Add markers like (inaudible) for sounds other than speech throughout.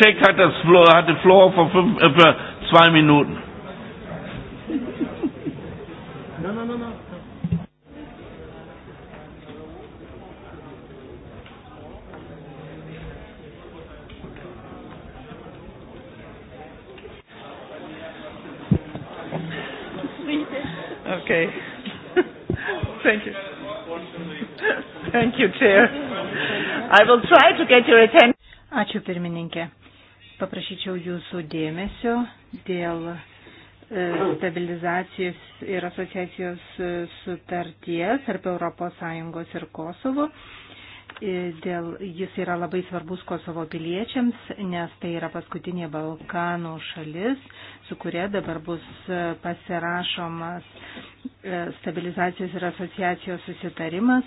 Check hat das Floor, hatte Floor vor, fünf, äh, vor zwei Minuten. Ačiū pirmininkė. Paprašyčiau jūsų dėmesio dėl e, stabilizacijos ir asociacijos e, sutarties tarp ES ir Kosovo. E, dėl, jis yra labai svarbus Kosovo piliečiams, nes tai yra paskutinė Balkanų šalis, su kuria dabar bus pasirašomas stabilizacijos ir asociacijos susitarimas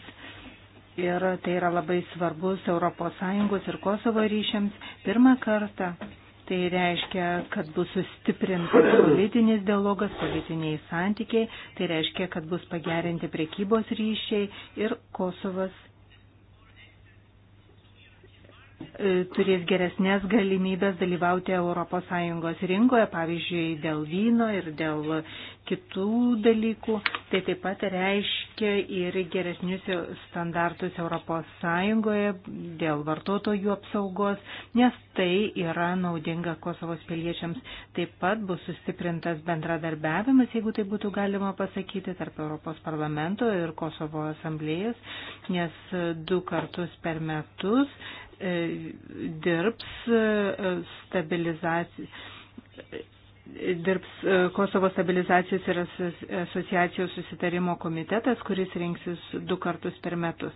ir tai yra labai svarbus ES ir Kosovo ryšiams pirmą kartą. Tai reiškia, kad bus sustiprintas politinis dialogas, politiniai santykiai, tai reiškia, kad bus pagerinti prekybos ryšiai ir Kosovas E, turės geresnės galimybės dalyvauti ES rinkoje, pavyzdžiui, dėl vyno ir dėl kitų dalykų. Tai taip pat reiškia ir geresnius standartus ES dėl vartotojų apsaugos, nes tai yra naudinga Kosovos piliečiams. Taip pat bus sustiprintas bendradarbiavimas, jeigu tai būtų galima pasakyti, tarp Europos parlamento ir Kosovo asamblėjas, nes du kartus per metus E, dirbs e, stabilizacijai dirbs e, Kosovo stabilizacijos ir asociacijos susitarimo komitetas, kuris rinksis du kartus per metus.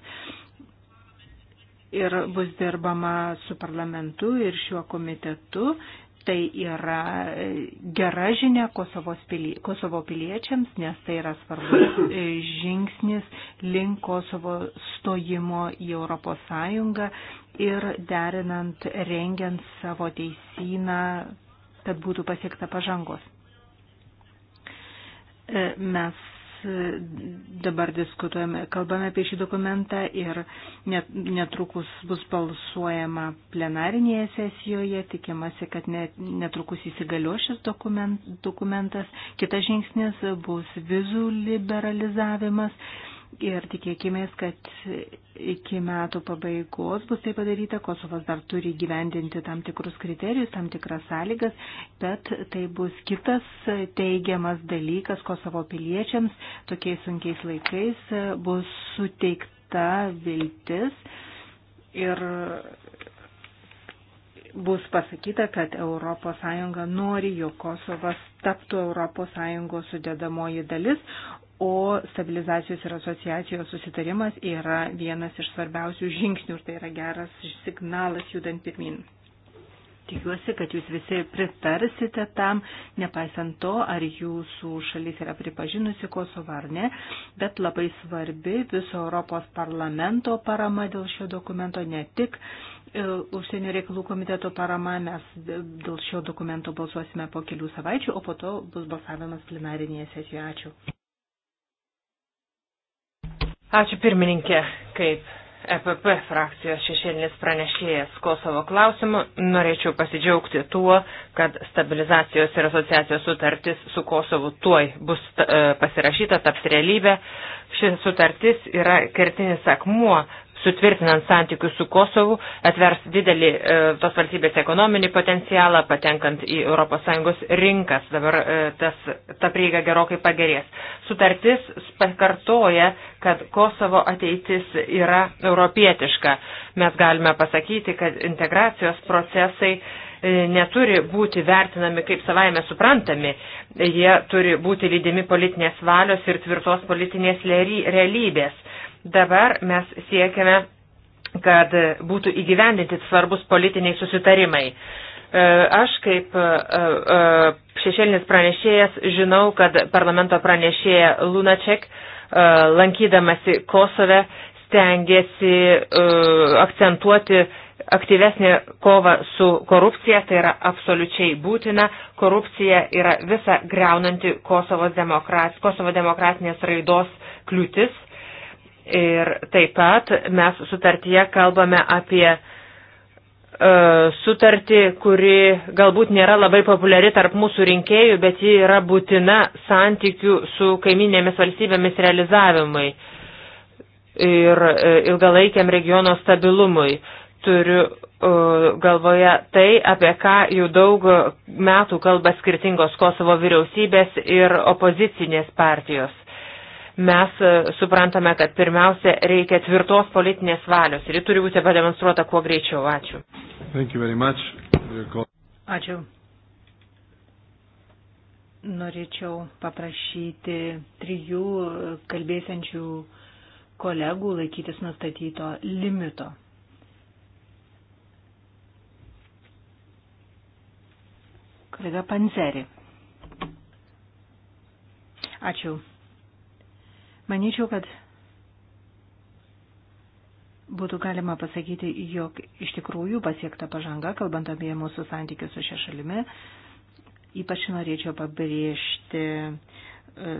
Ir bus dirbama su parlamentu ir šiuo komitetu Tai yra e, gera žinia Kosovo, pilie, Kosovo piliečiams, nes tai yra svarbus e, žingsnis link Kosovo stojimo į Europos Sąjungą ir derinant, rengiant savo teisyną, kad būtų pasiekta pažangos. E, mes dabar diskutuojame, kalbame apie šį dokumentą ir netrukus bus balsuojama plenarinėje sesijoje, tikimasi, kad netrukus įsigalio šis dokumentas. Kitas žingsnis bus vizų liberalizavimas ir tikėkime, kad iki metų pabaigos bus tai padaryta. Kosovas dar turi gyvendinti tam tikrus kriterijus, tam tikras sąlygas, bet tai bus kitas teigiamas dalykas Kosovo piliečiams. Tokiais sunkiais laikais bus suteikta viltis ir bus pasakyta, kad ES nori, jog Kosovas taptų ES sudėdamoji dalis, o stabilizacijos ir asociacijos susitarimas yra vienas iš svarbiausių žingsnių ir tai yra geras signalas judant pirmin. Tikiuosi, kad jūs visi pritarsite tam, nepaisant to, ar jūsų šalis yra pripažinusi Kosovą ar ne, bet labai svarbi viso Europos parlamento parama dėl šio dokumento, ne tik e, užsienio reikalų komiteto parama, mes dėl šio dokumento balsuosime po kelių savaičių, o po to bus balsavimas plenarinėje sesijoje. Ačiū. Ačiū pirmininkė, kaip EPP frakcijos šešėlinis pranešėjas Kosovo klausimu, norėčiau pasidžiaugti tuo, kad stabilizacijos ir asociacijos sutartis su Kosovu tuoj bus e, pasirašyta, taps realybė. Ši sutartis yra kertinis akmuo, sutvirtinant santykius su Kosovu, atvers didelį e, tos valstybės ekonominį potencialą, patenkant į ES rinkas. Dabar e, tas, ta prieiga gerokai pagerės. Sutartis pakartoja, kad Kosovo ateitis yra europietiška. Mes galime pasakyti, kad integracijos procesai e, neturi būti vertinami kaip savaime suprantami, jie turi būti lydimi politinės valios ir tvirtos politinės realybės Dabar mes siekiame, kad būtų įgyvendinti svarbus politiniai susitarimai. E, aš kaip e, e, šešėlinis pranešėjas žinau, kad parlamento pranešėja Lunaček lankydamasi Kosove stengiasi akcentuoti aktyvesnė kova su korupcija, tai yra absoliučiai būtina. Korupcija yra visa greunanti Kosovo, demokrat, Kosovo demokratinės raidos kliūtis Ir taip pat mes sutartyje kalbame apie e, sutartį, kuri galbūt nėra labai populiari tarp mūsų rinkėjų, bet ji yra būtina santykių su kaiminėmis valstybėmis realizavimui ir e, ilgalaikiam regiono stabilumui. Turiu e, galvoje tai, apie ką jau daug metų kalba skirtingos Kosovo vyriausybės ir opozicinės partijos. Mes e, suprantame, kad pirmiausia reikia tvirtos politinės valios ir ji turi būti pademonstruota kuo greičiau. Ačiū. Ačiū. Norėčiau paprašyti trijų kalbėsiančių kolegų laikytis nustatyto limito. Kolega Panzeri. Ačiū manyčiau, kad būtų galima pasakyti, jog iš tikrųjų pasiekta pažanga, kalbant apie mūsų santykius su šia šalimi. Ypač norėčiau pabrėžti e,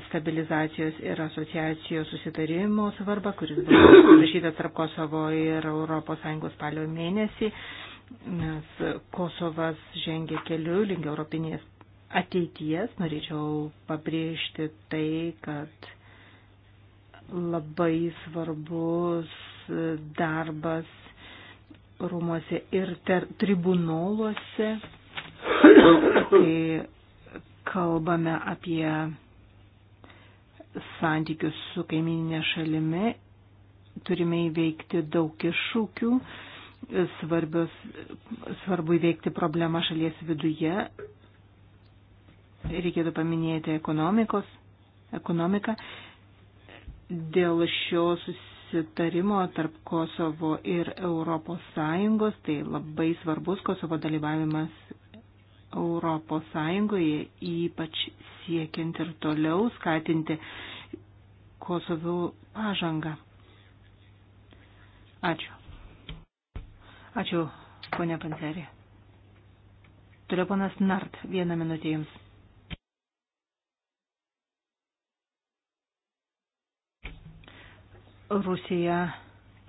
stabilizacijos ir asociacijos susitarimo svarbą, kuris buvo pasirašytas tarp Kosovo ir ES spalio mėnesį, nes Kosovas žengia keliu link europinės ateities. Norėčiau pabrėžti tai, kad labai svarbus darbas rūmose ir ter, tribunoluose, kai kalbame apie santykius su kaimininė šalimi, turime įveikti daug iššūkių, svarbios, svarbu įveikti problemą šalies viduje, reikėtų paminėti ekonomikos, ekonomiką dėl šio susitarimo tarp Kosovo ir Europos Sąjungos, tai labai svarbus Kosovo dalyvavimas Europos Sąjungoje, ypač siekiant ir toliau skatinti Kosovo pažangą. Ačiū. Ačiū, ponia Pancerė. Turiu ponas Nart, vieną minutę jums. Rusija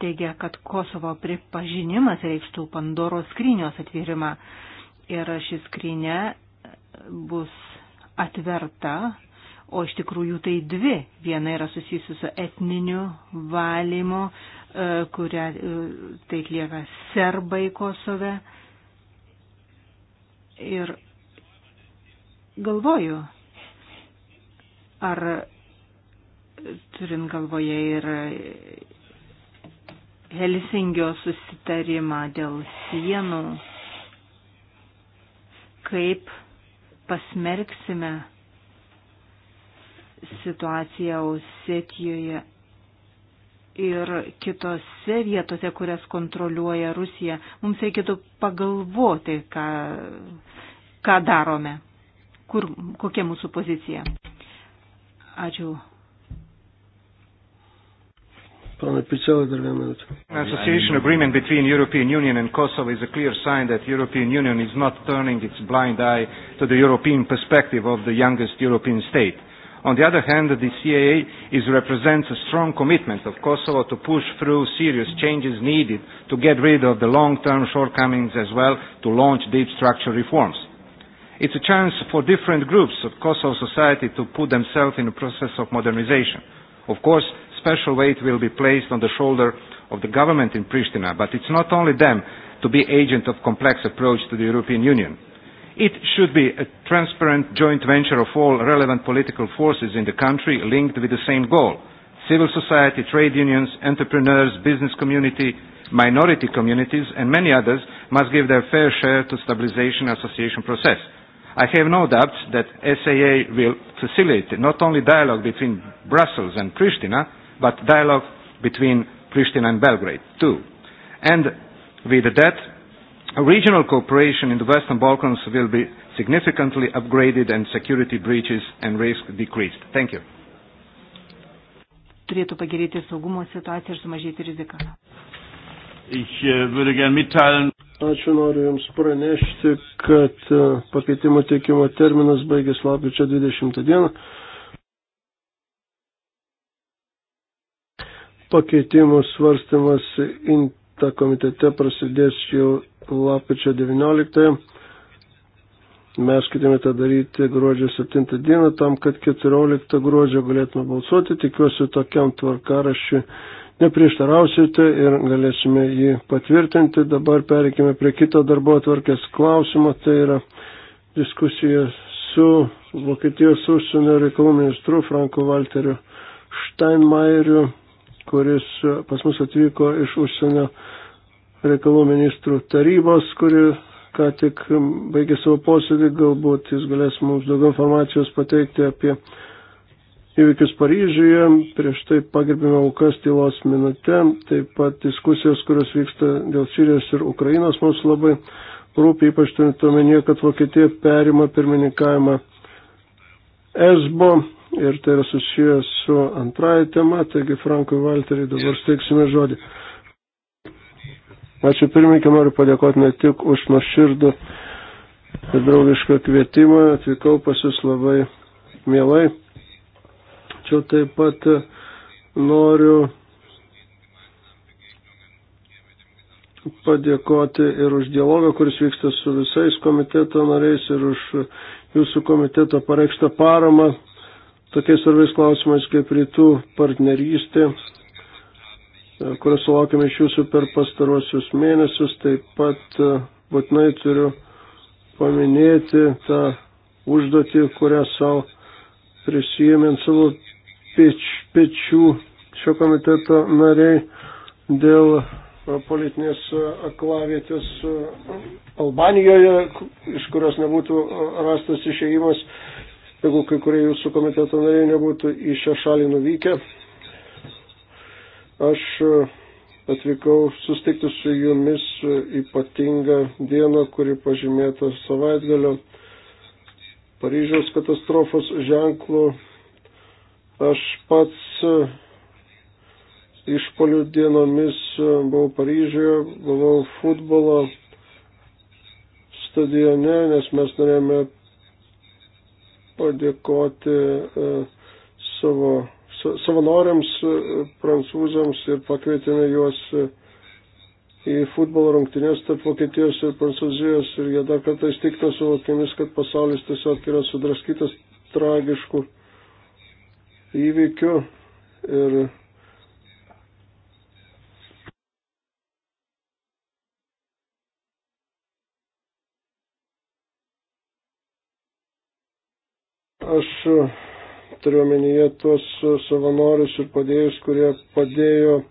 teigia, kad Kosovo pripažinimas reikštų Pandoros skrynios atvėrimą ir ši skrynė bus atverta, o iš tikrųjų tai dvi. Viena yra susijusi su etniniu valymu, e, kurią e, tai atlieka serbai Kosove. Ir galvoju, ar turint galvoje ir Helsingio susitarimą dėl sienų, kaip pasmerksime situaciją Osetijoje ir kitose vietose, kurias kontroliuoja Rusija, mums reikėtų pagalvoti, ką, ką darome, kur, kokia mūsų pozicija. Ačiū Pana Pičela, dar vieną minutę. Association agreement between European Union and Kosovo is a clear sign that European Union is not turning its blind eye to the European perspective of the youngest European state. On the other hand, the CAA is, represents a strong commitment of Kosovo to push through serious changes needed to get rid of the long-term shortcomings as well to launch deep structural reforms. It's a chance for different groups of Kosovo society to put themselves in a process of modernization. Of course, special weight will be placed on the shoulder of the government in Pristina, but it's not only them to be agent of complex approach to the European Union. It should be a transparent joint venture of all relevant political forces in the country linked with the same goal. Civil society, trade unions, entrepreneurs, business community, minority communities and many others must give their fair share to stabilization association process. I have no doubts that SAA will facilitate not only dialogue between Brussels and Pristina, but dialogue between Pristina and Belgrade too. And with that, regional cooperation in the Western Balkans will be significantly upgraded and security breaches and risk decreased. Thank you. Turėtų pagerėti saugumo situacija ir sumažėti rizika. Ich äh, würde gern mitteilen. Ačiū noriu Jums pranešti, kad äh, pakeitimo teikimo terminas baigės lapkričio 20 dieną. pakeitimų svarstymas INTA komitete prasidės jau lapkričio 19. Mes ketime tą daryti gruodžio 7 dieną, tam, kad 14 gruodžio galėtume balsuoti. Tikiuosi, tokiam tvarkarašiui neprieštarausite ir galėsime jį patvirtinti. Dabar pereikime prie kito darbo atvarkės klausimo. Tai yra diskusija su Vokietijos užsienio reikalų ministru Franku Valteriu Steinmeieriu kuris pas mus atvyko iš užsienio reikalų ministrų tarybos, kuri ką tik baigė savo posėdį, galbūt jis galės mums daugiau informacijos pateikti apie įvykius Paryžiuje, prieš tai pagerbėme aukas tylos minute, taip pat diskusijos, kurios vyksta dėl Sirijos ir Ukrainos mums labai rūpi, ypač turint omenyje, kad Vokietija perima pirmininkavimą ESBO ir tai yra susijęs su antraja tema, taigi Frankui Valteriai dabar steiksime žodį. Ačiū pirmininkė, noriu padėkoti ne tik už nuoširdų ir draugišką kvietimą, atvykau pas jūs labai mielai. Čia taip pat noriu padėkoti ir už dialogą, kuris vyksta su visais komiteto nariais ir už jūsų komiteto pareikštą paramą tokiais svarbiais klausimais kaip rytų partnerystė, e, kurios sulaukime iš jūsų per pastaruosius mėnesius. Taip pat e, būtinai turiu paminėti tą užduotį, kurią savo prisijėmėm savo peč, pečių šio komiteto nariai dėl e, politinės aklavietės Albanijoje, iš kurios nebūtų rastas išėjimas jeigu kai kurie jūsų komiteto nariai nebūtų į šią šalį nuvykę. Aš e, atvykau sustikti su jumis e, ypatingą dieną, kuri pažymėta savaitgalio Paryžiaus katastrofos ženklų. Aš pats e, išpolių dienomis buvau Paryžioje, buvau futbolo stadione, nes mes norėjome padėkoti e, savo savanoriams e, prancūzams ir pakvietėme juos e, į futbolo rungtynės tarp Vokietijos ir Prancūzijos ir jie dar kartą įstikto savo akimis, kad pasaulis tiesiog yra sudraskytas tragiškų įvykių ir turiu omenyje tuos savanorius ir padėjus, kurie padėjo e,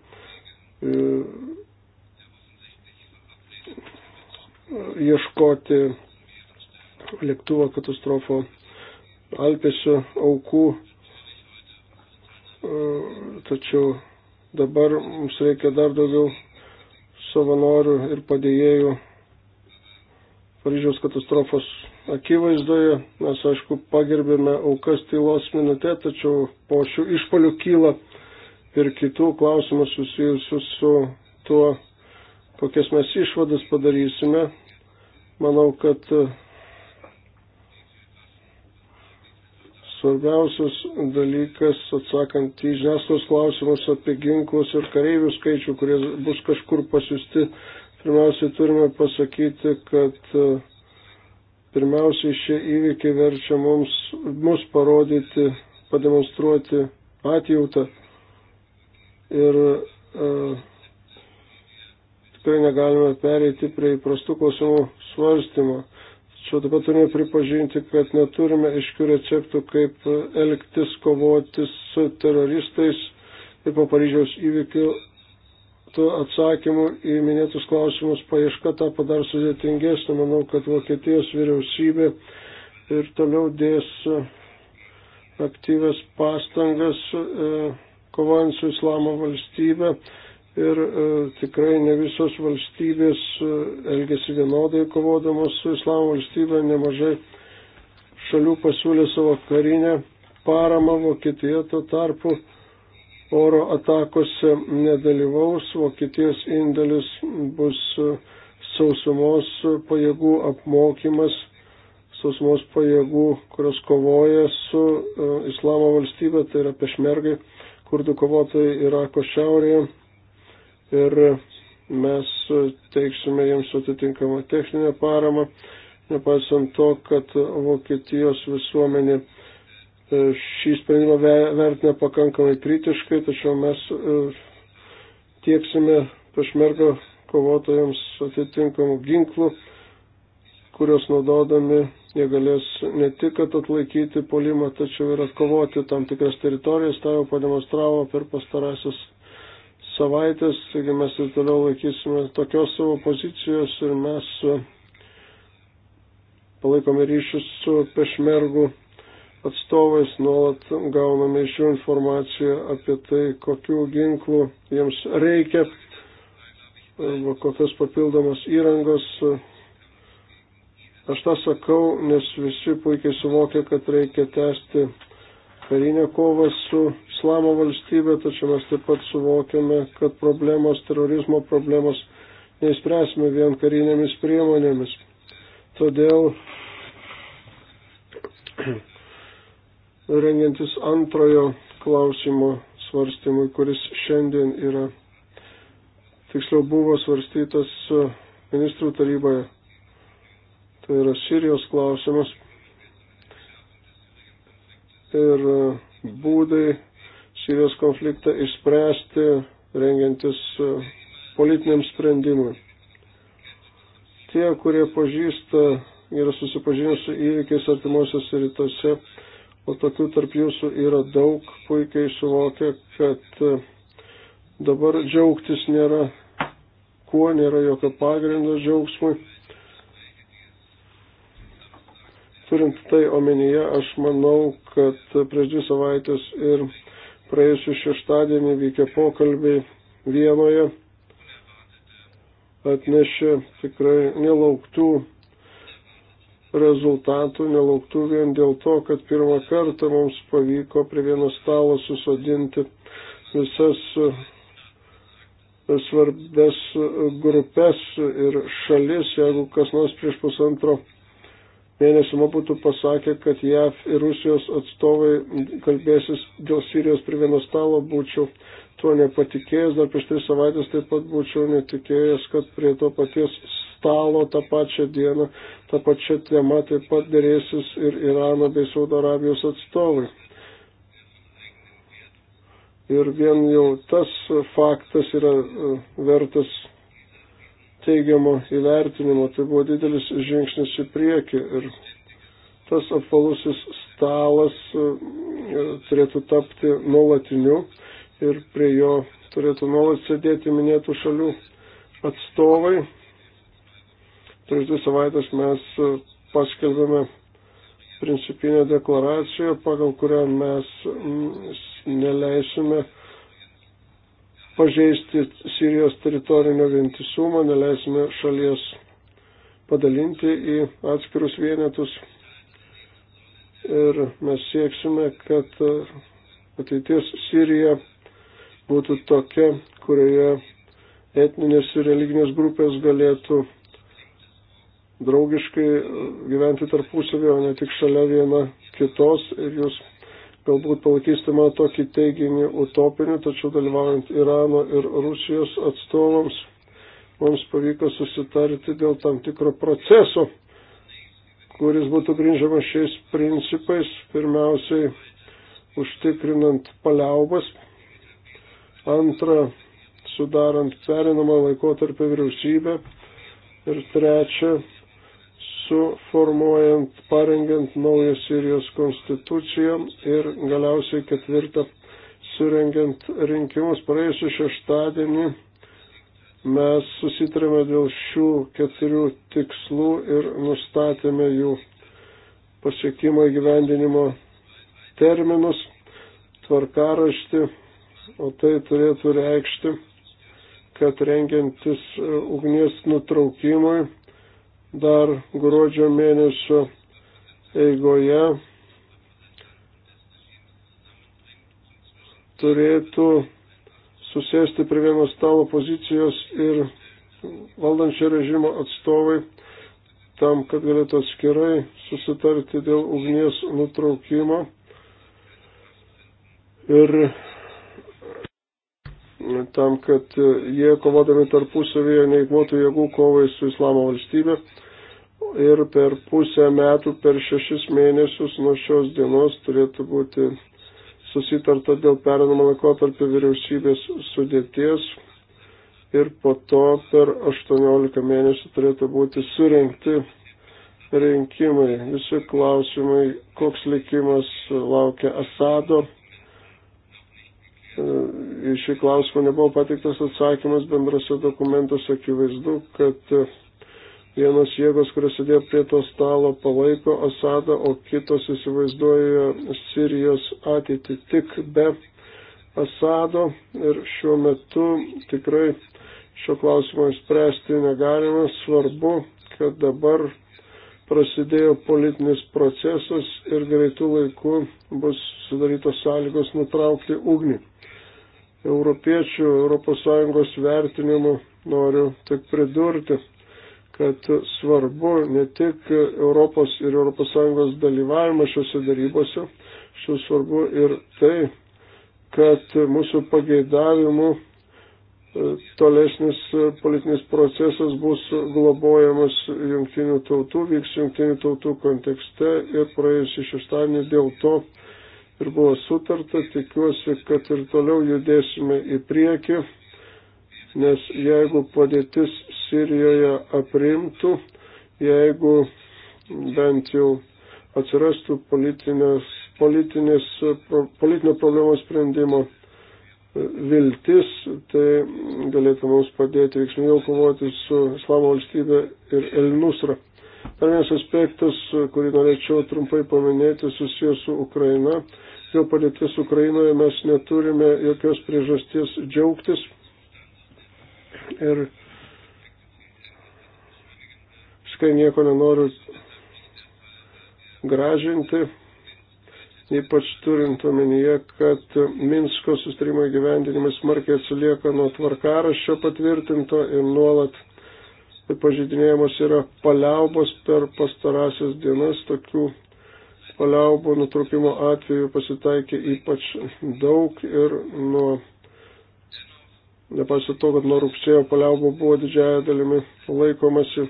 ieškoti lėktuvo katastrofo Alpėse aukų. E, tačiau dabar mums reikia dar daugiau savanorių ir padėjėjų Paryžiaus katastrofos akivaizdoje mes, aišku, pagerbėme aukas tylos minutę, tačiau po šių išpolių kyla ir kitų klausimų susijusių su tuo, kokias mes išvadas padarysime. Manau, kad e, svarbiausias dalykas, atsakant į žiniasklaidos klausimus apie ginklus ir kareivių skaičių, kurie bus kažkur pasiusti, pirmiausiai turime pasakyti, kad uh, Pirmiausiai šie įvykiai verčia mums, mus parodyti, pademonstruoti atjautą ir e, tikrai negalime pereiti prie įprastų klausimų svarstymo. Tačiau taip pat turime pripažinti, kad neturime iškių receptų, kaip elgtis, kovoti su teroristais ir po Paryžiaus įvykių kad atsakymų į minėtus klausimus paieška tapo dar sudėtingesnė. Manau, kad Vokietijos vyriausybė ir toliau dės e, aktyves pastangas e, kovojant su islamo valstybe ir e, tikrai ne visos valstybės e, elgesi vienodai kovodamos su islamo valstybė, nemažai šalių pasiūlė savo karinę paramą, Vokietija tuo tarpu oro atakose nedalyvaus, Vokietijos indėlis bus sausumos pajėgų apmokymas, sausumos pajėgų, kurios kovoja su uh, Islamo valstybė, tai yra pešmergai, kurdų kovotojai Irako šiaurėje. Ir mes teiksime jiems atitinkamą techninę paramą, nepaisant to, kad Vokietijos visuomenė E, šį sprendimą vertina pakankamai kritiškai, tačiau mes e, tieksime pašmergo kovotojams atitinkamų ginklų, kurios naudodami jie galės ne tik atlaikyti polimą, tačiau ir atkovoti tam tikras teritorijas, tą jau pademonstravo per pastarąsias savaitės, taigi mes ir toliau laikysime tokios savo pozicijos ir mes e, palaikome ryšius su pešmergu atstovais nuolat gauname iš jų informaciją apie tai, kokių ginklų jiems reikia arba kokios papildomos įrangos. Aš tą sakau, nes visi puikiai suvokia, kad reikia tęsti karinę kovą su islamo valstybė, tačiau mes taip pat suvokiame, kad problemos, terorizmo problemos neįspręsime vien karinėmis priemonėmis. Todėl rengiantis antrojo klausimo svarstymui, kuris šiandien yra, tiksliau buvo svarstytas ministrų taryboje. Tai yra Sirijos klausimas ir e, būdai Sirijos konfliktą išspręsti, rengiantis e, politiniam sprendimui. Tie, kurie pažįsta, yra susipažinę su įvykiais artimuosiuose rytuose, o tokių tarp jūsų yra daug, puikiai suvokia, kad e, dabar džiaugtis nėra kuo, nėra jokio pagrindo džiaugsmui. Turint tai omenyje, aš manau, kad prieš dvi savaitės ir praėjusiu šeštadienį vykę pokalbiai Vienoje atnešė tikrai nelauktų rezultatų nelauktų vien dėl to, kad pirmą kartą mums pavyko prie vieno stalo susodinti visas svarbės grupės ir šalis, jeigu kas nors prieš pusantro mėnesio man būtų pasakę, kad JAV ir Rusijos atstovai kalbėsis dėl Sirijos prie vieno stalo, būčiau tuo nepatikėjęs, dar prieš tris savaitės taip pat būčiau netikėjęs, kad prie to paties stalo tą pačią dieną, tą pačią temą taip pat dėrėsis ir Irano bei Saudo Arabijos atstovai. Ir vien jau tas faktas yra e, vertas teigiamo įvertinimo, tai buvo didelis žingsnis į priekį ir tas apvalusis stalas e, turėtų tapti nuolatiniu ir prie jo turėtų nuolat sėdėti minėtų šalių atstovai, prieš dvi savaitės mes e, paskelbėme principinę deklaraciją, pagal kurią mes neleisime pažeisti Sirijos teritorinio vientisumą, neleisime šalies padalinti į atskirus vienetus. Ir mes sieksime, kad e, ateities Sirija būtų tokia, kurioje etninės ir religinės grupės galėtų draugiškai e, gyventi tarpusavį, o ne tik šalia viena kitos. Ir jūs galbūt palaikysite man tokį teiginį utopinį, tačiau dalyvaujant Irano ir Rusijos atstovams, mums pavyko susitarti dėl tam tikro proceso, kuris būtų grindžiamas šiais principais, pirmiausiai užtikrinant paliaubas, antra, sudarant perinamą laikotarpį vyriausybę ir trečia, suformuojant, parengiant naują Sirijos konstituciją ir galiausiai ketvirtą surengiant rinkimus. Praėjusiu šeštadienį mes susitarėme dėl šių keturių tikslų ir nustatėme jų pasiekimo įgyvendinimo terminus, tvarkaraštį, o tai turėtų reikšti, kad rengiantis e, ugnies nutraukimui dar gruodžio mėnesio eigoje turėtų susėsti prie vieno stalo pozicijos ir valdančio režimo atstovai tam, kad galėtų atskirai susitarti dėl ugnies nutraukimo ir tam, kad e, jie kovodami tarpusavyje neįgmotų jėgų kovai su Islamo valstybė. Ir per pusę metų, per šešis mėnesius nuo šios dienos turėtų būti susitarta dėl perinamo laikotarpio vyriausybės sudėties ir po to per 18 mėnesių turėtų būti surinkti rinkimai. Visi klausimai, koks likimas laukia Asado Iš e, šį klausimą nebuvo pateiktas atsakymas bendrase dokumentuose, akivaizdu, kad e, vienos jėgos, kurios sėdėjo prie to stalo, palaiko Asadą, o kitos įsivaizduoja Sirijos ateitį tik be Asado ir šiuo metu tikrai šio klausimo išspręsti negalime. Svarbu, kad dabar prasidėjo politinis procesas ir greitų laikų bus sudarytos sąlygos nutraukti ugnį europiečių ES vertinimu noriu tik pridurti, kad svarbu ne tik Europos ir ES dalyvavimas šiuose darybose, šiuo svarbu ir tai, kad mūsų pageidavimu e, tolesnis politinis procesas bus globojamas jungtinių tautų, vyks jungtinių tautų kontekste ir praėjusį šeštadienį dėl to ir buvo sutarta, tikiuosi, kad ir toliau judėsime į priekį, nes jeigu padėtis Sirijoje aprimtų, jeigu bent jau atsirastų politinės, politinės, politinio problemos sprendimo e, viltis, tai galėtų mums padėti veiksmingiau kovoti su Islamo valstybe ir Elnusra. Dar vienas aspektas, kurį norėčiau trumpai paminėti, susijęs su Ukraina. Dėl padėties Ukrainoje mes neturime jokios priežasties džiaugtis. Ir viskai nieko nenoriu gražinti, ypač turint omenyje, kad Minsko sustarimo gyvendinimas smarkiai atsilieka nuo tvarkaraščio patvirtinto ir nuolat pažydinėjimas yra paliaubos per pastarąsias dienas. Tokių paliaubų nutraukimo atveju pasitaikė ypač daug ir nuo, nepaisant to, kad nuo rugsėjo paliaubų buvo didžiaja dalimi laikomasi.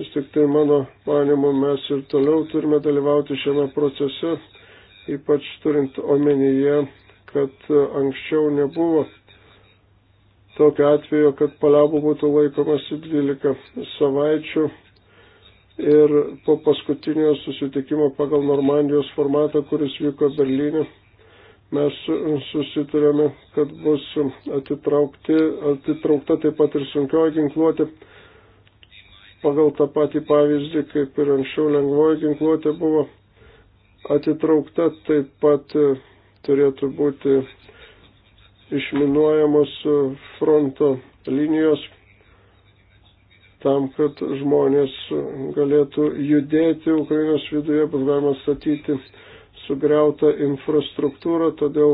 Vis tik tai mano manimu mes ir toliau turime dalyvauti šiame procese, ypač turint omenyje, kad anksčiau nebuvo tokiu atveju, kad paliaubų būtų laikomasi 12 savaičių ir po paskutinio susitikimo pagal Normandijos formatą, kuris vyko Berlyne, mes susiturėme, kad bus atitraukta taip pat ir sunkioji ginkluotė. Pagal tą patį pavyzdį, kaip ir anksčiau lengvoji ginkluotė buvo atitraukta, taip pat turėtų būti išminuojamos e, fronto linijos tam, kad žmonės galėtų judėti Ukrainos viduje, bus galima statyti sugriautą infrastruktūrą, todėl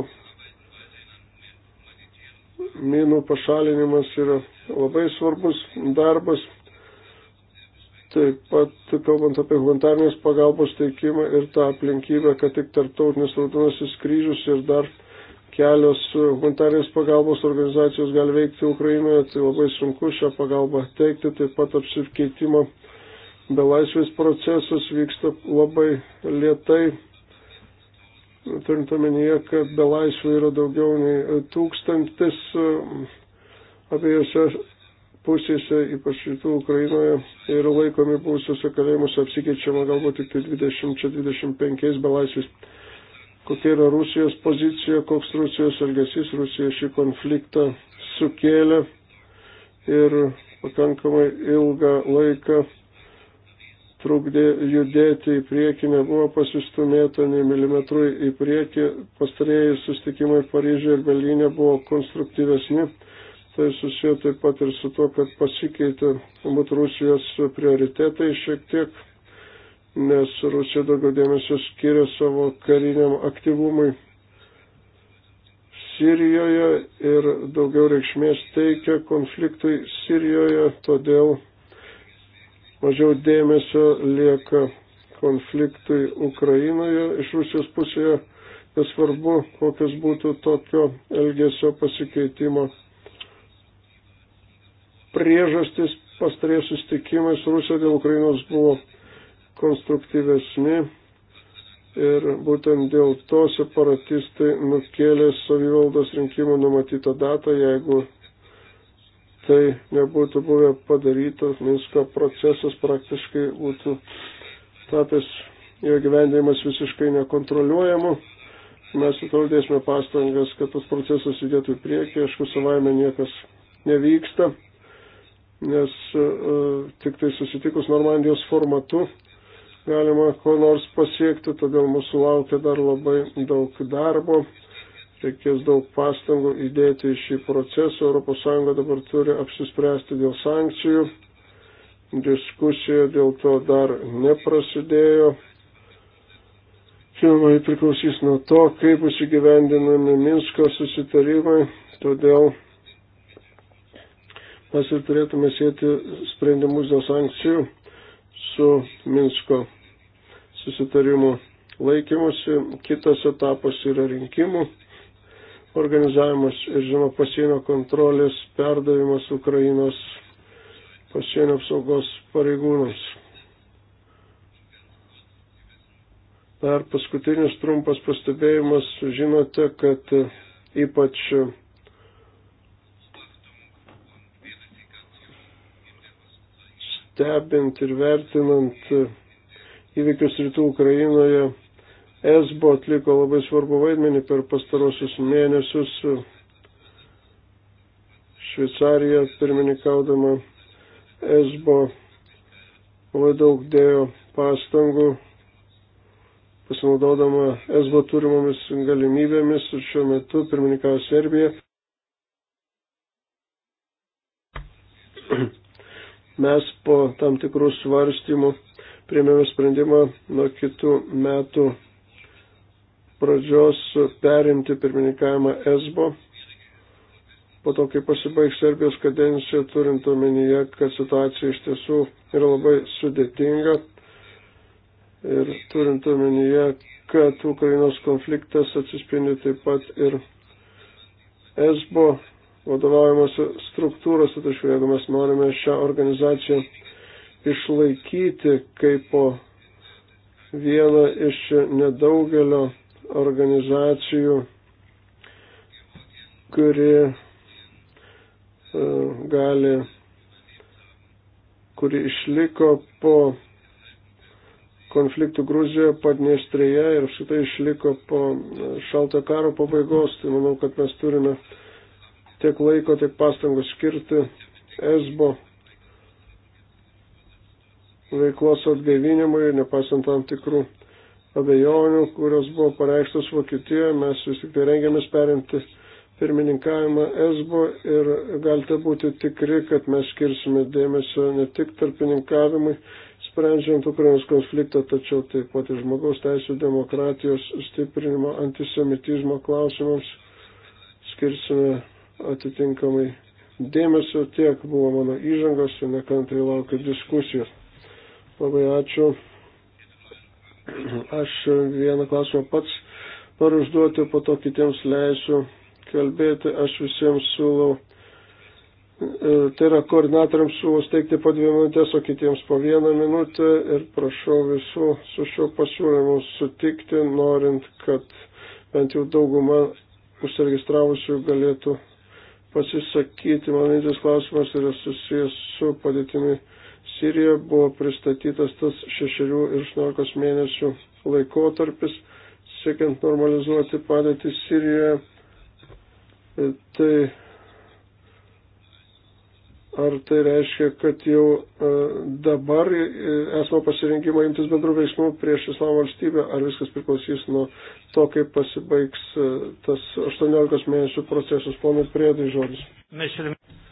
minų pašalinimas yra labai svarbus darbas. Taip pat, kalbant apie humanitarnės pagalbos teikimą ir tą aplinkybę, kad tik tarptautinis raudonasis kryžius ir dar kelios humanitarės pagalbos organizacijos gali veikti Ukrainoje, tai labai sunku šią pagalbą teikti, taip pat apsikeitimo be laisvės procesas vyksta labai lietai, turint omenyje, kad be laisvė yra daugiau nei tūkstantis um, abiejose pusėse, ypač rytų Ukrainoje, yra laikomi būsiuose kalėjimuose apsikeičiama galbūt tik 20-25 be laisvės kokia yra Rusijos pozicija, koks Rusijos elgesys Rusija šį konfliktą sukėlė ir pakankamai ilgą laiką trukdė judėti į priekį, nebuvo pasistumėta nei milimetrų į priekį. Pastarėjai sustikimai Paryžiuje ir Berlyne buvo konstruktyvesni. Tai susiję taip pat ir su to, kad pasikeitė būtų Rusijos prioritetai šiek tiek nes Rusija daugiau dėmesio skiria savo kariniam aktyvumui Sirijoje ir daugiau reikšmės teikia konfliktui Sirijoje, todėl mažiau dėmesio lieka konfliktui Ukrainoje iš Rusijos pusėje, nesvarbu, kokias būtų tokio elgesio pasikeitimo priežastis pastarės sustikimas Rusija dėl Ukrainos buvo konstruktyvesni ir būtent dėl to separatistai nukėlė savivaldos rinkimų numatytą datą, jeigu tai nebūtų buvę padaryta, Minsko procesas praktiškai būtų tapęs jo gyvendėjimas visiškai nekontroliuojamu. Mes atrodėsime pastangas, kad tas procesas judėtų į priekį, aišku, savaime niekas nevyksta, nes uh, tik tai susitikus Normandijos formatu galima ko nors pasiekti, todėl mūsų laukia dar labai daug darbo, reikės daug pastangų įdėti į šį procesą. ES dabar turi apsispręsti dėl sankcijų. Diskusija dėl to dar neprasidėjo. Žinoma, priklausys nuo to, kaip bus įgyvendinami Minsko susitarimai, todėl mes ir turėtume sėti sprendimus dėl sankcijų su Minsko susitarimu laikymusi. Kitas etapas yra rinkimų organizavimas ir, žinoma, pasienio kontrolės perdavimas Ukrainos pasienio apsaugos pareigūnams. Dar paskutinis trumpas pastebėjimas. Žinote, kad ypač stebint ir vertinant įvykius rytų Ukrainoje, ESBO atliko labai svarbu vaidmenį per pastarosius mėnesius Šveicarija pirmininkaudama ESBO labai daug dėjo pastangų pasinaudodama ESBO turimomis galimybėmis ir šiuo metu pirmininkavo Serbija. mes po tam tikrų svarstymų priėmėme sprendimą nuo kitų metų pradžios perimti pirmininkavimą ESBO. Po to, kai pasibaigs Serbijos kadencija, turint omenyje, kad situacija iš tiesų yra labai sudėtinga ir turint omenyje, kad Ukrainos konfliktas atsispindi taip pat ir ESBO vadovaujamos struktūros, tačiau jeigu mes norime šią organizaciją išlaikyti kaip po vieną iš nedaugelio organizacijų, kuri e, gali, kuri išliko po konfliktų Gruzijoje, Padniestrėje ir šitai išliko po e, šalto karo pabaigos, tai manau, kad mes turime uh, tiek laiko, tiek pastangų skirti esbo veiklos atgaivinimui, nepasant tam tikrų abejonių, kurios buvo pareikštos Vokietijoje, mes vis tik tai rengiamės perimti pirmininkavimą ESBO ir galite būti tikri, kad mes skirsime dėmesio ne tik tarpininkavimui, sprendžiant Ukrainos konfliktą, tačiau taip pat ir žmogaus teisų demokratijos stiprinimo antisemitizmo klausimams skirsime atitinkamai dėmesio. Tiek buvo mano įžangos ir nekantrai laukiu diskusijos. Labai ačiū. Aš vieną klausimą pats noriu užduoti, po to kitiems leisiu kalbėti. Aš visiems siūlau, e, tai yra koordinatoriams siūlau steigti po dvi minutės, o kitiems po vieną minutę ir prašau visų su šiuo pasiūlymu sutikti, norint, kad bent jau dauguma užsiregistravusių galėtų pasisakyti. Man vienintelis klausimas yra susijęs su padėtimi Sirijoje. Buvo pristatytas tas šešerių ir 18 mėnesių laikotarpis, siekiant normalizuoti padėtį Sirijoje. Tai Ar tai reiškia, kad jau e, dabar e, esame pasirinkimą imtis bendrų veiksmų prieš Islamo valstybę, ar viskas priklausys nuo to, kaip pasibaigs e, tas 18 mėnesių procesas, ponai priedai žodis.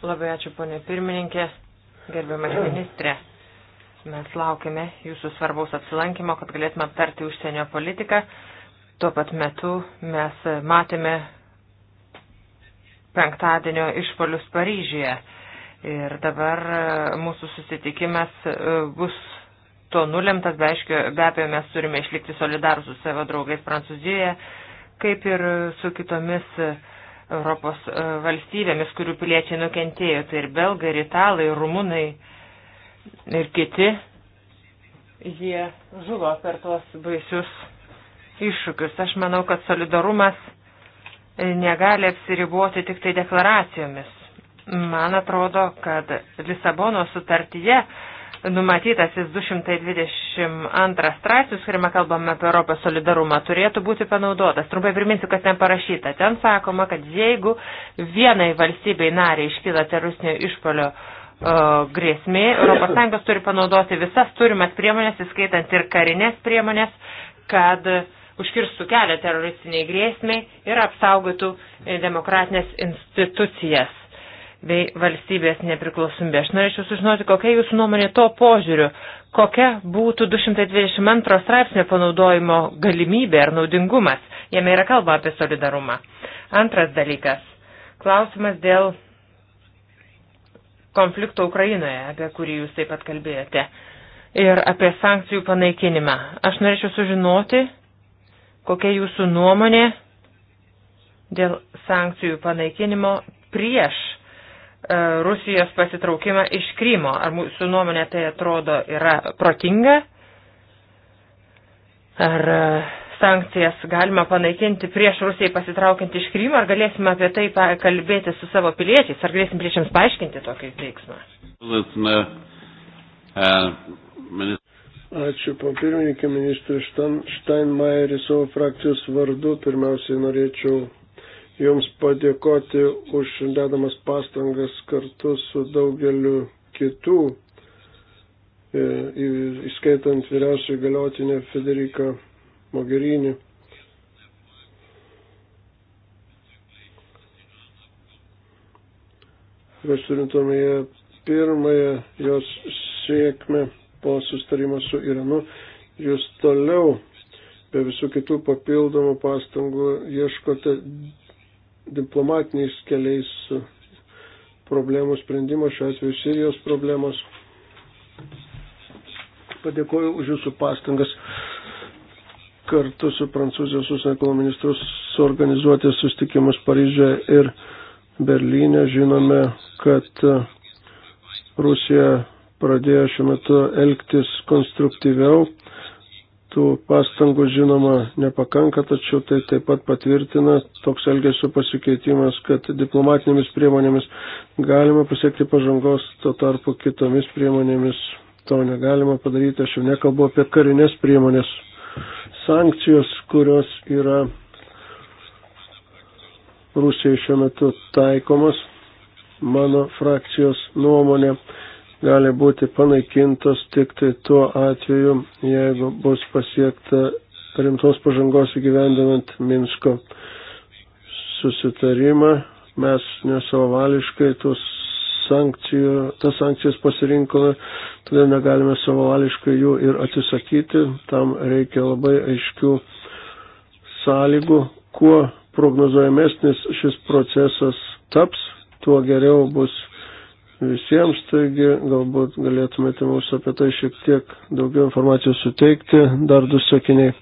Labai ačiū, ponė pirmininkė, gerbiamas ministrė. Mes laukiame jūsų svarbaus apsilankimo, kad galėtume aptarti užsienio politiką. Tuo pat metu mes matėme penktadienio išpolius Paryžyje Ir dabar e, mūsų susitikimas e, bus to nulemtas, be, aiškio, be abejo, mes turime išlikti solidarų su savo draugais Prancūzijoje, kaip ir su kitomis e, Europos valstybėmis, kurių piliečiai nukentėjo, tai ir belgai, ir italai, ir rumunai, ir kiti. Jie žuvo per tuos baisius iššūkius. Aš manau, kad solidarumas negali apsiriboti tik tai deklaracijomis Man atrodo, kad Lisabono sutartyje numatytasis 222 straipsnis, kuriame kalbame apie Europos solidarumą, turėtų būti panaudotas. Trumpai priminsiu, kas ten parašyta. Ten sakoma, kad jeigu vienai valstybei nariai iškyla teroristinio išpolio grėsmė, ES turi panaudoti visas turimas priemonės, įskaitant ir karinės priemonės, kad užkirstų kelią teroristiniai grėsmiai ir apsaugotų demokratinės institucijas bei valstybės nepriklausomybė. Aš norėčiau sužinoti, kokia jūsų nuomonė to požiūriu, kokia būtų 222 straipsnio panaudojimo galimybė ar naudingumas. Jame yra kalba apie solidarumą. Antras dalykas. Klausimas dėl konflikto Ukrainoje, apie kurį jūs taip pat kalbėjote, ir apie sankcijų panaikinimą. Aš norėčiau sužinoti, kokia jūsų nuomonė dėl sankcijų panaikinimo prieš E, Rusijos pasitraukimą iš Krymo. Ar mūsų nuomonė tai atrodo yra protinga? Ar e, sankcijas galima panaikinti prieš Rusijai pasitraukiant iš Krymo? Ar galėsime apie tai kalbėti su savo piliečiais? Ar galėsim priešiems paaiškinti tokį veiksmą? E, Ačiū, papirmininkė ministrė Štain, Štainmaierį savo frakcijos vardu. Pirmiausiai norėčiau Jums padėkoti už dedamas pastangas kartu su daugeliu kitų, e, įskaitant vyriausiai galiotinę Federiką Mogherini. Mes turintumėje pirmąją jos sėkmę po sustarimo su Iranu. Jūs toliau be visų kitų papildomų pastangų ieškote diplomatiniais keliais problemų sprendimo, šiuo atveju Sirijos problemos. Padėkoju už Jūsų pastangas kartu su Prancūzijos užsienio reikalų ministru suorganizuoti sustikimus Paryžioje ir Berlyne. Žinome, kad Rusija pradėjo šiuo metu elgtis konstruktyviau Tų pastangų žinoma nepakanka, tačiau tai taip pat patvirtina toks elgesio pasikeitimas, kad diplomatinėmis priemonėmis galima pasiekti pažangos, to tarpu kitomis priemonėmis to negalima padaryti. Aš jau nekalbu apie karinės priemonės sankcijos, kurios yra Rusijai šiuo metu taikomas. Mano frakcijos nuomonė gali būti panaikintos tik tai tuo atveju, jeigu bus pasiekta rimtos pažangos įgyvendinant Minsko susitarimą. Mes nesavališkai tos sankcijų, tas sankcijas pasirinkome, todėl negalime savališkai jų ir atsisakyti. Tam reikia labai aiškių sąlygų. Kuo prognozuojamesnis šis procesas taps, tuo geriau bus visiems, taigi galbūt galėtumėte mums apie tai šiek tiek daugiau informacijos suteikti. Dar du sakiniai.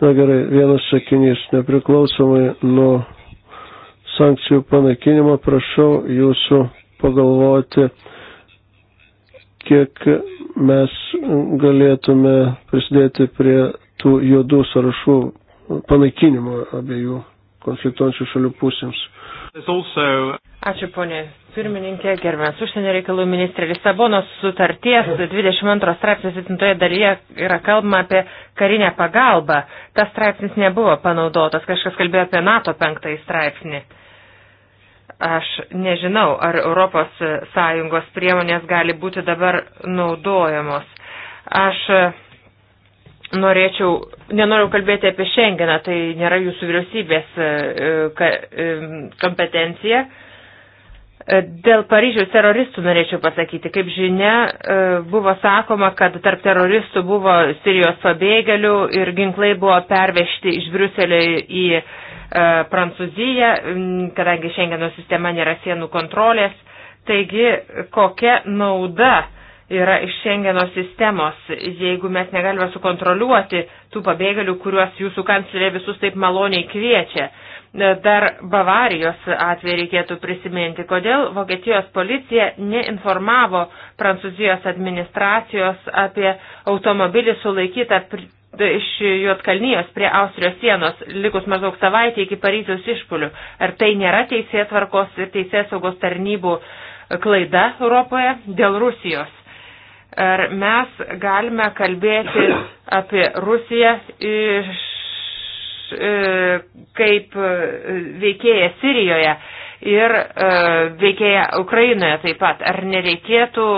Na gerai, vienas sakinys, nepriklausomai nuo sankcijų panaikinimo, prašau jūsų pagalvoti, kiek mes galėtume prisidėti prie tų juodų sąrašų panaikinimo abiejų konfliktuojančių šalių pusėms. Ačiū, ponė pirmininkė, gerbės užsienio reikalų ministrė. Lisabonos sutarties 22 straipsnės 7 dalyje yra kalbama apie karinę pagalbą. Tas straipsnis nebuvo panaudotas, kažkas kalbėjo apie NATO penktąjį straipsnį. Aš nežinau, ar ES priemonės gali būti dabar naudojamos. Aš norėčiau, nenoriu kalbėti apie Šengeną, tai nėra jūsų vyriausybės e, e, kompetencija. E, dėl Paryžiaus teroristų norėčiau pasakyti, kaip žinia, buvo sakoma, kad tarp teroristų buvo Sirijos pabėgėlių ir ginklai buvo pervežti iš Briuselio į Prancūziją, kadangi Šengeno sistema nėra sienų kontrolės. Taigi, kokia nauda uh, yra iš Schengeno sistemos, jeigu mes negalime sukontroliuoti tų pabėgėlių, kuriuos jūsų kanclerė visus taip maloniai kviečia. E, dar Bavarijos atveju reikėtų prisiminti, kodėl Vokietijos policija neinformavo Prancūzijos administracijos apie automobilį sulaikytą iš Juotkalnyjos prie Austrijos sienos, likus maždaug savaitę iki Paryžiaus išpulių. Ar tai nėra teisėtvarkos ir teisėsaugos tarnybų klaida Europoje dėl Rusijos? Ar mes galime kalbėti apie Rusiją iš, e, kaip veikėja Sirijoje ir e, veikėja Ukrainoje taip pat? Ar nereikėtų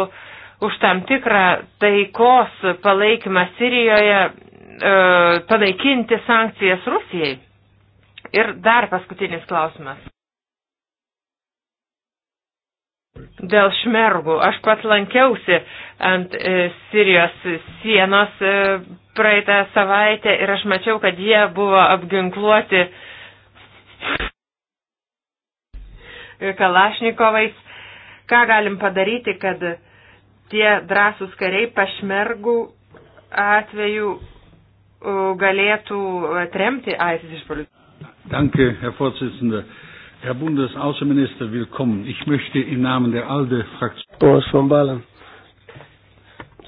už tam tikrą taikos palaikymą Sirijoje e, panaikinti sankcijas Rusijai? Ir dar paskutinis klausimas. Dėl šmergų. Aš pats lankiausi ant e, Sirijos sienos e, praeitą savaitę ir aš mačiau, kad jie buvo apginkluoti kalašnikovais. Ką galim padaryti, kad tie drąsūs kariai pašmergų atveju e, galėtų atremti ISIS išpolius? Danke, Herr Vorsitzender. Herr Bundesaußenminister, willkommen. Ich möchte im Namen der ALDE-Fraktion. Ponas Van Balen.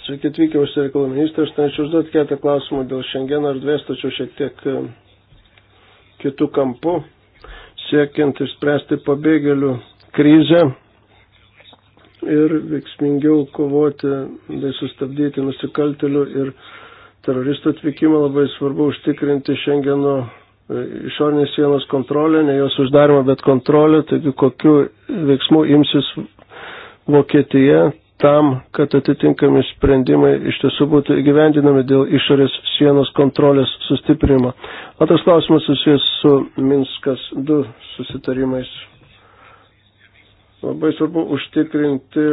Sveiki atvykę užsienio reikalų ministras. Norėčiau užduoti keletą klausimų dėl šiandien erdvės, tačiau šiek tiek e, kitų kampų, siekiant išspręsti pabėgėlių krizę ir veiksmingiau kovoti bei sustabdyti nusikaltelių ir teroristų atvykimą labai svarbu užtikrinti šiandieno E, išorinės sienos kontrolė, ne jos uždarimo, bet kontrolė, taigi kokiu veiksmu imsis Vokietija tam, kad atitinkami sprendimai iš tiesų būtų įgyvendinami dėl išorės sienos kontrolės sustiprinimo. Antras klausimas susijęs su Minskas 2 susitarimais. Labai svarbu užtikrinti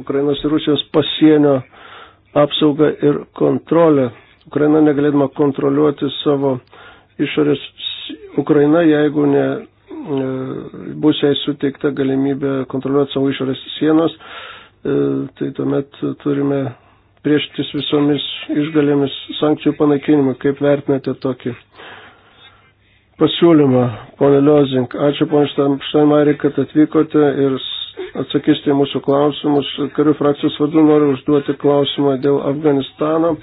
Ukrainos ir Rusijos pasienio apsaugą ir kontrolę. Ukraina negalėdama kontroliuoti savo uh, išorės Ukraina, jeigu ne, bus jai suteikta galimybė kontroliuoti savo išorės sienos, e, tai tuomet turime prieštis visomis išgalėmis sankcijų panaikinimą. Kaip vertinate tokį pasiūlymą, ponė Liozink? Ačiū, ponė Štainmarė, kad atvykote ir atsakysite į mūsų klausimus. Karių frakcijos vadu noriu užduoti klausimą dėl Afganistano.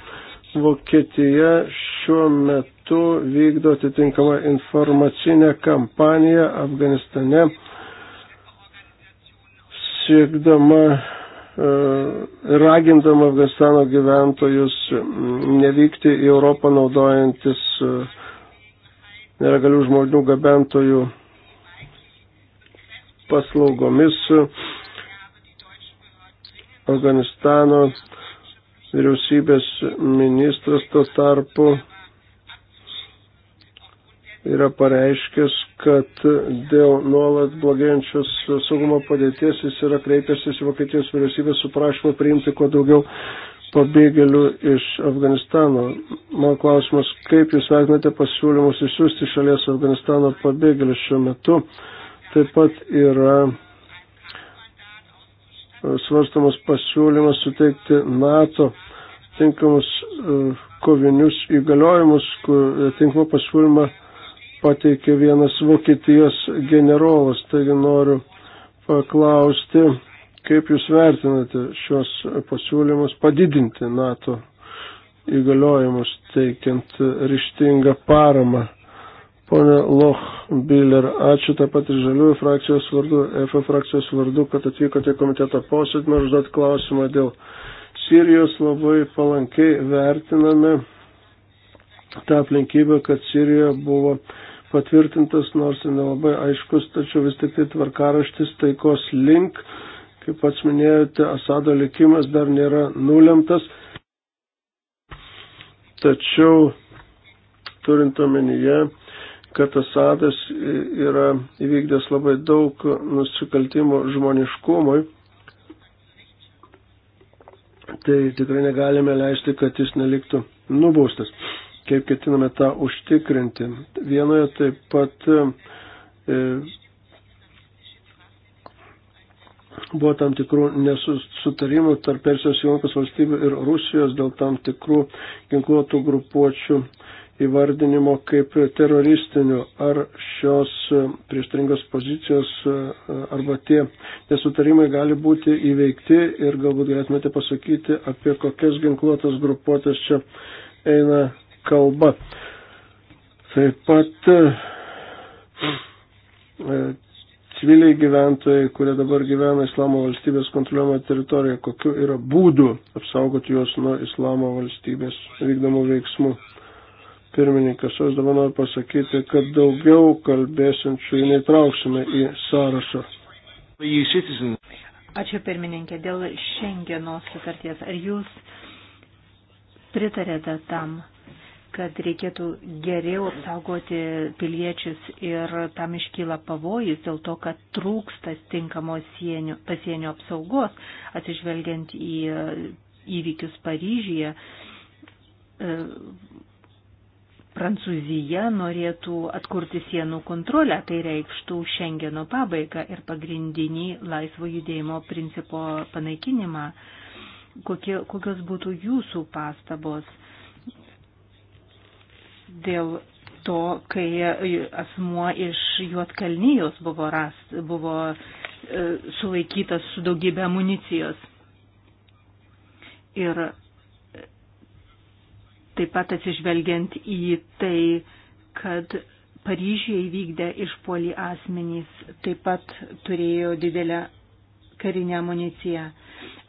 Vokietija šiuo metu metu vykdo atitinkamą informacinę kampaniją Afganistane, siekdama e, ragindama Afganistano gyventojus nevykti į Europą naudojantis e, neregalių žmonių gabentojų paslaugomis Afganistano vyriausybės ministras tuo tarpu yra pareiškęs, kad dėl nuolat blogėjančios saugumo padėties jis yra kreipęsis į Vokietijos vyriausybę su prašymu priimti kuo daugiau pabėgėlių iš Afganistano. Man klausimas, kaip jūs vertinate pasiūlymus įsiųsti šalies Afganistano pabėgėlius šiuo metu? Taip pat yra svarstamas pasiūlymas suteikti NATO tinkamus e, kovinius įgaliojimus, tinkamą pasiūlymą pateikė vienas Vokietijos generolas. Taigi noriu paklausti, kaip Jūs vertinate šios pasiūlymus padidinti NATO įgaliojimus, teikiant ryštingą paramą. Pone Loch Biller, ačiū taip pat ir žaliųjų frakcijos vardu, FF frakcijos vardu, kad atvykote į komiteto posėdį, nors duot klausimą dėl Sirijos labai palankiai vertiname tą aplinkybę, kad Sirijoje buvo patvirtintas, nors ir nelabai aiškus, tačiau vis tik tai tvarkaraštis taikos link, kaip pats minėjote, Asado likimas dar nėra nulemtas. Tačiau turint omenyje, kad Asadas yra įvykdęs labai daug nusikaltimų žmoniškumui, tai tikrai negalime leisti, kad jis neliktų nubaustas kaip ketiname tą užtikrinti. Vienoje taip pat e, buvo tam tikrų nesutarimų tarp Persijos įlankos valstybių ir Rusijos dėl tam tikrų ginkluotų grupuočių įvardinimo kaip teroristinių. Ar šios e, prieštaringos pozicijos e, arba tie nesutarimai gali būti įveikti ir galbūt galėtumėte pasakyti, apie kokias ginkluotas grupuotės čia eina kalba. Taip pat e, civiliai gyventojai, kurie dabar gyvena Islamo valstybės kontroliuojama teritorija, kokiu yra būdu apsaugoti juos nuo Islamo valstybės vykdomų veiksmų. Pirmininkas, aš dabar noriu pasakyti, kad daugiau kalbėsinčių neįtrauksime į sąrašą. Ačiū pirmininkė, dėl Šengeno sutarties. Ar jūs pritarėte tam kad reikėtų geriau apsaugoti piliečius ir tam iškyla pavojus dėl to, kad trūksta tinkamos sienio, pasienio apsaugos, atsižvelgiant į įvykius Paryžyje. E, Prancūzija norėtų atkurti sienų kontrolę, tai reikštų Šengeno pabaigą ir pagrindinį laisvo judėjimo principo panaikinimą. Kokie, kokios būtų jūsų pastabos? dėl to, kai asmuo iš Juotkalnyjos buvo, rast, buvo e, sulaikytas su daugybė amunicijos. Ir e, taip pat atsižvelgiant į tai, kad Paryžiuje įvykdę išpolį asmenys taip pat turėjo didelę karinę amuniciją.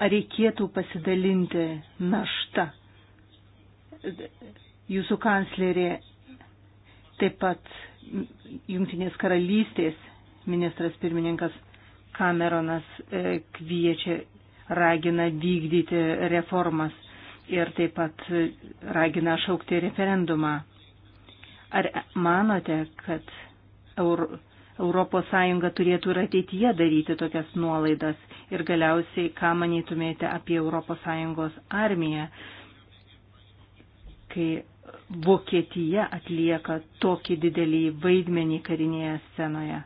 Ar reikėtų pasidalinti naštą? jūsų kanclerė, taip pat Jungtinės karalystės ministras pirmininkas Cameronas e, kviečia, ragina vykdyti reformas ir taip pat e, ragina šaukti referendumą. Ar manote, kad Euro, Europos Sąjunga turėtų ir ateityje daryti tokias nuolaidas ir galiausiai, ką manytumėte apie Europos Sąjungos armiją, kai Vokietija atlieka tokį didelį vaidmenį karinėje scenoje.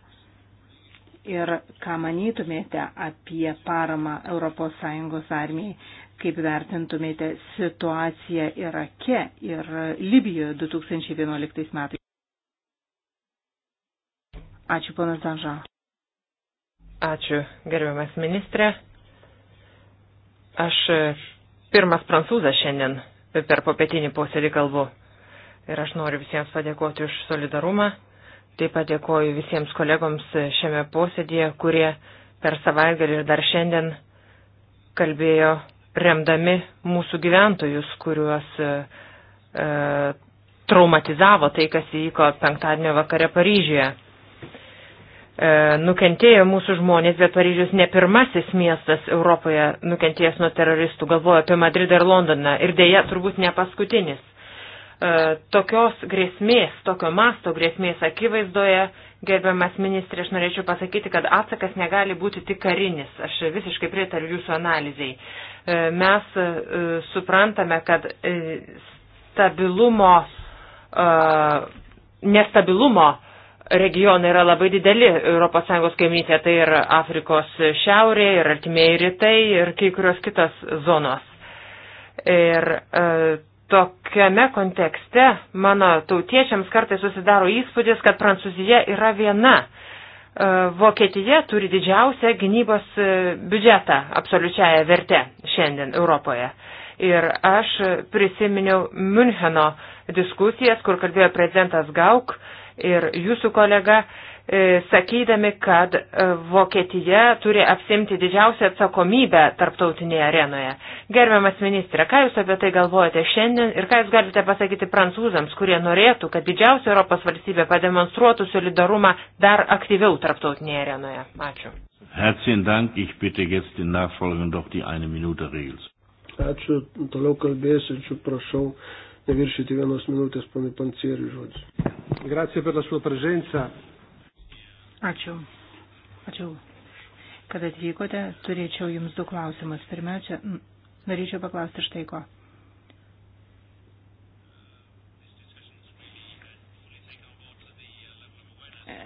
Ir ką manytumėte apie paramą ES armijai, kaip vertintumėte situaciją Irake ir Libijoje 2011 metais? Ačiū, ponas Danža. Ačiū, gerbiamas ministrė. Aš e, pirmas prancūzas šiandien per popietinį posėdį kalbu ir aš noriu visiems padėkoti už solidarumą. Taip pat dėkoju visiems kolegoms šiame posėdėje, kurie per savaitgalį ir dar šiandien kalbėjo remdami mūsų gyventojus, kuriuos e, e, traumatizavo tai, kas įvyko penktadienio vakare Paryžiuje. E, nukentėjo mūsų žmonės, bet Paryžius ne pirmasis miestas Europoje nukentėjęs nuo teroristų, galvoju apie Madridą ir Londoną ir dėja turbūt ne paskutinis. E, tokios grėsmės, tokio masto grėsmės akivaizdoje, gerbiamas ministrė, aš norėčiau pasakyti, kad atsakas negali būti tik karinis. Aš visiškai pritariu jūsų analizai. E, mes e, suprantame, kad stabilumo, nestabilumo regionai yra labai dideli ES kaimynėse, tai ir Afrikos šiaurė, ir artimieji rytai, ir kai kurios kitos zonos. Ir tokiame kontekste mano tautiečiams kartai susidaro įspūdis, kad Prancūzija yra viena. E, Vokietija turi didžiausią gynybos e, biudžetą absoliučiaja verte šiandien Europoje. Ir aš prisiminiau Müncheno diskusijas, kur kalbėjo prezidentas Gauk ir jūsų kolega E, sakydami, kad e, Vokietija turi apsimti didžiausią atsakomybę tarptautinėje arenoje. Gerbiamas ministrė, ką Jūs apie tai galvojate šiandien ir ką Jūs galite pasakyti prancūzams, kurie norėtų, kad didžiausia Europos valstybė pademonstruotų solidarumą dar aktyviau tarptautinėje arenoje? Ačiū. Herzlichen Dank, ich bitte jetzt den Nachfolgern doch die eine Minute Regels. Ačiū, toliau kalbėsiu, prašau neviršyti vienos minutės, ponai Pancieri žodis. Grazie per la sua presenza. Ačiū. Ačiū, kad atvykote. Turėčiau Jums du klausimus. Pirmiausia, norėčiau paklausti štai ko.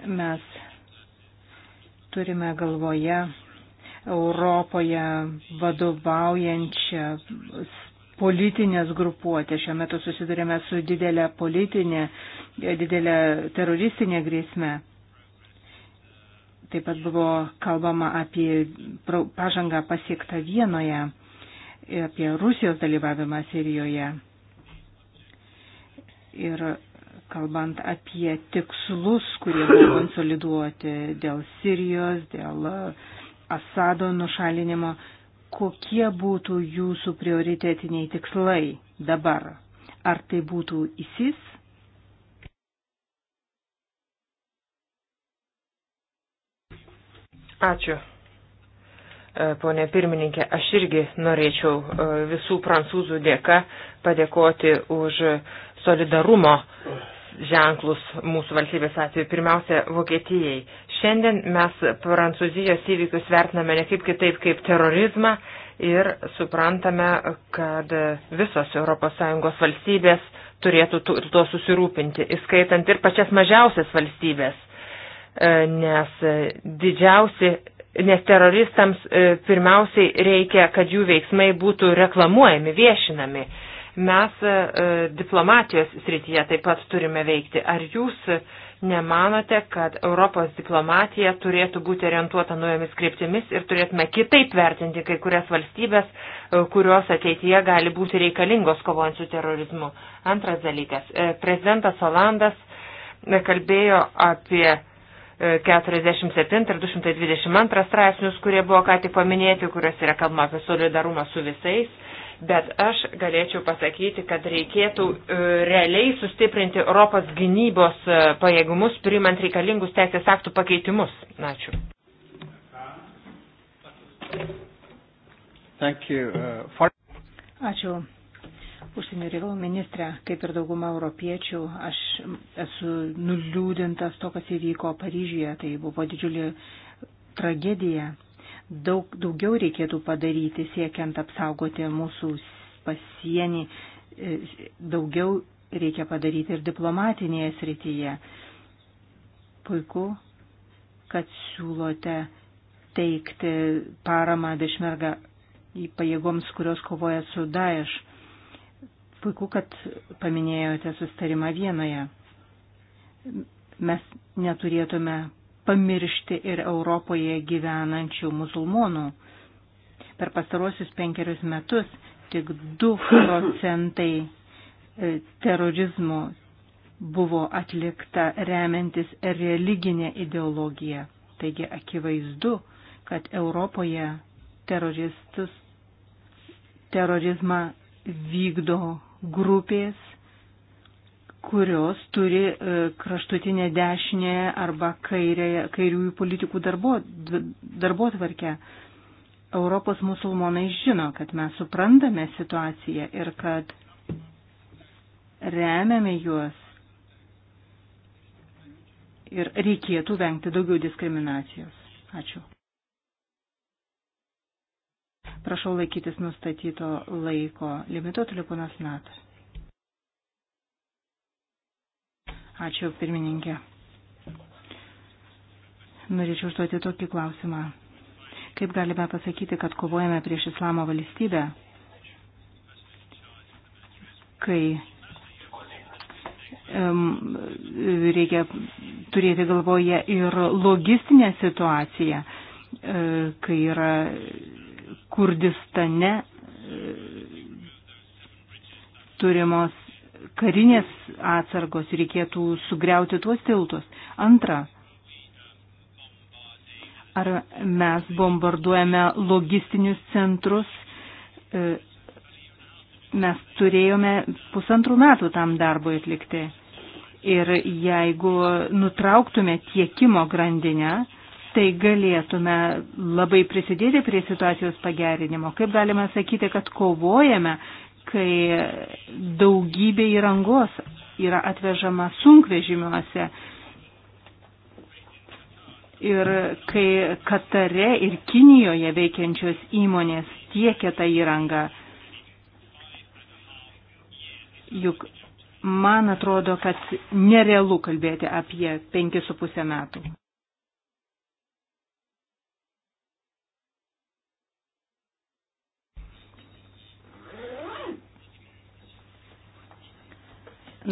Mes turime galvoje Europoje vadovaujančią politinės grupuotės. Šiuo metu susidurėme su didelė politinė, didelė teroristinė grėsme. Taip pat buvo kalbama apie pažangą pasiektą Vienoje, apie Rusijos dalyvavimą Sirijoje. Ir kalbant apie tikslus, kurie buvo konsoliduoti dėl Sirijos, dėl e, Asado nušalinimo, kokie būtų jūsų prioritetiniai tikslai dabar? Ar tai būtų ISIS, Ačiū. E, Pone pirmininkė, aš irgi norėčiau e, visų prancūzų dėka padėkoti už solidarumo ženklus mūsų valstybės atveju, pirmiausia, Vokietijai. Šiandien mes Prancūzijos įvykius vertiname ne kaip kitaip kaip terorizmą ir suprantame, kad visos ES valstybės turėtų tuo susirūpinti, įskaitant ir pačias mažiausias valstybės E, nes didžiausi, nes teroristams e, pirmiausiai reikia, kad jų veiksmai būtų reklamuojami, viešinami. Mes e, diplomatijos srityje taip pat turime veikti. Ar jūs nemanote, kad Europos diplomatija turėtų būti orientuota naujomis kryptimis ir turėtume kitaip vertinti kai kurias valstybės, kurios ateityje gali būti reikalingos kovojant su terorizmu. Antras dalykas. Prezidentas Olandas kalbėjo apie 47 ir 222 straipsnius, kurie buvo ką tik paminėti, kuriuos yra kalbama apie solidarumą su visais. Bet aš galėčiau pasakyti, kad reikėtų e, realiai sustiprinti Europos gynybos e, pajėgumus, priimant reikalingus teisės aktų pakeitimus. Ačiū. Thank you, uh, for... Ačiū užsienio reikalų ministrė, kaip ir dauguma europiečių, aš esu nuliūdintas to, kas įvyko Paryžiuje. Tai buvo didžiulė tragedija. Daug, daugiau reikėtų padaryti, siekiant apsaugoti mūsų pasienį. E, daugiau reikia padaryti ir diplomatinėje srityje. Puiku, kad siūlote teikti paramą bešmerga į pajėgoms, kurios kovoja su Daesh. Puiku, kad paminėjote sustarimą vienoje. Mes neturėtume pamiršti ir Europoje gyvenančių musulmonų. Per pastarosius penkerius metus tik 2 procentai e, terorizmo buvo atlikta remiantis religinė ideologija. Taigi akivaizdu, kad Europoje teroristus, terorizmą vykdo grupės, kurios turi e, kraštutinę dešinę arba kairėje, kairiųjų politikų darbo, darbo tvarkę. Europos musulmonai žino, kad mes suprantame situaciją ir kad remiame juos ir reikėtų vengti daugiau diskriminacijos. Ačiū. Prašau laikytis nustatyto laiko limito telefonas NAT. Ačiū, pirmininkė. Norėčiau užduoti tokį klausimą. Kaip galime pasakyti, kad kovojame prieš islamo valstybę, kai um, reikia turėti galvoje ir logistinę situaciją, e, kai yra Kurdistane e, turimos karinės atsargos reikėtų sugriauti tuos tiltus. Antra, ar mes bombarduojame logistinius centrus? E, mes turėjome pusantrų metų tam darbui atlikti. Ir jeigu nutrauktume tiekimo grandinę, tai galėtume labai prisidėti prie situacijos pagerinimo. Kaip galime sakyti, kad kovojame, kai daugybė įrangos yra atvežama sunkvežimiuose. Ir kai Katare ir Kinijoje veikiančios įmonės tiekia tą įrangą, juk man atrodo, kad nerealu kalbėti apie 5,5 metų.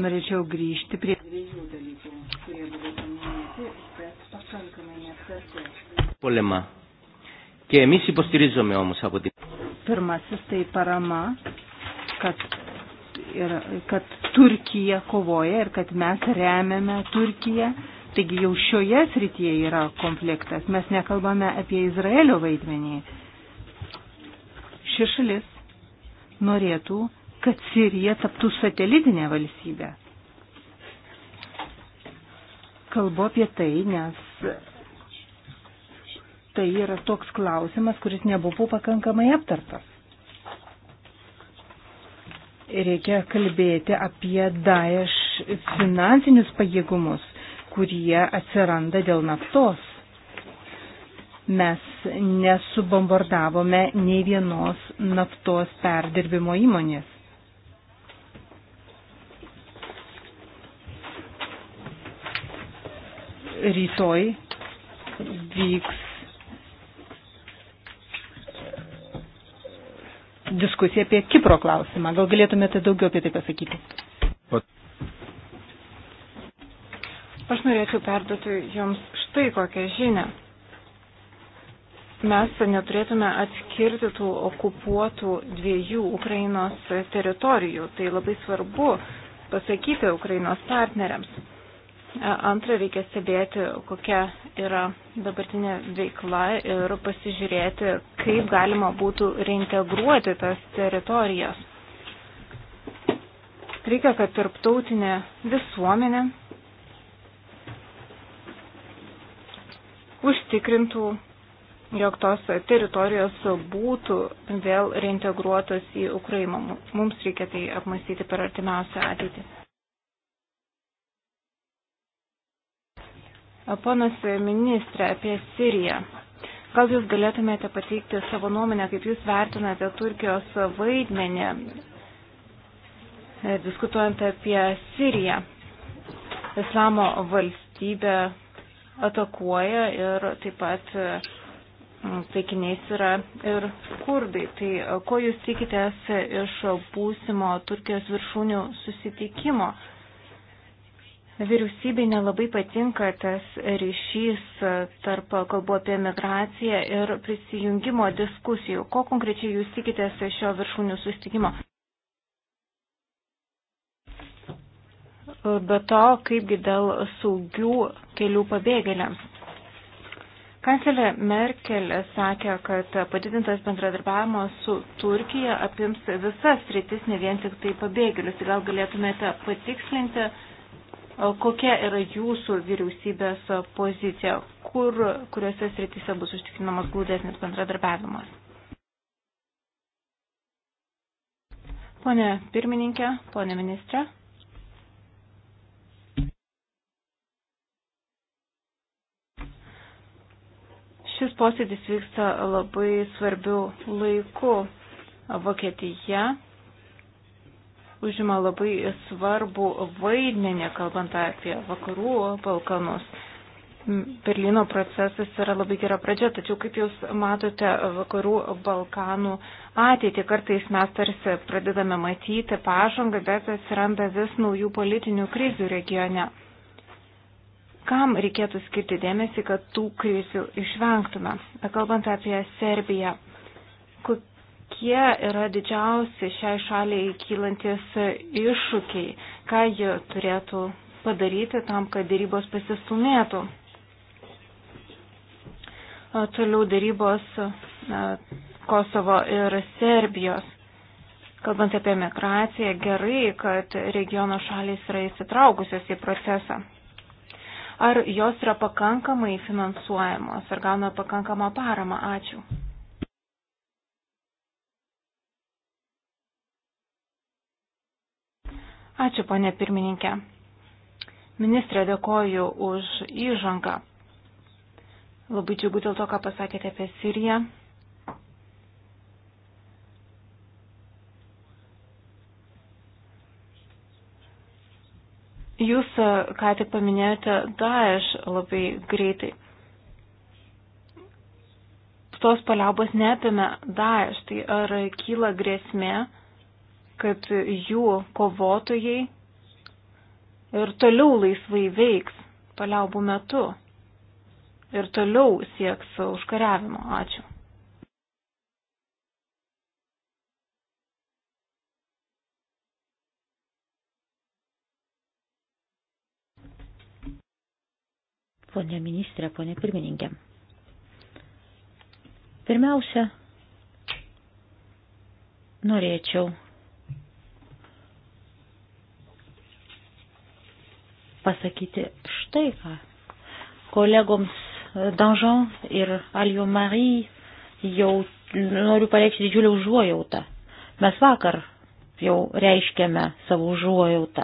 norėčiau grįžti prie dviejų dalykų, kurie buvo paminėti, bet pakankamai neaptarti. Polema. Και εμείς υποστηρίζομαι όμως από την... Pirmasis tai parama, kad, ir, kad Turkija kovoja ir kad mes remiame Turkiją. Taigi jau šioje srityje yra konfliktas. Mes nekalbame apie Izraelio vaidmenį. Ši šalis norėtų kad Sirija taptų satelitinė valstybė. Kalbu apie tai, nes tai yra toks klausimas, kuris nebuvo pakankamai aptartas. Reikia kalbėti apie Daesh finansinius pajėgumus, kurie atsiranda dėl naftos. Mes nesubombardavome nei vienos naftos perdirbimo įmonės. rytoj vyks e, diskusija apie Kipro klausimą. Gal galėtumėte daugiau apie tai pasakyti? Aš norėčiau perduoti Jums štai kokią žinę. Mes neturėtume atskirti tų okupuotų dviejų Ukrainos teritorijų. Tai labai svarbu pasakyti Ukrainos partneriams. E, antra, reikia stebėti, kokia yra dabartinė veikla ir pasižiūrėti, kaip galima būtų reintegruoti tas teritorijas. Reikia, kad tarptautinė visuomenė užtikrintų, jog tos teritorijos būtų vėl reintegruotos į Ukrainą. Mums reikia tai apmastyti per artimiausią ateitį. Ponas ministrė, apie Siriją. Gal jūs galėtumėte pateikti savo nuomonę, kaip jūs vertinate Turkijos vaidmenį, e, diskutuojant apie Siriją. Islamo valstybė atakuoja ir taip pat e, taikiniais yra ir kurdai. Tai e, ko jūs tikitės iš būsimo Turkijos viršūnių susitikimo? Vyriausybei nelabai patinka tas ryšys e, tarp kalbų apie migraciją ir prisijungimo diskusijų. Ko konkrečiai jūs tikitės šio viršūnių sustikimo? Be to, kaipgi dėl saugių kelių pabėgėliams? Kancelė Merkel sakė, kad padidintas bendradarbiavimas su Turkija apims visas rytis, ne vien tik tai pabėgėlius. Gal galėtumėte patikslinti, Kokia yra jūsų vyriausybės pozicija, kur, kuriuose srityse bus užtikrinamas glūdesnis bendradarbiavimas? Pone pirmininkė, pone ministrė. Šis posėdis vyksta labai svarbių laikų. Vokietija užima labai svarbu vaidmenį, kalbant apie vakarų Balkanus. Berlyno procesas yra labai gera pradžia, tačiau kaip jūs matote vakarų Balkanų ateitį, kartais mes tarsi pradedame matyti pažangą, bet atsiranda vis naujų politinių krizių regione. Kam reikėtų skirti dėmesį, kad tų krizių išvengtume? Kalbant apie Serbiją, kokie yra didžiausi šiai šaliai kylantis iššūkiai, ką ji turėtų padaryti tam, kad dėrybos pasistumėtų. Toliau dėrybos Kosovo ir Serbijos. Kalbant apie migraciją, gerai, kad regiono šalys yra įsitraukusios į procesą. Ar jos yra pakankamai finansuojamos, ar gauna pakankamą paramą? Ačiū. Ačiū, ponė pirmininkė. Ministrė, dėkoju už įžangą. Labai džiugu dėl to, ką pasakėte apie Siriją. Jūs e, ką tik paminėjote Daesh labai greitai. Tos paliaubos neapėmė Daesh, tai ar kyla grėsmė, kad jų kovotojai ir toliau laisvai veiks paliaubų metu ir toliau sieks užkariavimo. Ačiū. Pone ministrė, pone pirmininkė. Pirmiausia, norėčiau pasakyti štai ką. Kolegoms Danžon ir Aljo Marie jau noriu pareikšti didžiulį užuojautą. Mes vakar jau reiškėme savo užuojautą.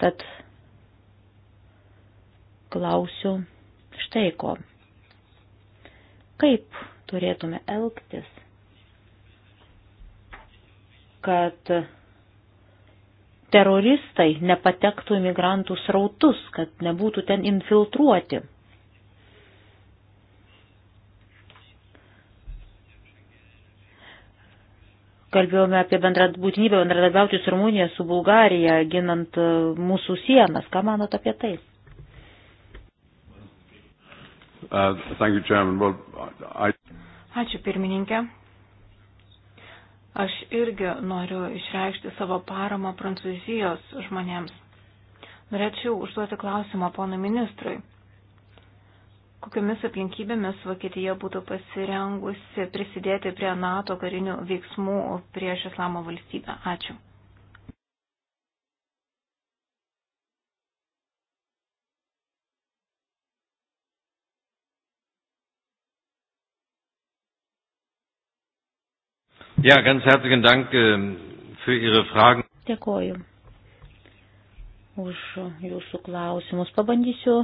Tad klausiu štai ko. Kaip turėtume elgtis, kad teroristai nepatektų į migrantų srautus, kad nebūtų ten infiltruoti. Kalbėjome apie bendrad, būtinybę bendradarbiauti su Rumunija, su Bulgarija, ginant e, mūsų sienas. Ką manote apie tai? Uh, you, well, I... Ačiū pirmininkė. Aš irgi noriu išreikšti savo paramą Prancūzijos žmonėms. Norėčiau užduoti klausimą pono ministrui. Kokiamis aplinkybėmis Vokietija būtų pasirengusi prisidėti prie NATO karinių veiksmų prieš Islamo valstybę? Ačiū. Ja, ganz herzlichen Dank ähm, für Ihre Fragen. Dėkoju už Jūsų klausimus. Pabandysiu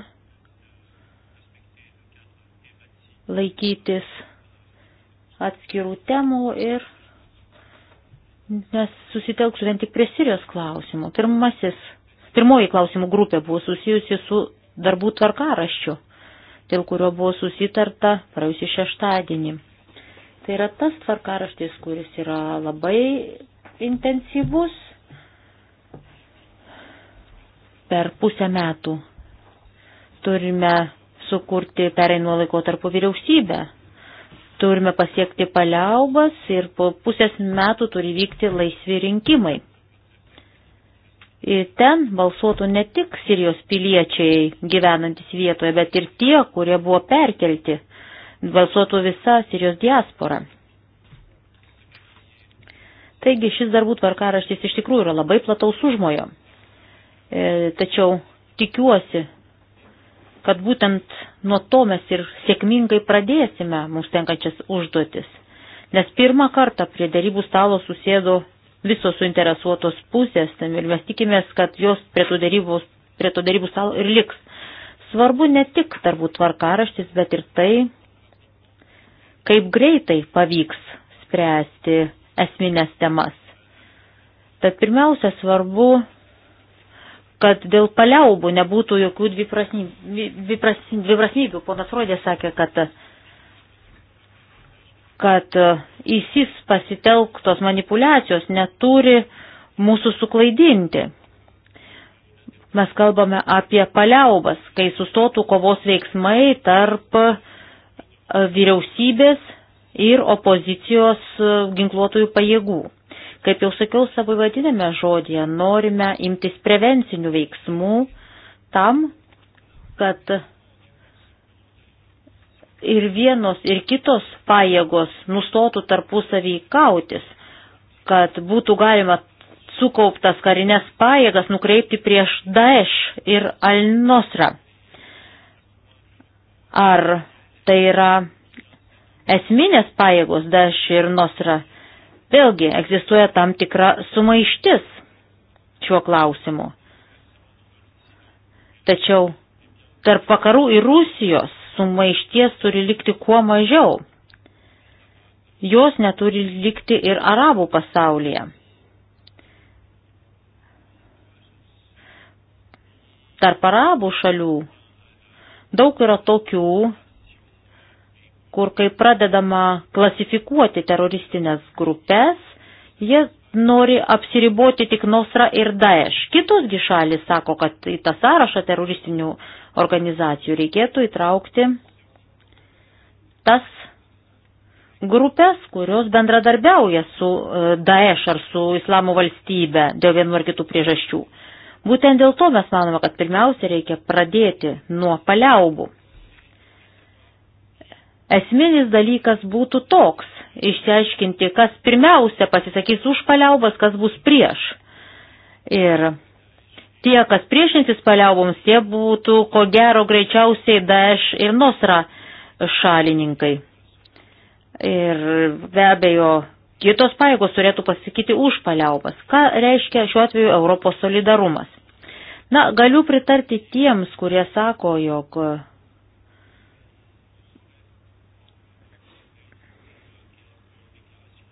laikytis atskirų temų ir mes susitelksiu vien tik prie Sirijos klausimų. Pirmasis, pirmoji klausimų grupė buvo susijusi su darbų tvarkaraščiu, dėl kurio buvo susitarta praėjusį šeštadienį. Tai yra tas tvarkaraštis, kuris yra labai intensyvus per pusę metų. Turime sukurti pereinu laiko tarpu vyriausybę. Turime pasiekti paliaubas ir po pusės metų turi vykti laisvi rinkimai. Ir ten balsuotų ne tik Sirijos piliečiai gyvenantis vietoje, bet ir tie, kurie buvo perkelti balsuotų visa Sirijos diaspora. Taigi šis darbų tvarkaraštis iš tikrųjų yra labai plataus užmojo. E, tačiau tikiuosi, kad būtent nuo to mes ir sėkmingai pradėsime mums tenkančias užduotis. Nes pirmą kartą prie darybų stalo susėdo visos suinteresuotos pusės ir mes tikimės, kad jos prie, darybų, prie to darybų stalo ir liks. Svarbu ne tik darbų tvarkaraštis, bet ir tai, kaip greitai pavyks spręsti esminės temas. Tad pirmiausia svarbu, kad dėl paliaubų nebūtų jokių dviprasmybių. Ponas Rodė sakė, kad, kad įsis pasitelktos manipulacijos neturi mūsų suklaidinti. Mes kalbame apie paliaubas, kai sustotų kovos veiksmai tarp uh, E, vyriausybės ir opozicijos e, ginkluotojų pajėgų. Kaip jau sakiau savo vadiname žodėje, norime imtis prevencinių veiksmų tam, kad ir vienos, ir kitos pajėgos nustotų tarpusavį kautis, kad būtų galima sukauptas karinės pajėgas nukreipti prieš Daesh ir Al-Nosra. Ar Tai yra esminės pajėgos Daesh ir Nosra. Vėlgi egzistuoja tam tikra sumaištis šiuo klausimu. Tačiau tarp vakarų ir Rusijos sumaišties turi likti kuo mažiau. Jos neturi likti ir arabų pasaulyje. Tarp arabų šalių daug yra tokių, kur kai pradedama klasifikuoti teroristinės grupės, jie nori apsiriboti tik Nosra ir Daesh. Kitosgi šalis sako, kad į tą sąrašą teroristinių organizacijų reikėtų įtraukti tas grupės, kurios bendradarbiauja su e, Daesh ar su Islamo valstybe dėl vienu ar kitų priežasčių. Būtent dėl to mes manome, kad pirmiausia reikia pradėti nuo paliaubų. Esminis dalykas būtų toks - išsiaiškinti, kas pirmiausia pasisakys už paliaubas, kas bus prieš. Ir tie, kas priešinsis paliauboms, tie būtų ko gero greičiausiai Daesh ir Nosra šalininkai. Ir be abejo, kitos paėgos turėtų pasakyti už paliaubas. Ką reiškia šiuo atveju Europos solidarumas? Na, galiu pritarti tiems, kurie sako, jog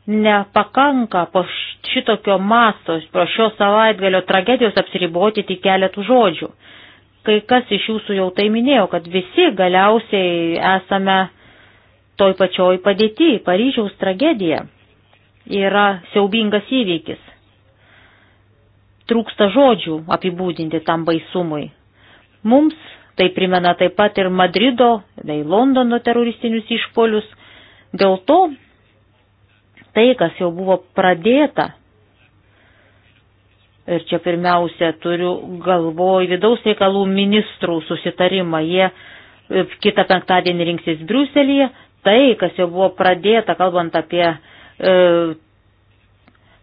nepakanka po šitokio masto, po šio savaitgalio tragedijos apsiriboti tik keletų žodžių. Kai kas iš jūsų jau tai minėjo, kad visi galiausiai esame toj pačioj padėti. Paryžiaus tragedija yra siaubingas įvykis. Trūksta žodžių apibūdinti tam baisumui. Mums tai primena taip pat ir Madrido bei Londono teroristinius išpolius. Dėl to tai, kas jau buvo pradėta. Ir čia pirmiausia turiu galvoj vidaus reikalų ministrų susitarimą. Jie e, kitą penktadienį rinksis Briuselėje. Tai, kas jau buvo pradėta, kalbant apie e,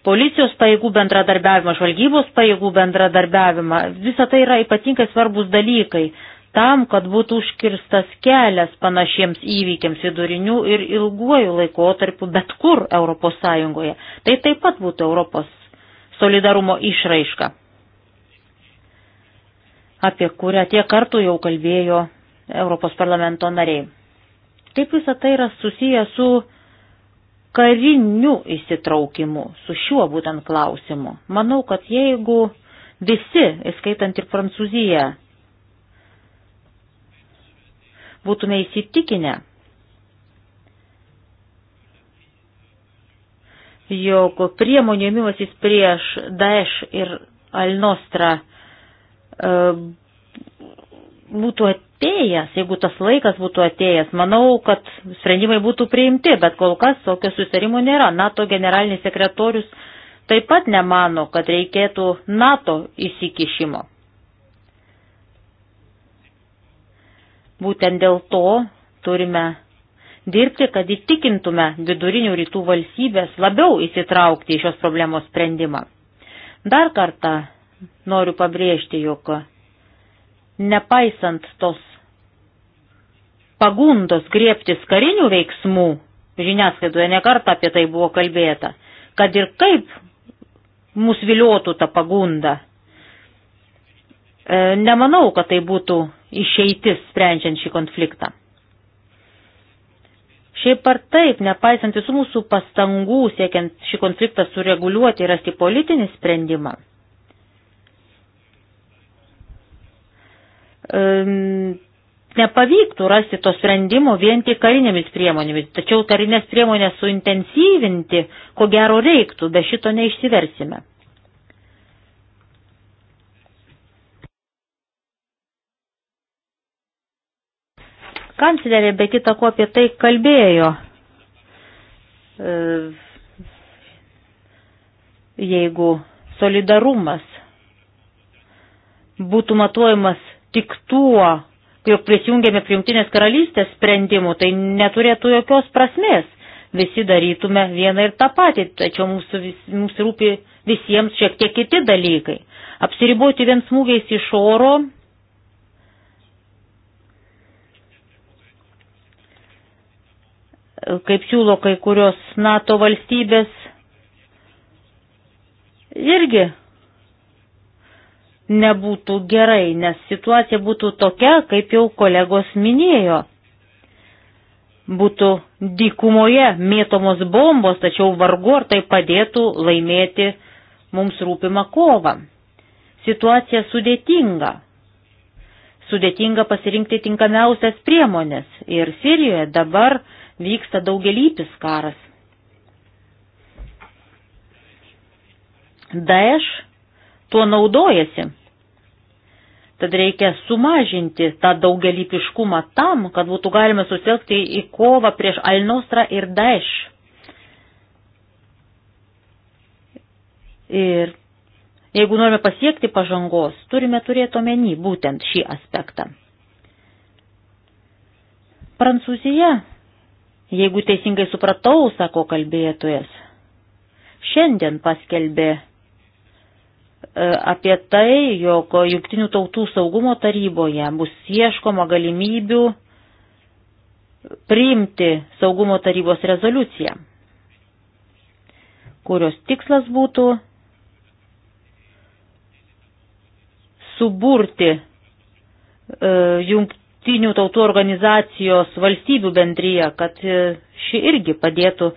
policijos paėgų bendradarbiavimą, žvalgybos paėgų bendradarbiavimą. Visa tai yra ypatingai svarbus dalykai tam, kad būtų užkirstas kelias panašiems įvykiams vidurinių ir ilguoju laikotarpiu bet kur Europos Sąjungoje. Tai taip pat būtų Europos solidarumo išraiška, apie kurią tie kartų jau kalbėjo Europos parlamento nariai. Kaip visa tai yra susiję su kariniu įsitraukimu, su šiuo būtent klausimu? Manau, kad jeigu visi, įskaitant ir Prancūziją, būtume įsitikinę, jog priemonių ėmimasis prieš Daesh ir Alnostra e, būtų atėjęs, jeigu tas laikas būtų atėjęs, manau, kad sprendimai būtų priimti, bet kol kas tokio susitarimo nėra. NATO generalinis sekretorius taip pat nemano, kad reikėtų NATO įsikišimo. Būtent dėl to turime dirbti, kad įtikintume vidurinių rytų valstybės labiau įsitraukti į šios problemos sprendimą. Dar kartą noriu pabrėžti, jog nepaisant tos pagundos griebtis karinių veiksmų, žiniasklaidoje nekarta apie tai buvo kalbėta, kad ir kaip mus viliotų ta pagunda, e, nemanau, kad tai būtų išeitis sprendžiant šį konfliktą. Šiaip ar taip, nepaisant visų mūsų pastangų siekiant šį konfliktą sureguliuoti ir rasti politinį sprendimą, nepavyktų rasti to sprendimo vien tik karinėmis priemonėmis, tačiau karinės priemonės suintensyvinti, ko gero reiktų, be šito neišsiversime. Kanclerė be kita ko apie tai kalbėjo. E, jeigu solidarumas būtų matuojamas tik tuo, jog prisijungėme prie Junktinės karalystės sprendimų, tai neturėtų jokios prasmės. Visi darytume vieną ir tą patį, tačiau mums, mums rūpi visiems šiek tiek kiti dalykai. Apsiriboti vien smūgiais iš oro kaip siūlo kai kurios NATO valstybės, irgi nebūtų gerai, nes situacija būtų tokia, kaip jau kolegos minėjo. Būtų dykumoje mėtomos bombos, tačiau vargu ar tai padėtų laimėti mums rūpimą kovą. Situacija sudėtinga. Sudėtinga pasirinkti tinkamiausias priemonės. Ir Sirijoje dabar uh, vyksta daugelypis karas. Daeš tuo naudojasi. Tad reikia sumažinti tą daugelypiškumą tam, kad būtų galima susitelkti į kovą prieš Alnostrą ir Daeš. Ir jeigu norime pasiekti pažangos, turime turėti omeny būtent šį aspektą. Prancūzija Jeigu teisingai supratau, sako kalbėtojas, šiandien paskelbė e, apie tai, jog Junktinių tautų saugumo taryboje bus ieškoma galimybių priimti saugumo tarybos rezoliuciją, kurios tikslas būtų suburti e, jungt, jungtinių tautų organizacijos valstybių bendryje, kad e, ši irgi padėtų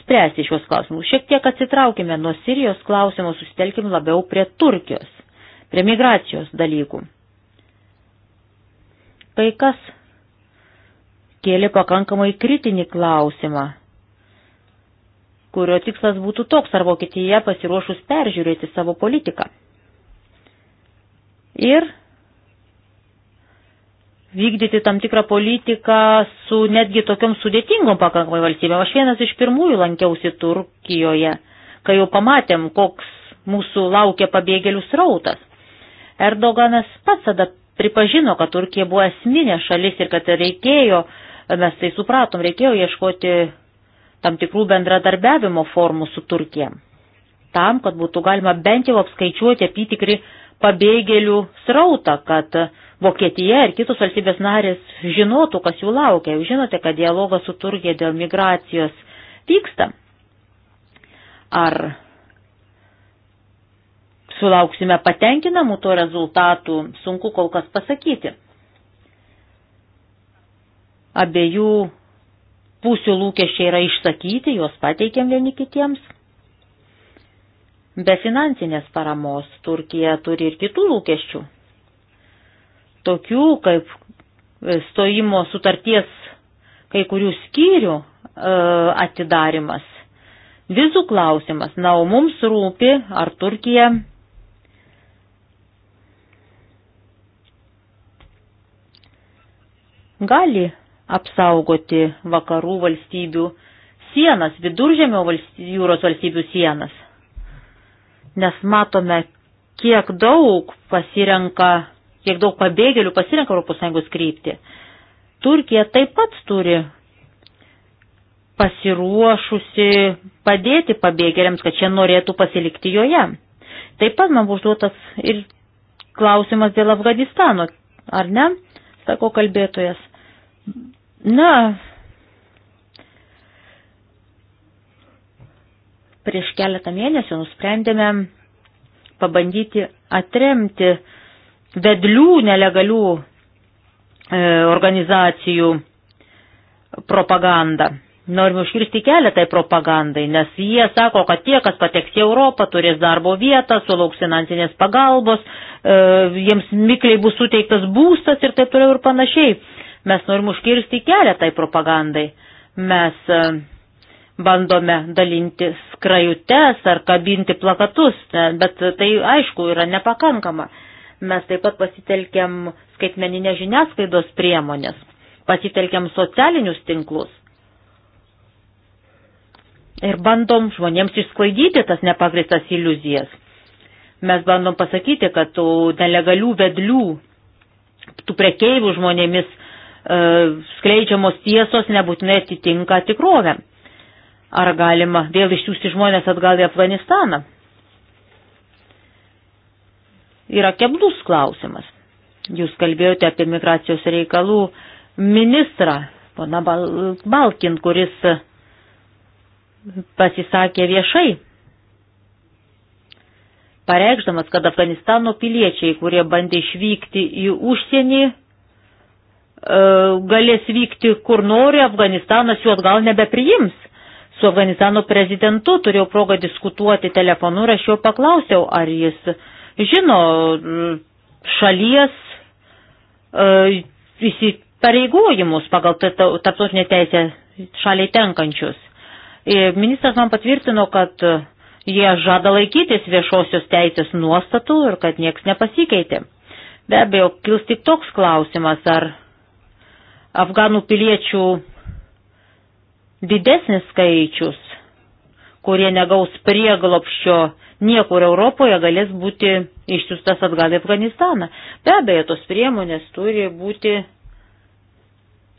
spręsti šios klausimus. Šiek tiek atsitraukime nuo Sirijos klausimo, susitelkim labiau prie Turkijos, prie migracijos dalykų. Kai kas kėlė pakankamai kritinį klausimą, kurio tikslas būtų toks, ar Vokietija pasiruošus peržiūrėti savo politiką. Ir vykdyti tam tikrą politiką su netgi tokiom sudėtingom pakankamai valstybėm. Aš vienas iš pirmųjų lankiausi Turkijoje, kai jau pamatėm, koks mūsų laukia pabėgėlių srautas. Erdoganas pats tada pripažino, kad Turkija buvo esminė šalis ir kad reikėjo, mes tai supratom, reikėjo ieškoti tam tikrų bendradarbiavimo formų su Turkija. Tam, kad būtų galima bent jau apskaičiuoti apytikri pabėgėlių srautą, kad uh, Vokietija ir kitos valstybės narės žinotų, kas jų laukia. Jūs žinote, kad dialogas su Turkija dėl migracijos vyksta. Ar sulauksime patenkinamų to rezultatų, sunku kol kas pasakyti. Abiejų pusių lūkesčiai yra išsakyti, juos pateikėm vieni kitiems. Be finansinės paramos Turkija turi ir kitų lūkesčių tokių kaip stojimo sutarties kai kurių skyrių e, atidarimas, vizų klausimas. Na, o mums rūpi, ar Turkija gali apsaugoti vakarų valstybių sienas, viduržėmio valstybių, jūros valstybių sienas. Nes matome, kiek daug pasirenka kiek daug pabėgėlių pasirenka ES kryptį. Turkija taip pat turi pasiruošusi padėti pabėgėliams, kad čia norėtų pasilikti joje. Taip pat man užduotas ir klausimas dėl Afganistano, ar ne, sako kalbėtojas. Na, prieš keletą mėnesių nusprendėme pabandyti atremti vedlių nelegalių e, organizacijų propaganda. Norime užkirsti kelią tai propagandai, nes jie sako, kad tie, kas pateks į Europą, turės darbo vietą, sulauks finansinės pagalbos, e, jiems mikliai bus suteiktas būstas ir taip toliau ir panašiai. Mes norim užkirsti kelią tai propagandai. Mes e, bandome dalinti skrajutes ar kabinti plakatus, e, bet tai aišku yra nepakankama. Mes taip pat pasitelkiam skaitmeninę žiniasklaidos priemonės, pasitelkiam socialinius tinklus ir bandom žmonėms išsklaidyti tas nepagristas iliuzijas. Mes bandom pasakyti, kad tų nelegalių vedlių, tų prekeivių žmonėmis e, skleidžiamos tiesos nebūtinai atitinka tikrovę. Ar galima vėl išsiųsti žmonės atgal į Afganistaną? yra keblus klausimas. Jūs kalbėjote apie migracijos reikalų ministrą, pana Balkin, kuris pasisakė viešai, pareikšdamas, kad Afganistano piliečiai, kurie bandė išvykti į užsienį, e, galės vykti kur nori, Afganistanas jų atgal nebepriims. Su Afganistano prezidentu turėjau progą diskutuoti telefonu ir aš jo paklausiau, ar jis uh, žino šalies e, įsipareigojimus pagal tarptautinę teisę šaliai tenkančius. Ir ministras man patvirtino, kad jie žada laikytis viešosios teisės nuostatų ir kad nieks nepasikeitė. Be abejo, kils tik toks klausimas, ar afganų piliečių didesnis skaičius, kurie negaus prieglopščio niekur Europoje galės būti išsiustas atgal į Afganistaną. Be abejo, tos priemonės turi būti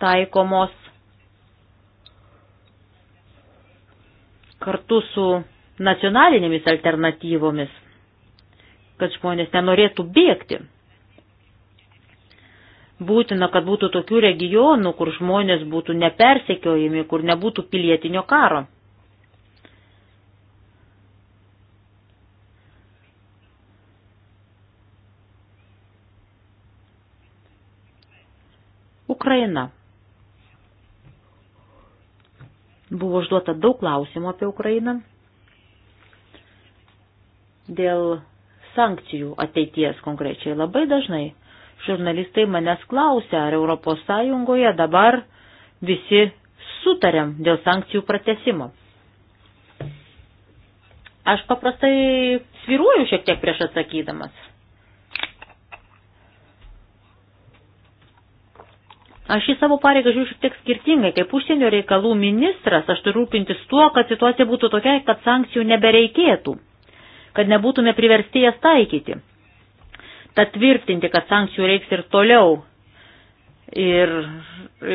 taikomos kartu su nacionalinėmis alternatyvomis, kad žmonės nenorėtų bėgti. Būtina, kad būtų tokių regionų, kur žmonės būtų nepersekiojami, kur nebūtų pilietinio karo. Ukraina. Buvo užduota daug klausimų apie Ukrainą dėl sankcijų ateities konkrečiai. Labai dažnai žurnalistai manęs klausia, ar Europos Sąjungoje dabar visi sutarėm dėl sankcijų pratesimo. Aš paprastai sviruoju šiek tiek prieš atsakydamas. Aš į savo pareigą žiūriu šiek tiek skirtingai. Kaip užsienio reikalų ministras, aš turiu rūpintis tuo, kad situacija būtų tokia, kad sankcijų nebereikėtų, kad nebūtume priversti jas taikyti. Tad tvirtinti, kad sankcijų reiks ir toliau ir,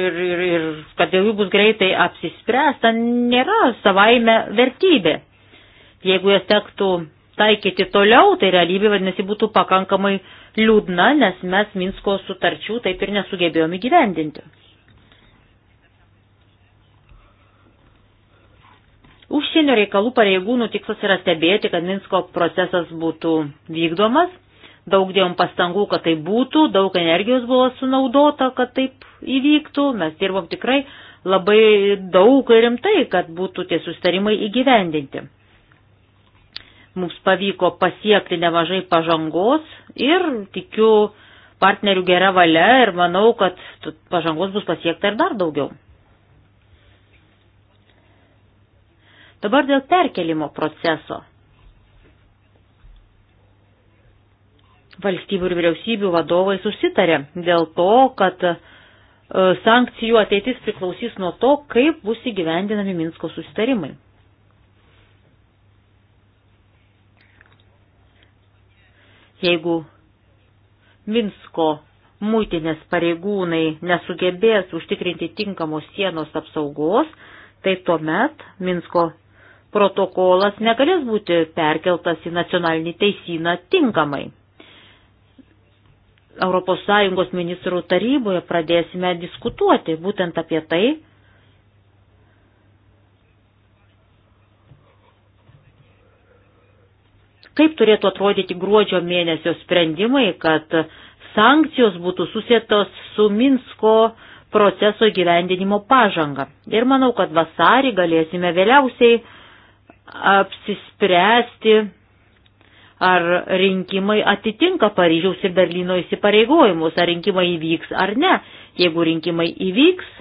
ir, ir, ir kad dėl jų bus greitai apsispręsta, nėra savaime vertybė. Jeigu jas tektų taikyti toliau, tai realybė vadinasi būtų pakankamai liūdna, nes mes Minsko sutarčių taip ir nesugebėjome gyvendinti. Užsienio reikalų pareigūnų tikslas yra stebėti, kad Minsko procesas būtų vykdomas. Daug dėjom pastangų, kad tai būtų, daug energijos buvo sunaudota, kad taip įvyktų. Mes dirbom tikrai labai daug ir rimtai, kad būtų tie sustarimai įgyvendinti. Mums pavyko pasiekti nemažai pažangos ir tikiu partnerių gera valia ir manau, kad pažangos bus pasiekta ir dar daugiau. Dabar dėl perkelimo proceso. Valstybių ir vyriausybių vadovai susitarė dėl to, kad e, sankcijų ateitis priklausys nuo to, kaip bus įgyvendinami Minsko susitarimai. Jeigu Minsko mūtinės pareigūnai nesugebės užtikrinti tinkamos sienos apsaugos, tai tuomet Minsko protokolas negalės būti perkeltas į nacionalinį teisyną tinkamai. ES ministrų taryboje pradėsime diskutuoti būtent apie tai, Kaip turėtų atrodyti gruodžio mėnesio sprendimai, kad sankcijos būtų susietos su Minsko proceso gyvendinimo pažanga. Ir manau, kad vasarį galėsime vėliausiai apsispręsti, ar rinkimai atitinka Paryžiaus ir Berlyno įsipareigojimus, ar rinkimai įvyks ar ne. Jeigu rinkimai įvyks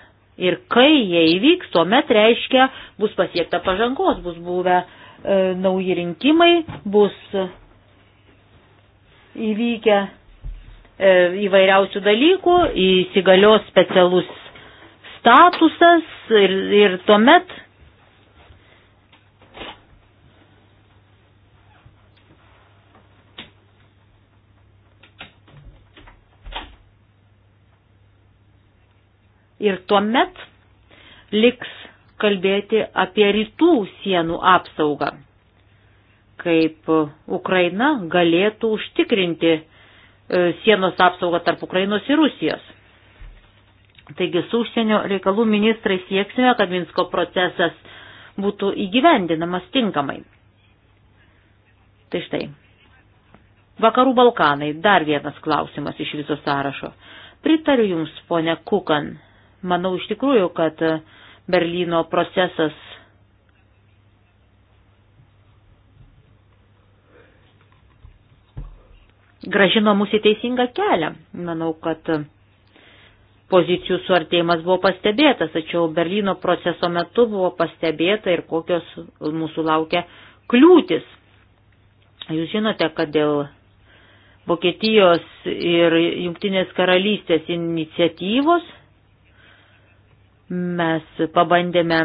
ir kai jie įvyks, tuomet reiškia, bus pasiekta pažangos, bus buvę E, nauji rinkimai, bus įvykę e, įvairiausių dalykų, įsigalios specialus statusas ir, ir tuomet ir tuomet liks kalbėti apie rytų sienų apsaugą, kaip Ukraina galėtų užtikrinti e, sienos apsaugą tarp Ukrainos ir Rusijos. Taigi su užsienio reikalų ministrai sieksime, kad Minsko procesas būtų įgyvendinamas tinkamai. Tai štai. Vakarų Balkanai dar vienas klausimas iš viso sąrašo. Pritariu Jums, ponė Kukan. Manau iš tikrųjų, kad Berlyno procesas gražino mūsų į teisingą kelią. Manau, kad pozicijų suartėjimas buvo pastebėtas, tačiau Berlyno proceso metu buvo pastebėta ir kokios mūsų laukia kliūtis. Jūs žinote, kad dėl Vokietijos ir Junktinės karalystės iniciatyvos Mes pabandėme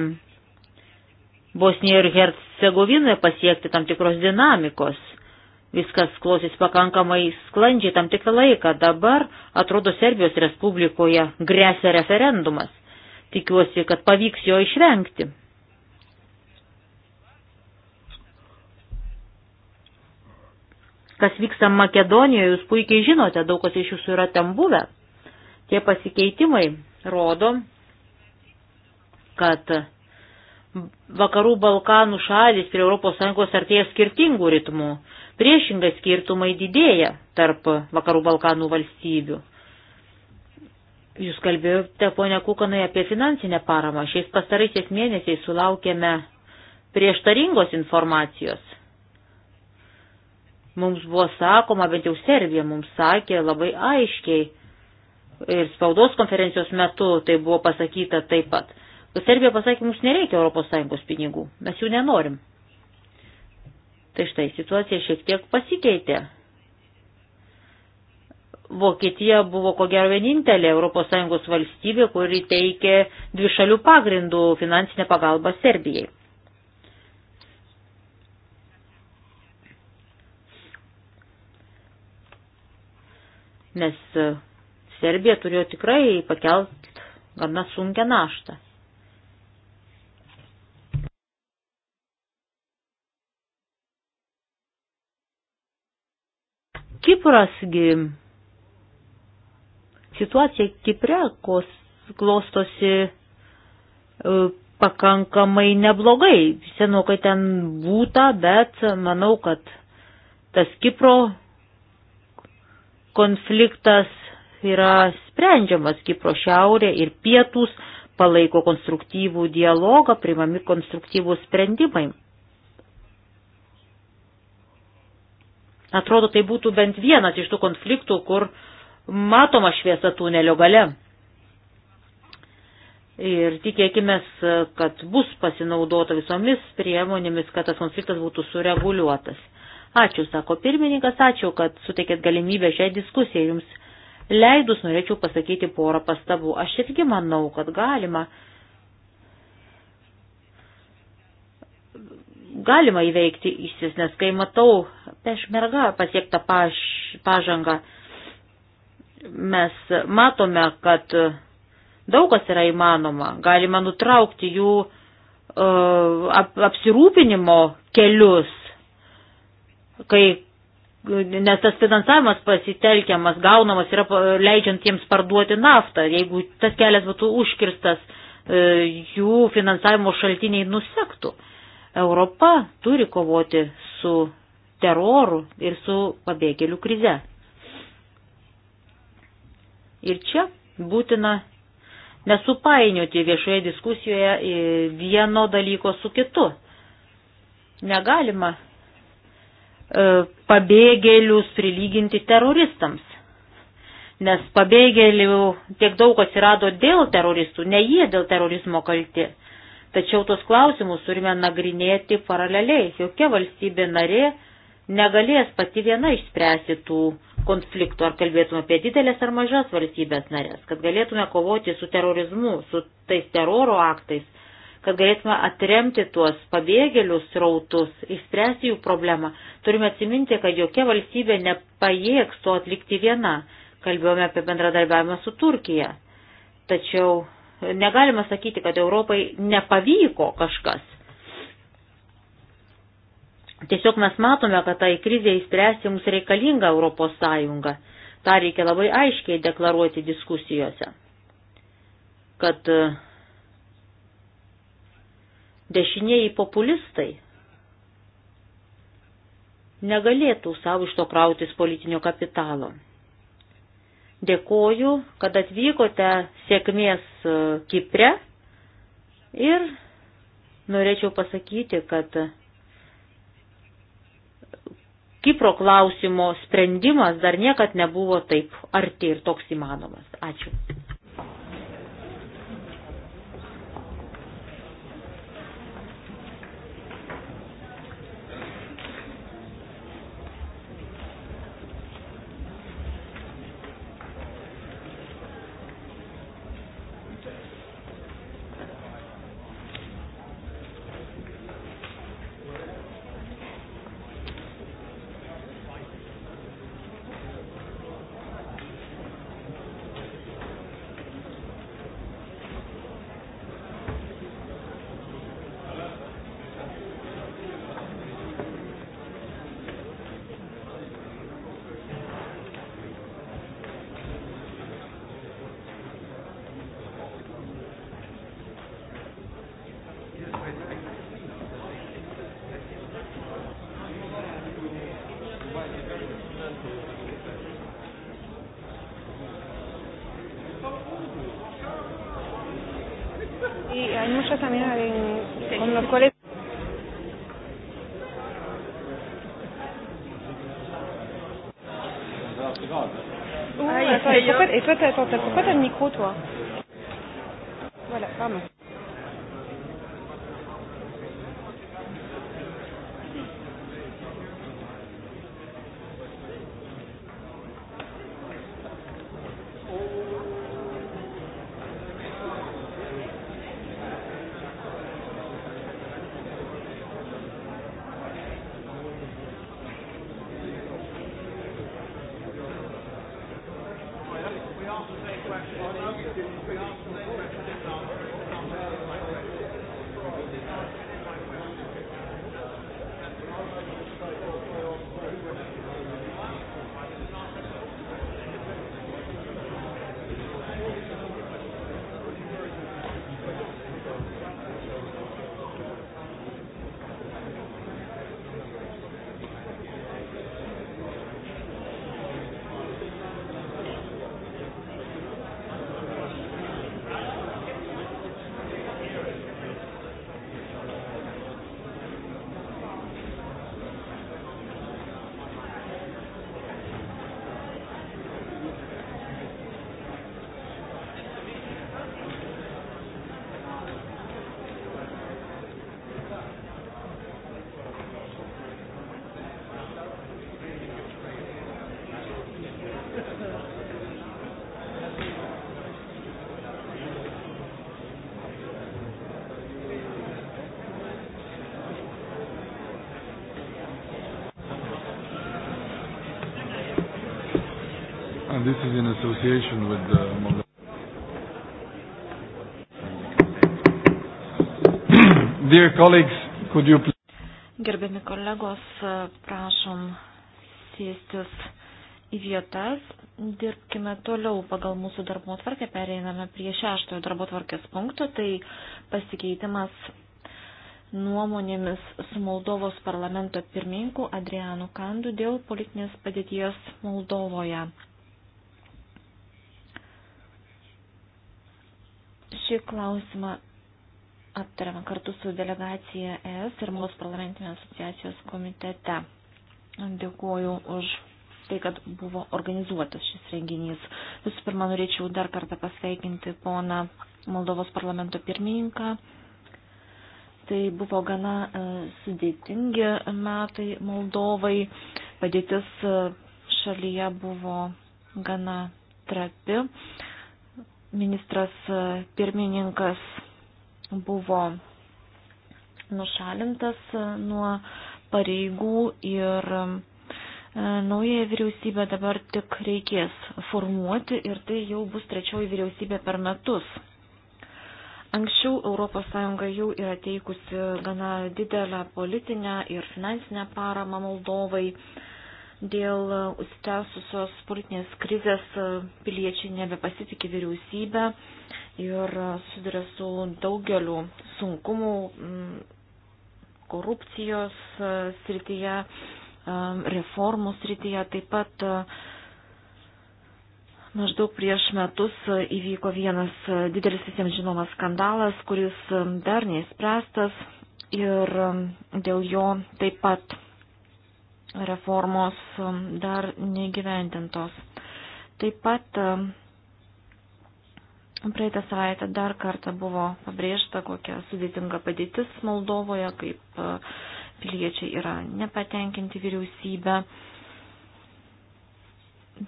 Bosnijoje ir Hercegovinoje pasiekti tam tikros dinamikos. Viskas klausys pakankamai sklandžiai tam tikrą laiką. Dabar, atrodo, Serbijos Respublikoje grėsia referendumas. Tikiuosi, kad pavyks jo išvengti. Kas vyksta Makedonijoje, jūs puikiai žinote, daug kas iš jūsų yra ten buvę. Tie pasikeitimai rodo, kad vakarų Balkanų šalis prie ES artėja skirtingų ritmų. Priešingai skirtumai didėja tarp vakarų Balkanų valstybių. Jūs kalbėjote, ponia Kukanai, apie finansinę paramą. Šiais pastaraisiais mėnesiais sulaukėme prieštaringos informacijos. Mums buvo sakoma, bent jau Serbija mums sakė labai aiškiai ir spaudos konferencijos metu tai buvo pasakyta taip pat Serbija pasakė, mums nereikia ES pinigų, mes jų nenorim. Tai štai situacija šiek tiek pasikeitė. Vokietija buvo ko gero vienintelė ES valstybė, kuri teikė dvišalių pagrindų finansinę pagalbą Serbijai. Nes Serbija turėjo tikrai pakelt gana sunkę naštą. Kiprasgi situacija Kipre kos, klostosi e, pakankamai neblogai. Senokai ten būta, bet manau, kad tas Kipro konfliktas yra sprendžiamas. Kipro šiaurė ir pietus palaiko konstruktyvų dialogą, primami konstruktyvų sprendimai. Atrodo, tai būtų bent vienas iš tų konfliktų, kur matoma šviesa tunelio gale. Ir tikėkime, kad bus pasinaudota visomis priemonėmis, kad tas konfliktas būtų sureguliuotas. Ačiū, sako pirmininkas, ačiū, kad suteikėt galimybę šiai diskusijai. Jums leidus norėčiau pasakyti porą pastabų. Aš irgi manau, kad galima. Galima įveikti išsis, nes kai matau pešmerga pasiektą paž, pažangą. Mes matome, kad daug kas yra įmanoma. Galima nutraukti jų uh, ap, apsirūpinimo kelius, kai, nes tas finansavimas pasitelkiamas, gaunamas yra leidžiant jiems parduoti naftą. Jeigu tas kelias būtų užkirstas, uh, jų finansavimo šaltiniai nusektų. Europa turi kovoti su teroru ir su pabėgėlių krize. Ir čia būtina nesupainioti viešoje diskusijoje e, vieno dalyko su kitu. Negalima e, pabėgėlius prilyginti teroristams, nes pabėgėlių tiek daug atsirado dėl teroristų, ne jie dėl terorizmo kalti. Tačiau tos klausimus turime nagrinėti paraleliai. Jokia valstybė narė negalės pati viena išspręsti tų konfliktų, ar kalbėtume apie didelės ar mažas valstybės narės, kad galėtume kovoti su terorizmu, su tais teroro aktais, kad galėtume atremti tuos pabėgėlius rautus, išspręsti jų problemą. Turime atsiminti, kad jokia valstybė nepajėgs to atlikti viena. Kalbėjome apie bendradarbiavimą su Turkija. Tačiau negalima sakyti, kad Europai nepavyko kažkas Tiesiog mes matome, kad tai krizė įspręsti mums reikalinga Europos Sąjunga. Ta reikia labai aiškiai deklaruoti diskusijose. Kad e, dešiniai populistai negalėtų savo iš to krautis politinio kapitalo. Dėkoju, kad atvykote sėkmės e, Kipre ir norėčiau pasakyti, kad Kipro klausimo sprendimas dar niekad nebuvo taip arti ir toks įmanomas. Ačiū. Dear colleagues, could you please... Gerbiami kolegos, prašom sėstis į vietas. Dirbkime toliau pagal mūsų darbo tvarkę. Pereiname prie šeštojo darbo tvarkės punkto. Tai pasikeitimas nuomonėmis su Moldovos parlamento pirmininku Adrianu Kandu dėl politinės padėties Moldovoje. Šį klausimą aptariama kartu su delegacija ES ir mūsų parlamentinės asociacijos komitete. Dėkuoju už tai, kad buvo organizuotas šis renginys. Visų pirma, norėčiau dar kartą pasveikinti poną Moldovos parlamento pirmininką. Tai buvo gana e, sudėtingi metai Moldovai. Padėtis e, šalyje buvo gana trapi. Ministras e, pirmininkas buvo nušalintas nuo pareigų ir e, naująją vyriausybę dabar tik reikės formuoti ir tai jau bus trečioji vyriausybė per metus. Anksčiau ES jau yra teikusi gana didelę politinę ir finansinę paramą Moldovai. Dėl užsitęsusios politinės krizės piliečiai nebepasitikė vyriausybę ir susiduria su daugeliu sunkumų mm, korupcijos e, srityje, e, reformų srityje. Taip pat e, maždaug prieš metus įvyko vienas didelis visiems žinomas skandalas, kuris dar neįspręstas ir dėl jo taip pat reformos dar negyventintos. Taip pat Praeitą savaitę dar kartą buvo pabrėžta, kokia sudėtinga padėtis Moldovoje, kaip e, piliečiai yra nepatenkinti vyriausybę.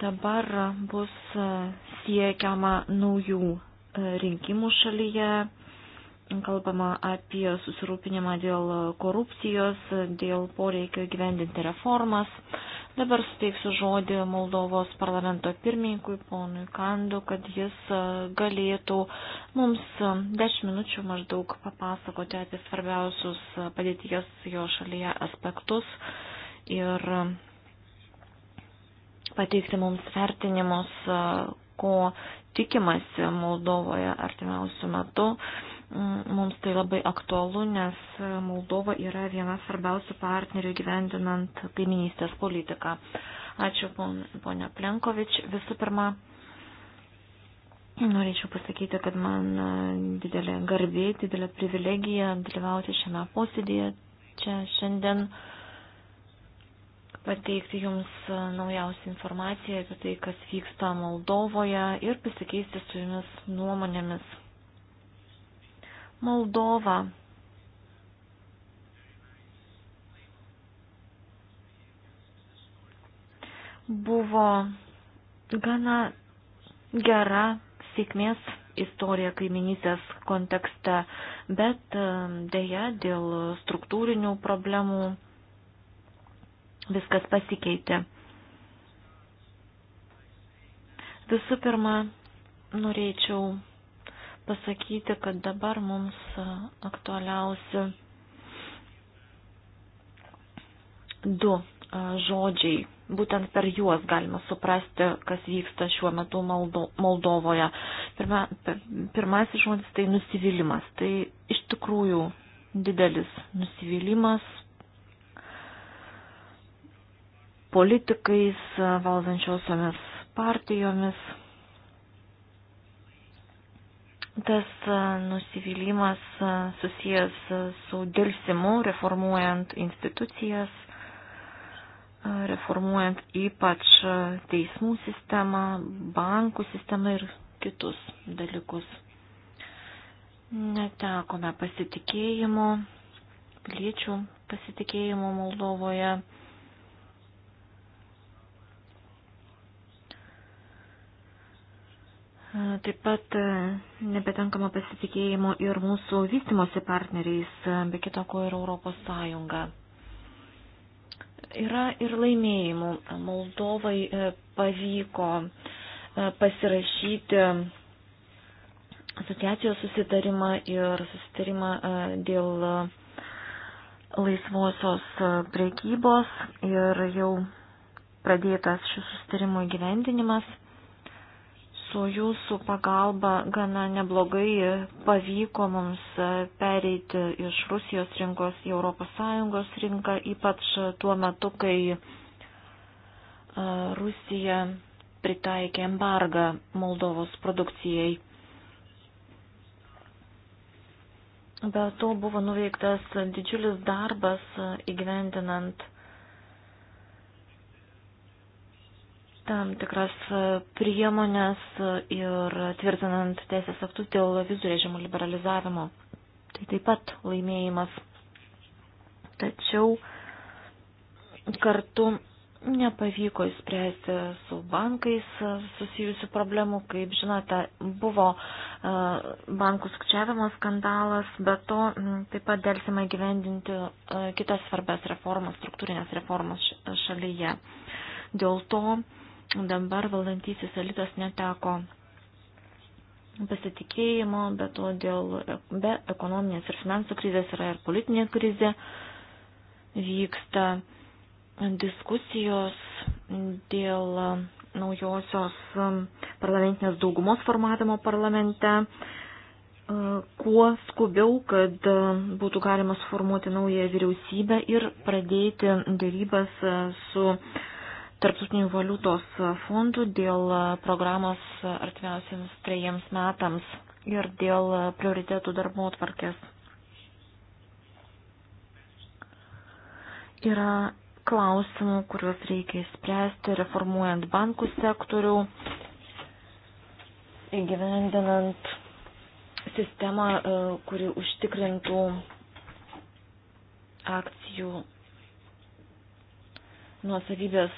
Dabar bus e, siekiama naujų e, rinkimų šalyje, kalbama apie susirūpinimą dėl korupcijos, dėl poreikio gyvendinti reformas. Dabar suteiksiu žodį Moldovos parlamento pirmininkui, ponui Kandu, kad jis galėtų mums 10 minučių maždaug papasakoti apie svarbiausius padėties jo šalyje aspektus ir pateikti mums vertinimus, ko tikimasi Moldovoje artimiausių metų Mums tai labai aktualu, nes Moldova yra viena svarbiausių partnerių gyvendinant kaiminystės politiką. Ačiū, ponia Plenkovič. Visų pirma, Norėčiau pasakyti, kad man didelė garbė, didelė privilegija dalyvauti šiame posėdėje čia šiandien, pateikti Jums naujausią informaciją apie tai, kas vyksta Moldovoje ir pasikeisti su Jumis nuomonėmis. Moldova. Buvo gana gera sėkmės istorija kaiminysės kontekste, bet um, dėja dėl struktūrinių problemų viskas pasikeitė. Visų pirma, norėčiau pasakyti, kad dabar mums aktualiausi du žodžiai. Būtent per juos galima suprasti, kas vyksta šiuo metu Maldo, Moldovoje. Pirma, pirmasis žodis tai nusivylimas. Tai iš tikrųjų didelis nusivylimas politikais, valdančiosiomis partijomis. Tas nusivylimas susijęs su dėlsimu reformuojant institucijas, reformuojant ypač teismų sistemą, bankų sistemą ir kitus dalykus. Netekome pasitikėjimo, piliečių pasitikėjimo Moldovoje Taip pat e, nebetenkama pasitikėjimo ir mūsų vystimosi partneriais, e, be kita ko ir Europos Sąjunga. Yra ir laimėjimų. Moldovai e, pavyko pasirašyti asociacijos susitarimą ir susitarimą dėl laisvosios priekybos ir jau pradėtas šių susitarimų įgyvendinimas su jūsų pagalba gana neblogai pavyko mums pereiti iš Rusijos rinkos į ES rinką, ypač tuo metu, kai e, Rusija pritaikė embargą Moldovos produkcijai. Be to buvo nuveiktas didžiulis darbas įgyvendinant tam tikras priemonės ir tvirtinant teisės aktus dėl vizų režimo liberalizavimo. Tai taip pat laimėjimas. Tačiau kartu nepavyko įspręsti su bankais susijusių problemų. Kaip žinote, buvo e, bankų skčiavimo skandalas, bet to taip pat dėlsima gyvendinti e, kitas svarbės reformas, struktūrinės reformas šalyje. Dėl to dabar valdantysis elitas neteko pasitikėjimo, bet to dėl be ekonominės ir finansų krizės yra ir politinė krizė, vyksta diskusijos dėl naujosios parlamentinės daugumos formavimo parlamente, kuo skubiau, kad būtų galima suformuoti naują vyriausybę ir pradėti dėrybas su tarptautinių valiutos fondų dėl programos artimiausiams trejiems metams ir dėl prioritėtų darbo atvarkės. Yra klausimų, kuriuos reikia įspręsti reformuojant bankų sektorių, įgyvendinant sistemą, e, kuri užtikrintų akcijų nuosavybės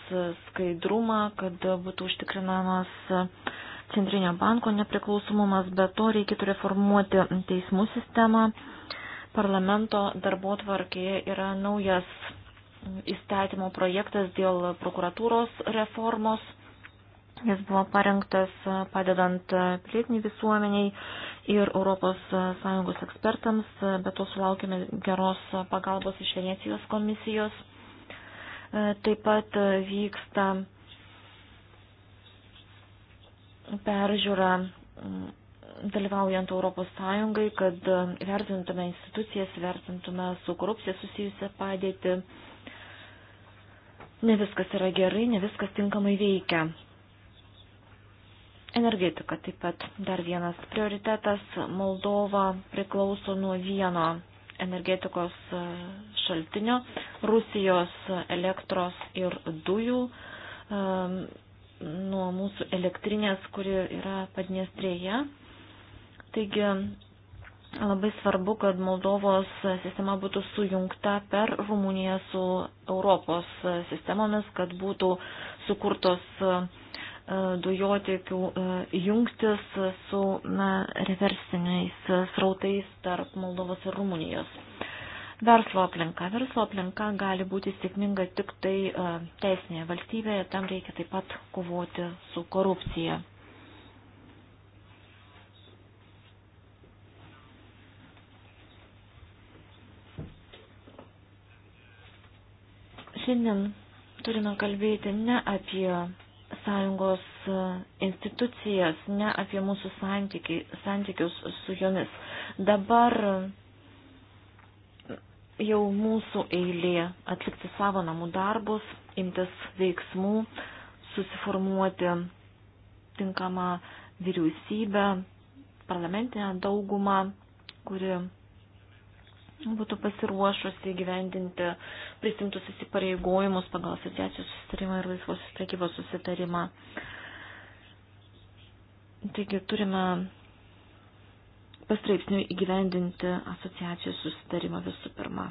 skaidrumą, kad būtų užtikrinamas centrinio banko nepriklausomumas, bet to reikėtų reformuoti teismų sistemą. Parlamento darbo tvarkėje yra naujas įstatymo projektas dėl prokuratūros reformos. Jis buvo parengtas padedant pilietiniai visuomeniai ir ES ekspertams, bet to sulaukime geros pagalbos iš Venecijos komisijos. E, taip pat e, vyksta peržiūra dalyvaujant Europos Sąjungai, kad e, vertintume institucijas, vertintume su korupcija susijusią padėtį. Ne viskas yra gerai, ne viskas tinkamai veikia. Energetika taip pat dar vienas prioritetas. Moldova priklauso nuo vieno energetikos e, šaltinio, Rusijos elektros ir dujų e, nuo mūsų elektrinės, kuri yra Padniestrėje. Taigi labai svarbu, kad Moldovos sistema būtų sujungta per Rumuniją su Europos sistemomis, kad būtų sukurtos e, E, dujotiekių e, jungtis su na, reversiniais e, srautais tarp Moldovos ir Rumunijos. Verslo aplinka. Verslo aplinka gali būti sėkminga tik tai teisinėje valstybėje, tam reikia taip pat kovoti su korupcija. Šiandien turime kalbėti ne apie ES e, institucijas, ne apie mūsų santyki, santykius su jomis. Dabar jau mūsų eilė atlikti savo namų darbus, imtis veiksmų, susiformuoti tinkamą vyriausybę, parlamentinę daugumą, kuri būtų pasiruošusi gyvendinti prisimtus įsipareigojimus pagal asociacijos susitarimą ir laisvosios prekybos susitarimą. Taigi turime pastraipsniui įgyvendinti asociacijos susitarimą visų pirma.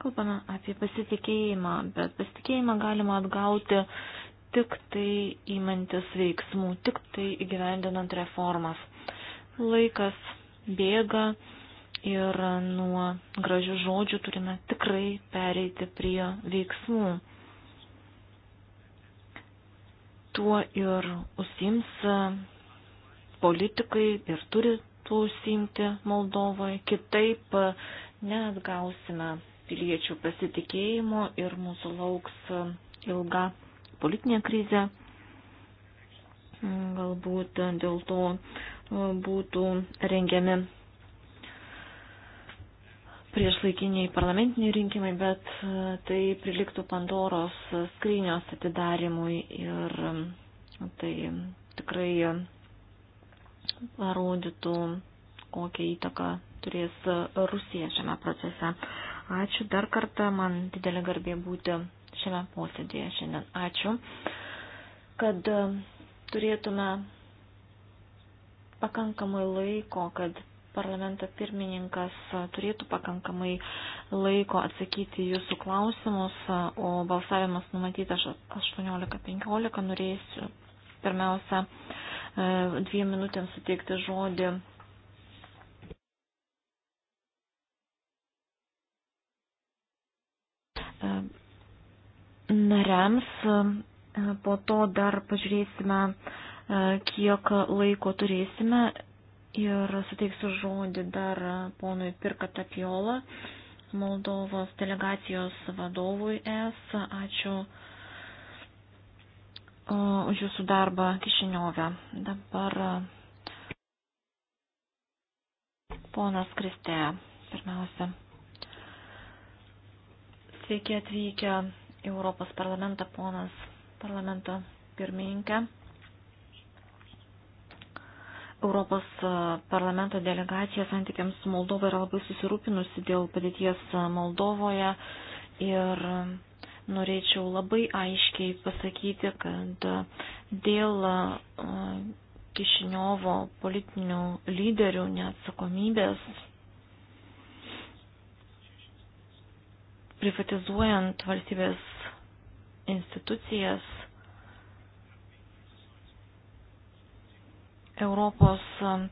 Kalbame apie pasitikėjimą, bet pasitikėjimą galima atgauti tik tai įmantis veiksmų, tik tai įgyvendinant reformas. Laikas bėga, ir nuo gražių žodžių turime tikrai pereiti prie veiksmų. Tuo ir užsims politikai ir turi tuo užsimti Moldovoje, kitaip neatgausime piliečių pasitikėjimo ir mūsų lauks ilga politinė krizė. Galbūt dėl to būtų rengiami priešlaikiniai parlamentiniai rinkimai, bet e, tai priliktų Pandoros skrynios atidarimui ir e, tai tikrai parodytų, kokią įtaką turės Rusija šiame procese. Ačiū dar kartą, man didelė garbė būti šiame posėdėje šiandien. Ačiū, kad e, turėtume pakankamai laiko, kad parlamento pirmininkas turėtų pakankamai laiko atsakyti jūsų klausimus, o balsavimas numatytas 18.15. Norėsiu pirmiausia dviem minutėms suteikti žodį. Nariams, po to dar pažiūrėsime, kiek laiko turėsime Ir suteiksiu žodį dar ponui Pirka Tapiola, Moldovos delegacijos vadovui es. Ačiū už jūsų darbą Kišiniove. Dabar ponas Kristė, pirmiausia. Sveiki atvykę į Europos parlamentą, ponas parlamento pirmininkė. Europos parlamento delegacija santykiams su Moldova yra labai susirūpinusi dėl padėties Moldovoje ir norėčiau labai aiškiai pasakyti, kad dėl Kišiniovo politinių lyderių neatsakomybės privatizuojant valstybės institucijas Europos e,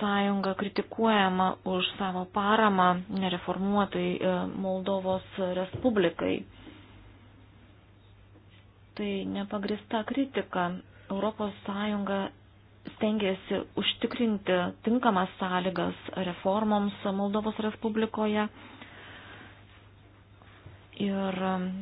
Sąjunga kritikuojama už savo paramą nereformuotai e, Moldovos Respublikai. Tai nepagrista kritika. Europos Sąjunga stengiasi užtikrinti tinkamas sąlygas reformoms Moldovos Respublikoje ir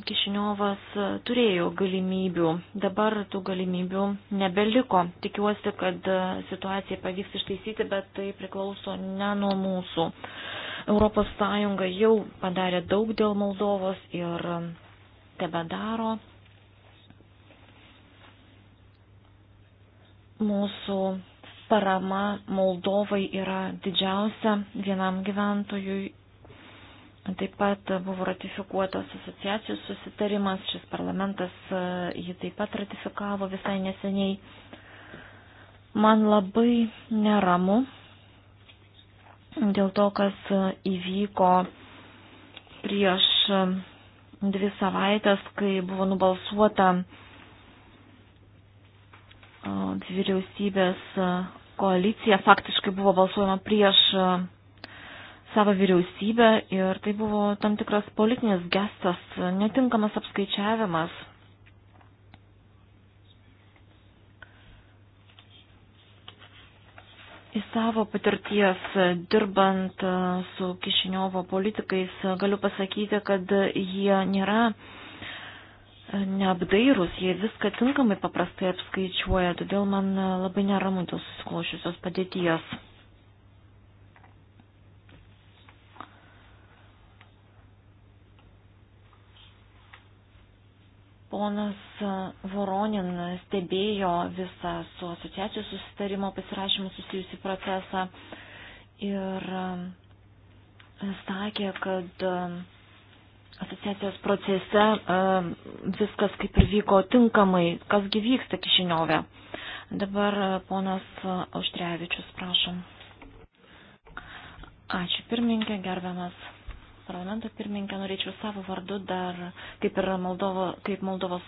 Kišiniovas turėjo galimybių, dabar tų galimybių nebeliko. Tikiuosi, kad situaciją pavyks ištaisyti, bet tai priklauso ne nuo mūsų. Europos Sąjunga jau padarė daug dėl Moldovos ir tebe daro. Mūsų parama Moldovai yra didžiausia vienam gyventojui Taip pat buvo ratifikuotas asociacijos susitarimas, šis parlamentas e, jį taip pat ratifikavo visai neseniai. Man labai neramu dėl to, kas įvyko prieš e, dvi savaitės, kai buvo nubalsuota e, vyriausybės koalicija, faktiškai buvo balsuojama prieš savo vyriausybę ir tai buvo tam tikras politinis gestas, netinkamas apskaičiavimas. Į savo patirties dirbant e, su Kišiniovo politikais e, galiu pasakyti, kad jie nėra e, neapdairūs, jie viską tinkamai paprastai apskaičiuoja, todėl man labai neramu dėl susiklošiusios padėties. Ponas Voronin stebėjo visą su asociacijų susitarimo pasirašymu susijusi procesą ir sakė, kad asociacijos procese viskas kaip ir vyko tinkamai, kasgi vyksta Kišiniove. Dabar ponas Auštrevičius, prašom. Ačiū pirmininkė, gerbiamas parlamento pirmininkė, norėčiau savo vardu dar, kaip ir Moldovo, kaip Moldovos,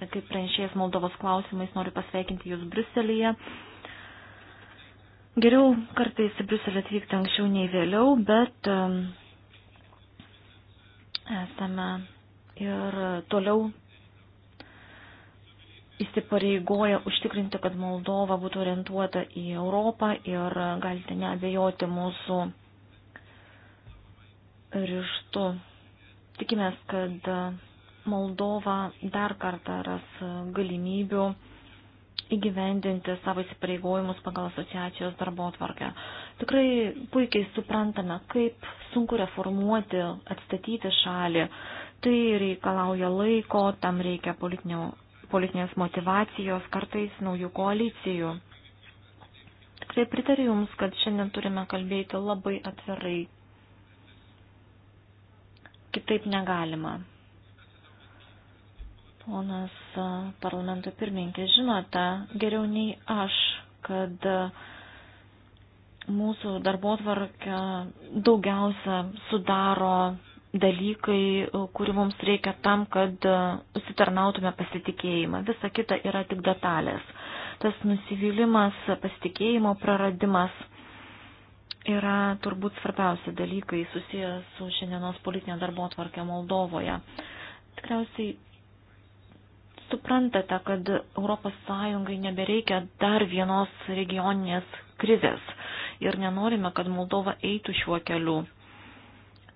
kaip pranešėjas Moldovos klausimais, noriu pasveikinti Jūs Briuselyje. Geriau kartais į Briuselį atvykti anksčiau nei vėliau, bet um, esame ir toliau įsipareigoja užtikrinti, kad Moldova būtų orientuota į Europą ir galite neabejoti mūsų ryštu. Tikimės, kad Moldova dar kartą ras galimybių įgyvendinti savo įsipareigojimus pagal asociacijos darbo atvarkę. Tikrai puikiai suprantame, kaip sunku reformuoti, atstatyti šalį. Tai reikalauja laiko, tam reikia politinio, politinės motivacijos, kartais naujų koalicijų. Tikrai pritariu Jums, kad šiandien turime kalbėti labai atvirai Kitaip negalima. Ponas parlamento pirmininkė, žinote, geriau nei aš, kad mūsų darbotvarkę daugiausia sudaro dalykai, kurių mums reikia tam, kad užsitarnautume pasitikėjimą. Visa kita yra tik detalės. Tas nusivylimas, pasitikėjimo praradimas yra turbūt svarbiausi dalykai susiję su šiandienos politinė darbo tvarkė Moldovoje. Tikriausiai suprantate, kad ES nebereikia dar vienos regioninės krizės ir nenorime, kad Moldova eitų šiuo keliu.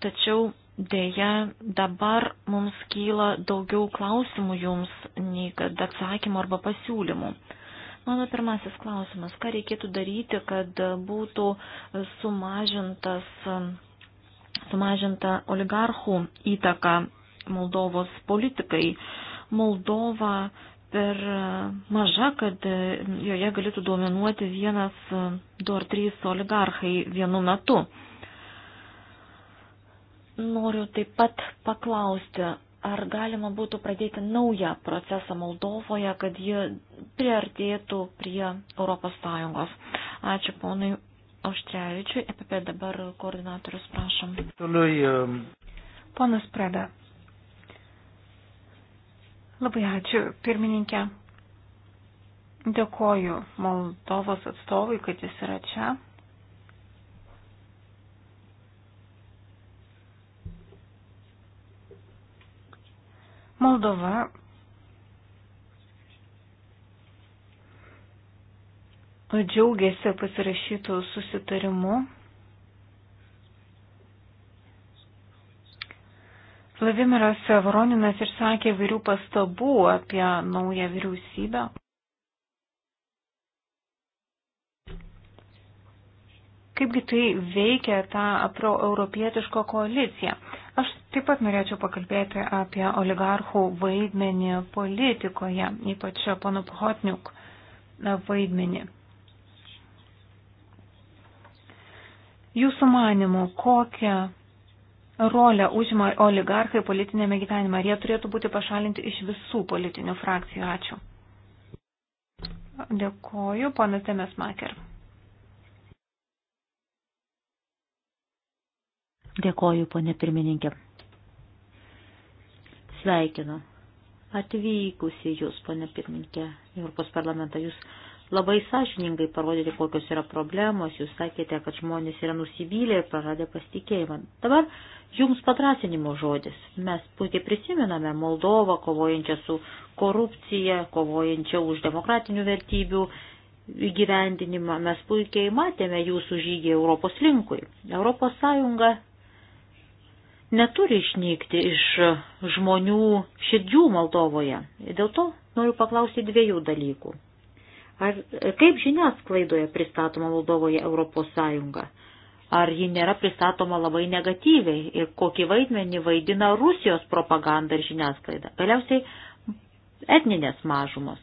Tačiau dėja dabar mums kyla daugiau klausimų jums, nei kad atsakymų arba pasiūlymų. Mano pirmasis klausimas, ką reikėtų daryti, kad būtų sumažintas, sumažinta oligarchų įtaka Moldovos politikai. Moldova per maža, kad joje galėtų dominuoti vienas, du ar trys oligarchai vienu metu. Noriu taip pat paklausti, ar galima būtų pradėti naują procesą Moldovoje, kad ji priartėtų prie ES. Ačiū ponui Auštrevičiui. EPP dabar koordinatorius prašom. Toliau. Um, Ponas Preda. Labai ačiū, pirmininkė. Dėkoju Moldovos atstovui, kad jis yra čia. Moldova džiaugiasi pasirašytų susitarimu. Vladimiras Voroninas išsakė vairių pastabų apie naują vyriausybę. Kaipgi tai veikia tą proeuropietišką koaliciją? Aš taip pat norėčiau pakalbėti apie oligarchų vaidmenį politikoje, ypač pono Pohotniuk vaidmenį. Jūsų manimu, kokią rolę užima oligarchai politinėme gyvenime? Ar jie turėtų būti pašalinti iš visų politinių frakcijų? Ačiū. Dėkoju, ponas Demesmaker. Dėkoju, ponė pirmininkė. Sveikinu. Atvykusi jūs, ponė pirmininkė, Europos parlamentą, jūs labai sąžiningai parodėte, kokios yra problemos, jūs sakėte, kad žmonės yra nusivylę ir praradę pasitikėjimą. Dabar jums patrasinimo žodis. Mes puikiai prisimename Moldovą, kovojančią su korupcija, kovojančią už demokratinių vertybių įgyvendinimą. Mes puikiai matėme jūsų žygį Europos linkui. Europos Sąjunga neturi išnykti iš žmonių širdžių Moldovoje. Dėl to noriu paklausti dviejų dalykų. Ar kaip žiniasklaidoje pristatoma Moldovoje Europos Sąjunga? Ar ji nėra pristatoma labai negatyviai ir kokį vaidmenį vaidina Rusijos propaganda ir žiniasklaida? Galiausiai etninės mažumos.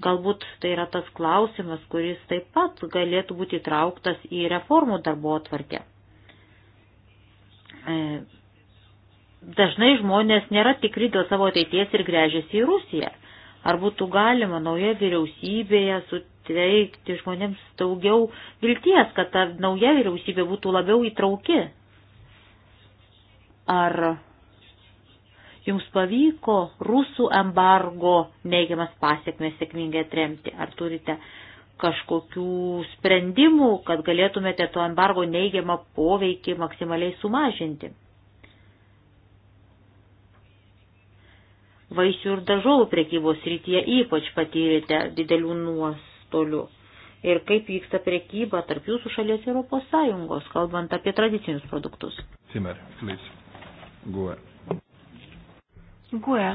Galbūt tai yra tas klausimas, kuris taip pat galėtų būti įtrauktas į reformų darbo atvarkę. E dažnai žmonės nėra tikri dėl savo ateities ir grežiasi į Rusiją. Ar būtų galima nauja vyriausybėje suteikti žmonėms daugiau vilties, kad ta nauja vyriausybė būtų labiau įtrauki? Ar jums pavyko rusų embargo neigiamas pasiekmes sėkmingai atremti? Ar turite kažkokių sprendimų, kad galėtumėte to embargo neigiamą poveikį maksimaliai sumažinti? Vaisių ir dažovų prekybos rytyje ypač patyrėte didelių nuostolių. Ir kaip vyksta prekyba tarp jūsų šalies Europos Sąjungos, kalbant apie tradicinius produktus. Cimer, please. Gue. Gue.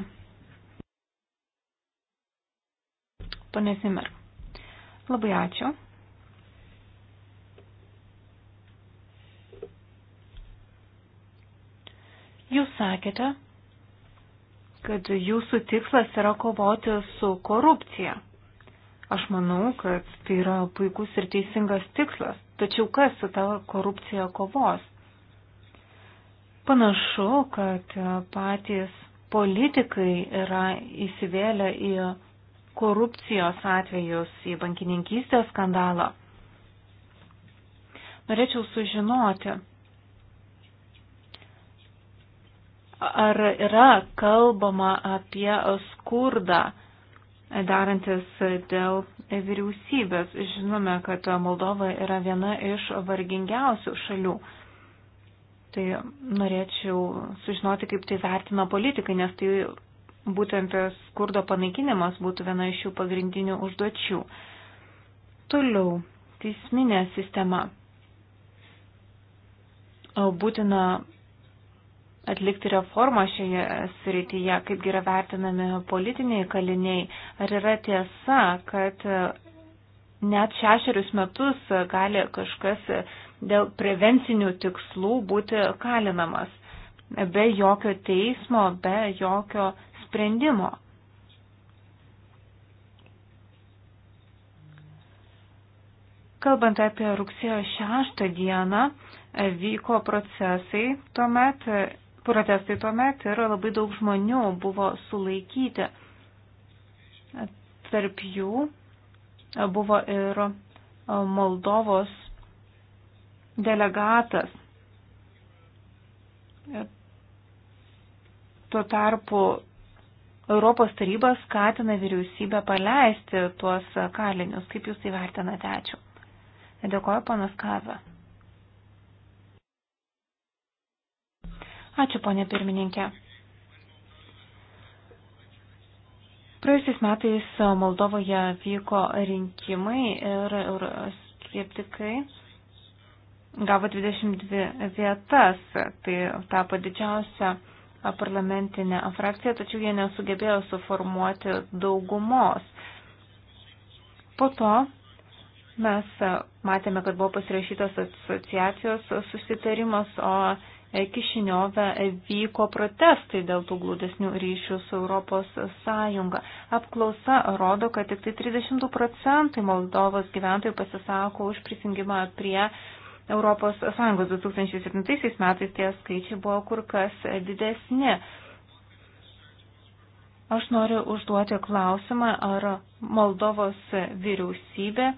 Pane Cimer. Labai ačiū. Jūs sakėte, kad jūsų tikslas yra kovoti su korupcija. Aš manau, kad tai yra puikus ir teisingas tikslas. Tačiau kas su ta korupcija kovos? Panašu, kad patys politikai yra įsivėlę į korupcijos atvejus, į bankininkystės skandalą. Norėčiau sužinoti, Ar yra kalbama apie skurdą darantis dėl vyriausybės? Žinome, kad Moldova yra viena iš vargingiausių šalių. Tai norėčiau sužinoti, kaip tai vertina politikai, nes tai būtent skurdo panaikinimas būtų viena iš jų pagrindinių užduočių. Toliau, teisminė sistema. Būtina atlikti reformą šioje srityje, kaip yra vertinami politiniai kaliniai. Ar yra tiesa, kad e, net šešerius metus gali kažkas dėl prevencinių tikslų būti kalinamas be jokio teismo, be jokio sprendimo? Kalbant apie rugsėjo 6 dieną, vyko procesai tuomet protestai tuomet ir labai daug žmonių buvo sulaikyti. Tarp jų buvo ir Moldovos delegatas. Tuo tarpu Europos taryba skatina vyriausybę paleisti tuos kalinius. Kaip jūs tai vertinate? Ačiū. Dėkoju, panas Kaza. Ačiū, ponė pirmininkė. Praėjusiais metais Moldovoje vyko rinkimai ir euroskeptikai gavo 22 vietas, tai tapo didžiausia parlamentinė frakcija, tačiau jie nesugebėjo suformuoti daugumos. Po to mes matėme, kad buvo pasirašytas asociacijos susitarimas, o E, Kišiniove e, vyko protestai dėl tų glūdesnių ryšių su Europos Sąjunga. Apklausa rodo, kad tik tai 30 procentai Moldovos gyventojų pasisako už prisijungimą prie Europos Sąjungos 2007 metais tie skaičiai buvo kur kas didesni. Aš noriu užduoti klausimą, ar Moldovos vyriausybė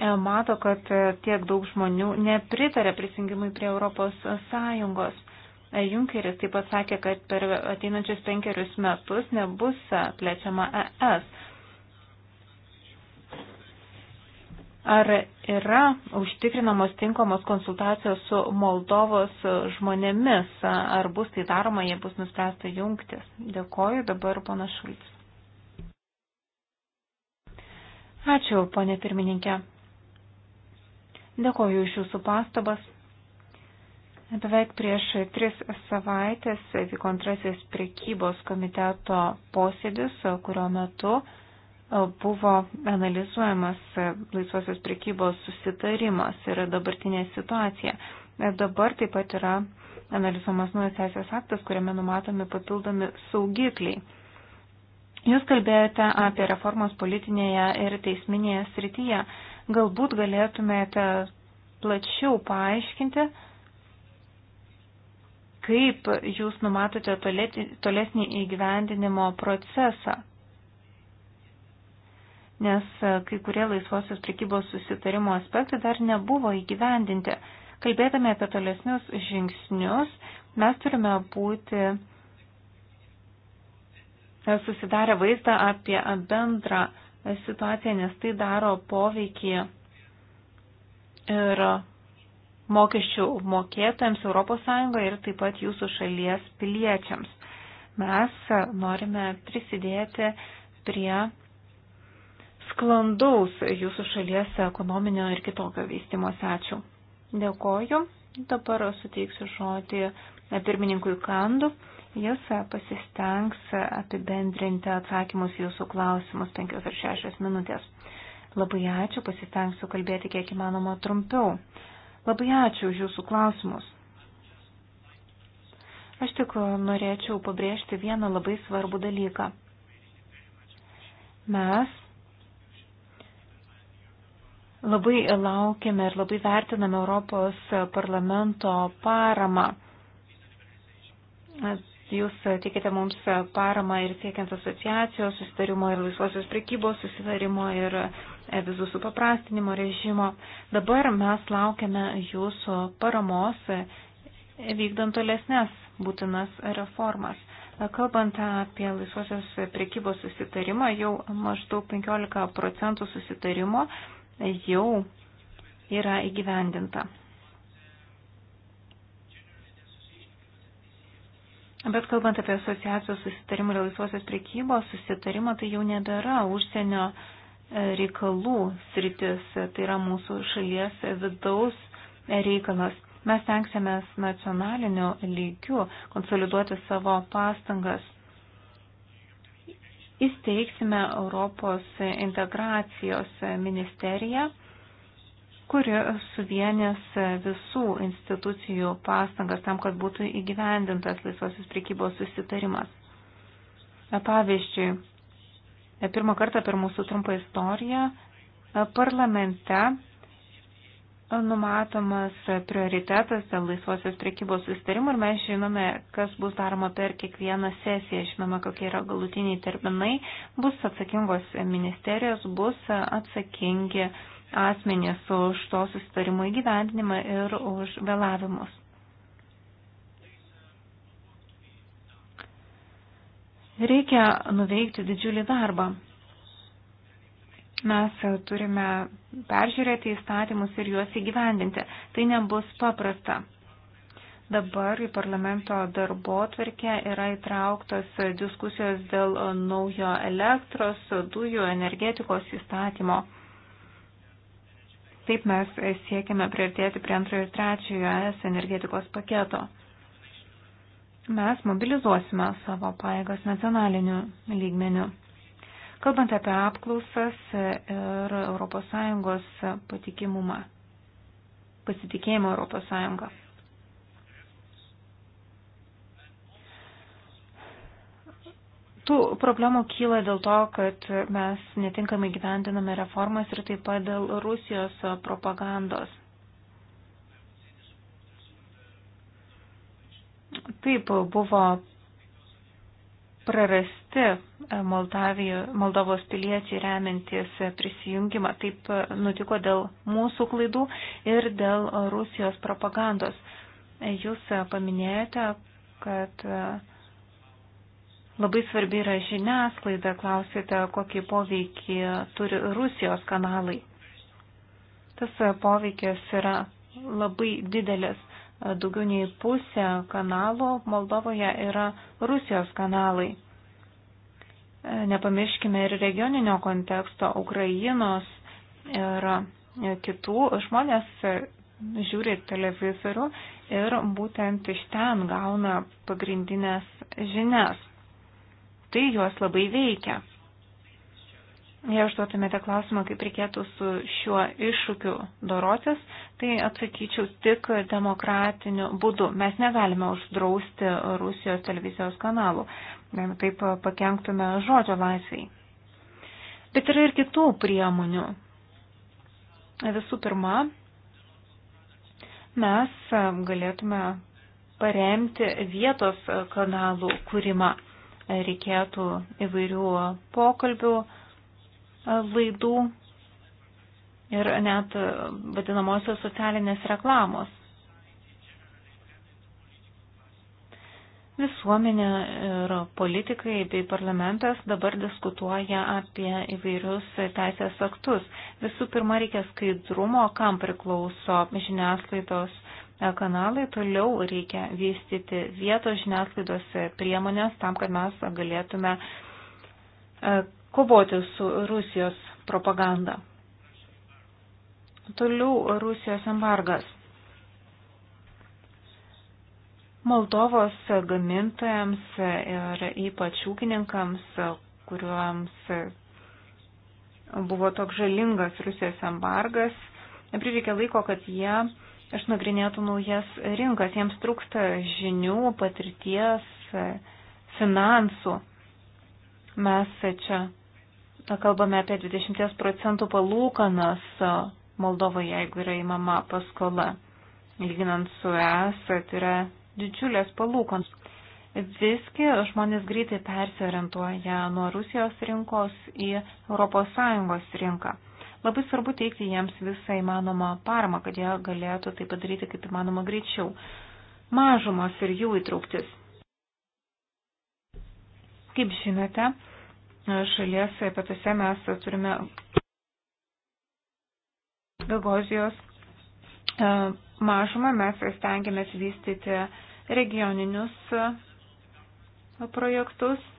E, mato, kad e, tiek daug žmonių nepritarė prisijungimui prie Europos Sąjungos. E, Junkeris taip pat sakė, kad per ateinančius penkerius metus nebus plečiama ES. Ar yra užtikrinamos tinkamos konsultacijos su Moldovos žmonėmis, ar bus tai daroma, jei bus nuspręsta jungtis? Dėkoju dabar, pana Šulcis. Ačiū, ponė pirmininkė. Dėkoju iš jūsų pastabas. Beveik prieš tris savaitės vyko antrasis priekybos komiteto posėdis, kurio metu e, buvo analizuojamas e, laisvosios priekybos susitarimas ir dabartinė situacija. E, dabar taip pat yra analizuojamas naujas teisės aktas, kuriame numatomi papildomi saugikliai. Jūs kalbėjote apie reformas politinėje ir teisminėje srityje. Galbūt galėtumėte plačiau paaiškinti, kaip jūs numatote tolesnį įgyvendinimo procesą. Nes e, kai kurie laisvosios prekybos susitarimo aspektai dar nebuvo įgyvendinti. Kalbėdami apie tolesnius žingsnius, mes turime būti e, susidarę vaizdą apie bendrą situaciją, nes tai daro poveikį ir mokesčių mokėtojams ES ir taip pat jūsų šalies piliečiams. Mes norime prisidėti prie sklandaus jūsų šalies ekonominio ir kitokio vystimosi. Ačiū. Dėkoju. Dabar suteiksiu žodį pirmininkui Kandu. Jis pasistengs apibendrinti atsakymus jūsų klausimus 5 ar 6 minutės. Labai ačiū, pasistengsiu kalbėti kiek įmanoma trumpiau. Labai ačiū už jūsų klausimus. Aš tik norėčiau pabrėžti vieną labai svarbų dalyką. Mes labai laukiame ir labai vertiname Europos parlamento paramą jūs e, teikite mums e, paramą ir siekiant asociacijos susitarimo ir laisvosios prekybos susitarimo ir e, vizų supaprastinimo režimo. Dabar mes laukiame jūsų paramos vykdant tolesnės būtinas reformas. Kalbant apie laisvosios prekybos susitarimą, jau maždaug 15 procentų susitarimo jau yra įgyvendinta. Bet kalbant apie asociacijos susitarimą ir laisvosios priekybos susitarimą, tai jau nebėra užsienio e, reikalų sritis, tai yra mūsų šalies vidaus reikalas. Mes tenksimės nacionaliniu lygiu konsoliduoti savo pastangas. Įsteigsime Europos integracijos ministeriją kuri suvienės visų institucijų pastangas tam, kad būtų įgyvendintas laisvosios prekybos susitarimas. E, pavyzdžiui, e, pirmą kartą per mūsų trumpą istoriją e, parlamente numatomas prioritetas dėl laisvosios prekybos susitarimų ir mes žinome, kas bus daroma per kiekvieną sesiją, žinome, kokie yra galutiniai terminai, bus atsakingos ministerijos, bus atsakingi uh, asmenys už to susitarimo įgyvendinimą ir už vėlavimus. Reikia nuveikti didžiulį darbą. Mes turime peržiūrėti įstatymus ir juos įgyvendinti. Tai nebus paprasta. Dabar į parlamento darbo tvarkę yra įtrauktos diskusijos dėl naujo elektros, dujų, energetikos įstatymo. Taip mes siekiame priartėti prie antrojo ir trečiojo ES energetikos paketo. Mes mobilizuosime savo paėgas nacionaliniu lygmeniu. Kalbant apie apklausas ir ES patikimumą, pasitikėjimą ES. Tų problemų kyla dėl to, kad mes netinkamai gyvendiname reformas ir taip pat dėl Rusijos propagandos. Taip buvo prarasti Moldovos piliečiai remiantis prisijungimą. Taip nutiko dėl mūsų klaidų ir dėl Rusijos propagandos. Jūs paminėjote, kad Labai svarbi yra žiniasklaida, klausite, kokį poveikį turi Rusijos kanalai. Tas poveikis yra labai didelis. Daugiau nei pusė kanalo Moldovoje yra Rusijos kanalai. Nepamirškime ir regioninio konteksto Ukrainos ir kitų žmonės žiūri televizorių ir būtent iš ten gauna pagrindinės žinias tai juos labai veikia. Jei užduotumėte klausimą, kaip reikėtų su šiuo iššūkiu dorotis, tai atsakyčiau tik demokratiniu būdu. Mes negalime uždrausti Rusijos televizijos kanalų, taip pakenktume žodžio laisvai. Bet yra ir kitų priemonių. Visų pirma, mes galėtume paremti vietos kanalų kūrimą reikėtų įvairių pokalbių, e, laidų ir net e, vadinamosios socialinės reklamos. Visuomenė ir politikai bei parlamentas dabar diskutuoja apie įvairius teisės aktus. Visų pirma, reikia skaidrumo, kam priklauso žiniasklaidos E, kanalai, toliau reikia vystyti vietos žiniasklaidos priemonės tam, kad mes galėtume e, kovoti su Rusijos propaganda. Toliau Rusijos embargas. Moldovos gamintojams ir ypač ūkininkams, kuriuoms buvo toks žalingas Rusijos embargas, prireikė laiko, kad jie išnagrinėtų naujas rinkas. Jiems trūksta žinių, patirties, finansų. Mes čia kalbame apie 20 procentų palūkanas Moldovoje, jeigu yra įmama paskola. Lyginant su ES, tai yra didžiulės palūkons. Visgi žmonės greitai persiorientuoja nuo Rusijos rinkos į ES rinką. Labai svarbu teikti jiems visą įmanomą paramą, kad jie galėtų tai padaryti kaip įmanoma greičiau. Mažumos ir jų įtrauktis. Kaip žinote, šalies pietuose mes turime Gagozijos e, mažumą, mes stengiamės vystyti regioninius projektus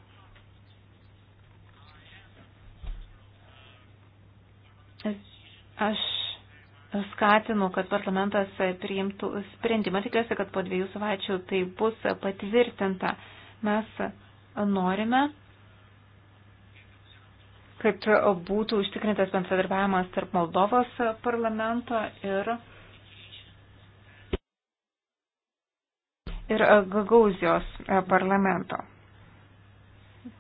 Aš skatinu, kad parlamentas priimtų sprendimą. Tikiuosi, kad po dviejų savaičių tai bus patvirtinta. Mes norime, kad būtų užtikrintas bendradarbiavimas tarp Moldovos parlamento ir, ir Gagauzijos parlamento.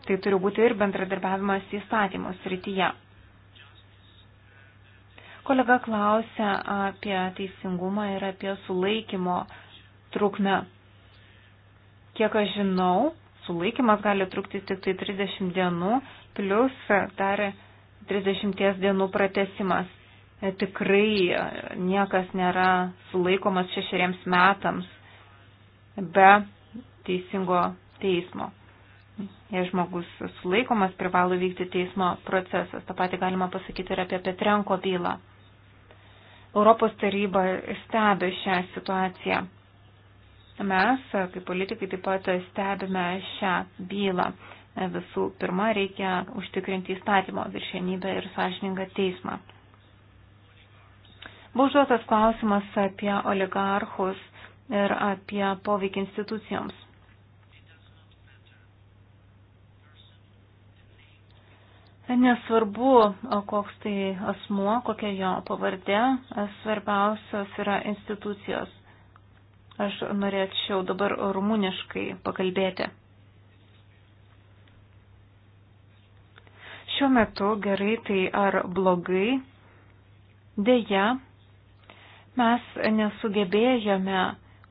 Tai turi būti ir bendradarbiavimas įstatymos rytyje. Kolega klausė apie teisingumą ir apie sulaikymo trukmę. Kiek aš žinau, sulaikimas gali trukti tik tai 30 dienų, plus dar 30 dienų pratesimas. E, tikrai e, niekas nėra sulaikomas šešeriems metams be teisingo teismo. Jei žmogus sulaikomas, privalo vykti teismo procesas. Ta pati galima pasakyti ir apie Petrenko bylą. Europos taryba stebi šią situaciją. Mes, kaip politikai, taip pat stebime šią bylą. Visų pirma, reikia užtikrinti įstatymo viršienybę ir sąžiningą teismą. Buvo užduotas klausimas apie oligarchus ir apie poveikį institucijoms. Nesvarbu, koks tai asmuo, kokia jo pavardė, svarbiausios yra institucijos. Aš norėčiau dabar rumuniškai pakalbėti. Šiuo metu gerai tai ar blogai, dėja, mes nesugebėjome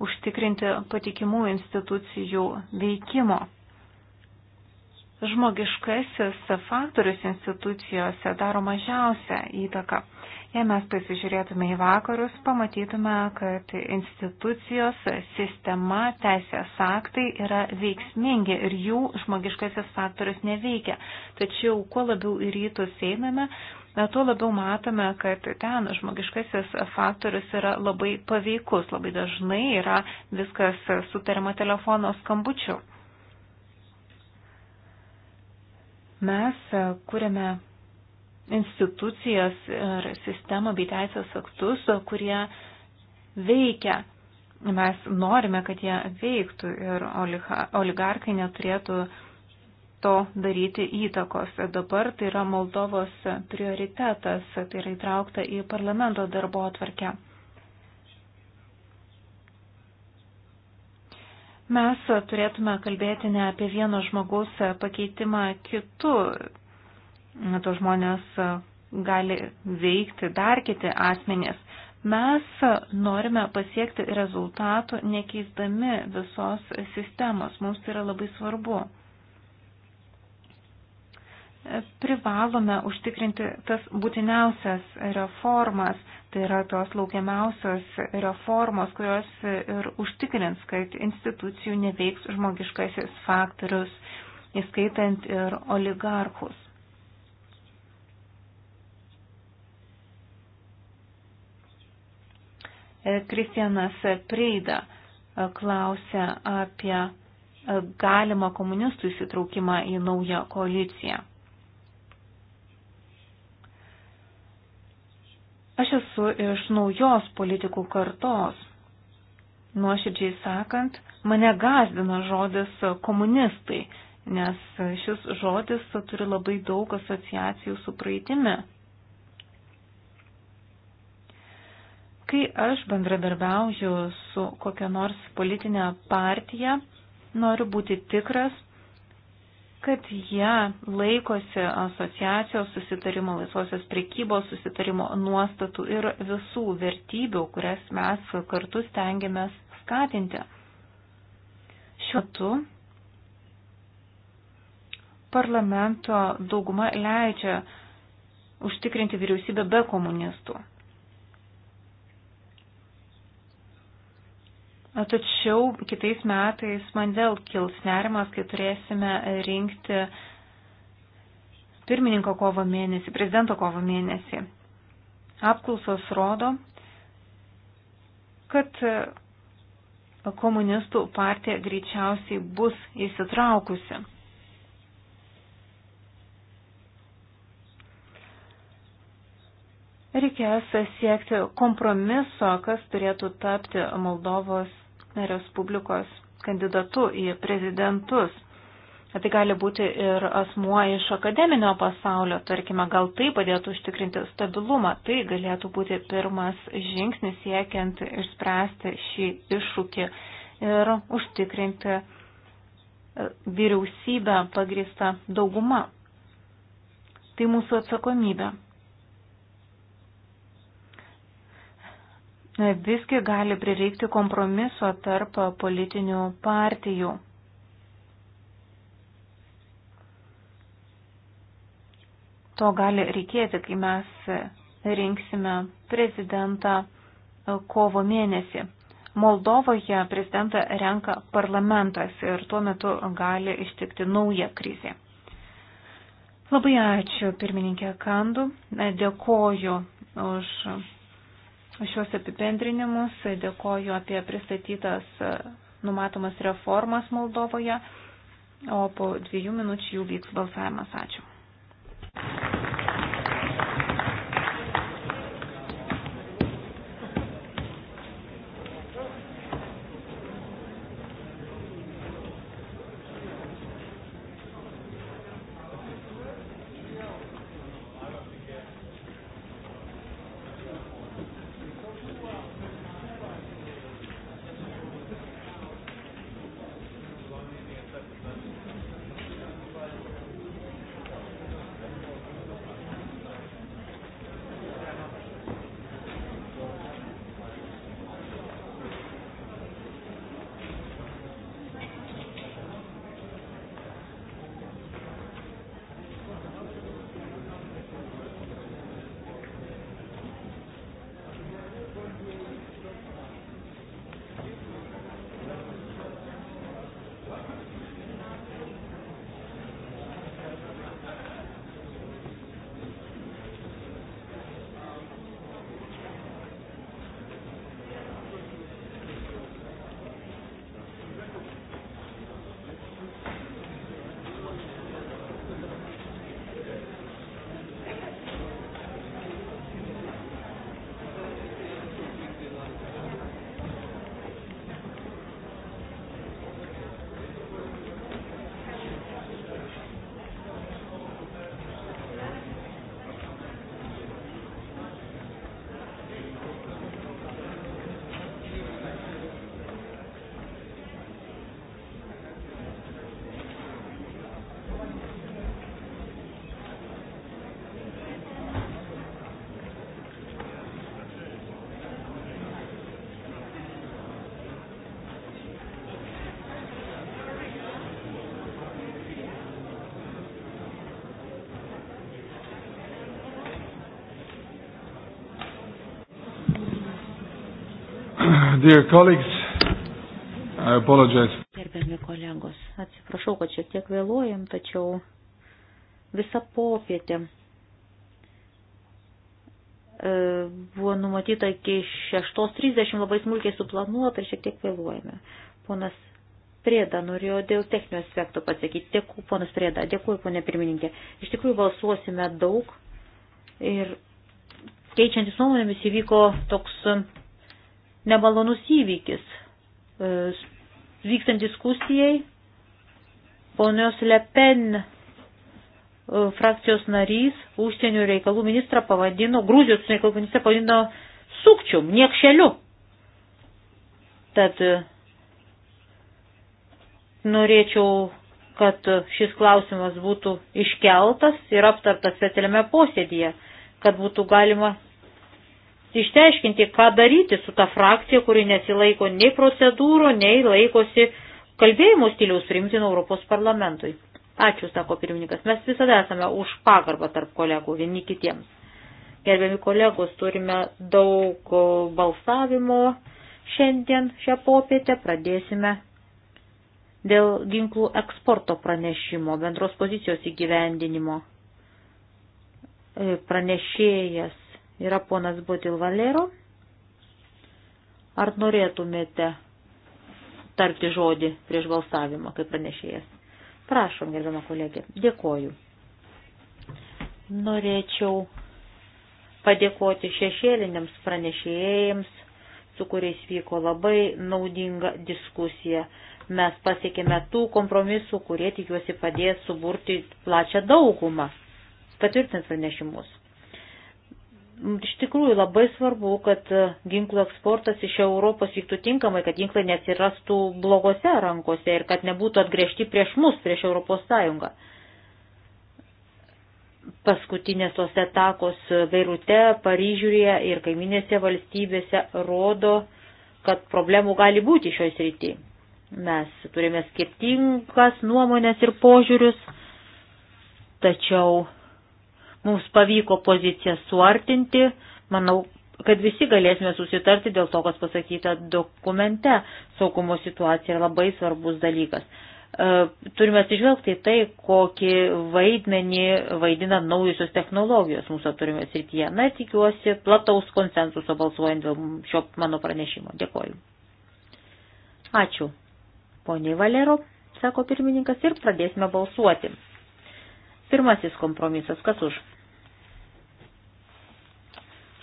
užtikrinti patikimų institucijų veikimo žmogiškasis faktorius institucijose daro mažiausią įtaką. Jei mes pasižiūrėtume į vakarus, pamatytume, kad institucijos, sistema, teisės aktai yra veiksmingi ir jų žmogiškasis faktorius neveikia. Tačiau kuo labiau į rytus einame, tuo labiau matome, kad ten žmogiškasis faktorius yra labai paveikus, labai dažnai yra viskas sutariama telefono skambučiu. Mes e, kūrėme institucijas ir sistemą bei teisės aktus, e, kurie veikia. Mes norime, kad jie veiktų ir oligarkai neturėtų to daryti įtakos. Dabar tai yra Moldovos prioritetas, tai yra įtraukta į parlamento darbo atvarkę. Mes turėtume kalbėti ne apie vieno žmogaus pakeitimą kitu. To žmonės gali veikti dar kiti asmenys. Mes norime pasiekti rezultatų nekeisdami visos sistemos. Mums tai yra labai svarbu privalome užtikrinti tas būtiniausias reformas, Tai yra tos laukiamiausios reformos, kurios ir užtikrins, kad institucijų neveiks žmogiškasis faktorius, įskaitant ir oligarchus. Kristianas Preida klausia apie galimą komunistų įsitraukimą į naują koaliciją. Aš esu iš naujos politikų kartos. Nuoširdžiai sakant, mane gazdina žodis komunistai, nes šis žodis turi labai daug asociacijų su praeitimi. Kai aš bendradarbiauju su kokia nors politinė partija, noriu būti tikras, kad jie laikosi asociacijos susitarimo, laisvosios prekybos susitarimo nuostatų ir visų vertybių, kurias mes kartu stengiamės skatinti. Šiuo metu parlamento dauguma leidžia užtikrinti vyriausybę be komunistų. Tačiau kitais metais man vėl kils nerimas, kai turėsime rinkti pirmininko kovo mėnesį, prezidento kovo mėnesį. Apklausos rodo, kad komunistų partija greičiausiai bus įsitraukusi. Reikės siekti kompromiso, kas turėtų tapti Moldovos Respublikos kandidatu į prezidentus. Tai gali būti ir asmuo iš akademinio pasaulio, tarkime, gal tai padėtų užtikrinti stabilumą. Tai galėtų būti pirmas žingsnis siekiant išspręsti šį iššūkį ir užtikrinti e, vyriausybę pagrįstą daugumą. Tai mūsų atsakomybė. visgi gali prireikti kompromiso tarp politinių partijų. To gali reikėti, kai mes rinksime prezidentą kovo mėnesį. Moldovoje prezidentą renka parlamentas ir tuo metu gali ištikti nauja krizė. Labai ačiū pirmininkė Kandu, dėkoju už šios apibendrinimus, dėkoju apie pristatytas e, numatomas reformas Moldovoje, o po dviejų minučių jau vyks balsavimas. Ačiū. Dear colleagues, I apologize. Gerbiami kolegos, atsiprašau, kad šiek tiek vėluojam, tačiau visą popietę e, buvo numatyta iki 6.30 labai smulkiai suplanuota ir šiek tiek vėluojame. Ponas Prėda norėjo dėl techninių aspektų pasakyti. Dėkui, ponas Prėda, dėkui, ponė pirmininkė. Iš tikrųjų balsuosime daug ir keičiantis nuomonėmis įvyko toks nemalonus įvykis. E, vykstant diskusijai, ponios Lepen e, frakcijos narys užsienio reikalų ministrą pavadino, Grūzijos užsienio reikalų ministrą pavadino sukčium, niekšeliu. Tad e, norėčiau, kad šis klausimas būtų iškeltas ir aptartas specialiame posėdėje, kad būtų galima išteiškinti, ką daryti su ta frakcija, kuri nesilaiko nei procedūrų, nei laikosi kalbėjimo stiliaus priimtino Europos parlamentui. Ačiū, sako pirmininkas, mes visada esame už pagarbą tarp kolegų vieni kitiems. Gerbiami kolegos, turime daug balsavimo šiandien šią popietę, pradėsime dėl ginklų eksporto pranešimo, bendros pozicijos įgyvendinimo. E, pranešėjas yra ponas Butil Valero. Ar norėtumėte tarti žodį prieš balsavimą, kaip pranešėjas? Prašom, gerbama kolegė. Dėkoju. Norėčiau padėkoti šešėliniams pranešėjams, su kuriais vyko labai naudinga diskusija. Mes pasiekėme tų kompromisų, kurie tikiuosi padės suburti plačią daugumą, patvirtinant pranešimus. Iš tikrųjų labai svarbu, kad e, ginklų eksportas iš Europos vyktų tinkamai, kad ginklai nesirastų blogose rankose ir kad nebūtų atgriežti prieš mus, prieš Europos Sąjungą. Paskutinės tos atakos Beirute, Paryžiuje ir kaiminėse valstybėse rodo, kad problemų gali būti šioj srity. Mes turime skirtingas nuomonės ir požiūrius, tačiau Mums pavyko poziciją suartinti. Manau, kad visi galėsime susitarti dėl to, kas pasakyta dokumente. Saugumo situacija yra labai svarbus dalykas. E, turime atsižvelgti tai, kokį vaidmenį vaidina naujusios technologijos mūsų aptarimo srityje. Na, tikiuosi plataus konsensuso balsuojant dėl šio mano pranešimo. Dėkoju. Ačiū. Poniai Valero, sako pirmininkas, ir pradėsime balsuoti. Pirmasis kompromisas, kas už?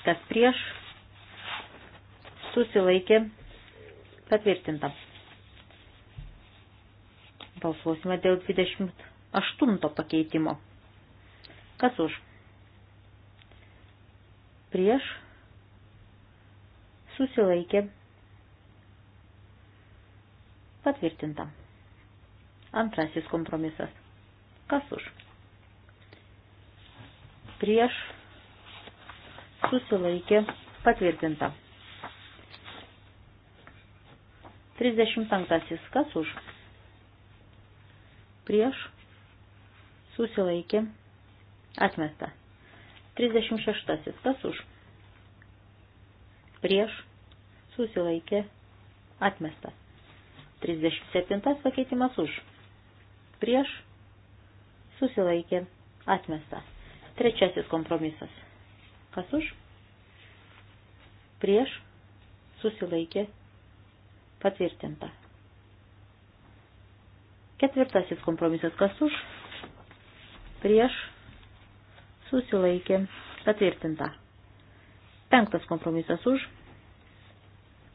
kas prieš, susilaikė, patvirtinta. Balsuosime dėl 28 pakeitimo. Kas už? Prieš, susilaikė, patvirtinta. Antrasis kompromisas. Kas už? Prieš, susilaikė patvirtinta. 35. Kas už? Prieš susilaikė atmesta. 36. Kas už? Prieš susilaikė atmesta. 37. Pakeitimas už. Prieš susilaikė atmesta. Trečiasis kompromisas Kas už? Prieš susilaikė patvirtinta. Ketvirtasis kompromisas. Kas už? Prieš susilaikė patvirtinta. Penktas kompromisas už.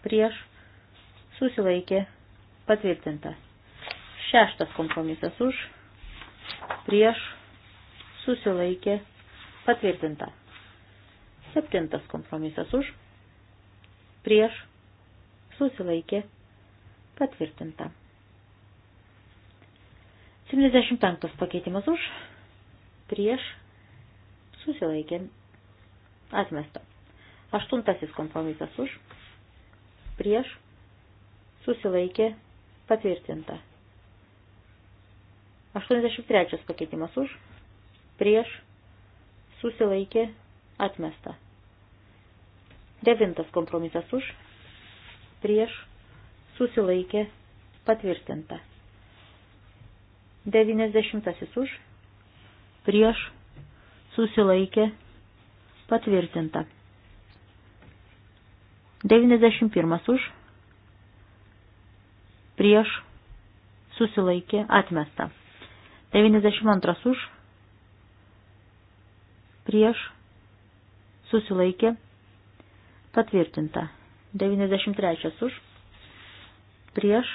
Prieš susilaikė patvirtinta. Šeštas kompromisas už. Prieš susilaikė patvirtinta. Septintas kompromisas už, prieš, susilaikė, patvirtinta. 75 pakeitimas už, prieš, susilaikė, atmesta. Aštuntasis kompromisas už, prieš, susilaikė, patvirtinta. 83 pakeitimas už, prieš, susilaikė, atmesta. Devintas kompromisas už, prieš, susilaikė, patvirtinta. Devynesdešimtasis už, prieš, susilaikė, patvirtinta. Devynesdešimt pirmas už, prieš, susilaikė, atmesta. 92 už, prieš, susilaikė, Patvirtinta. 93 už. Prieš.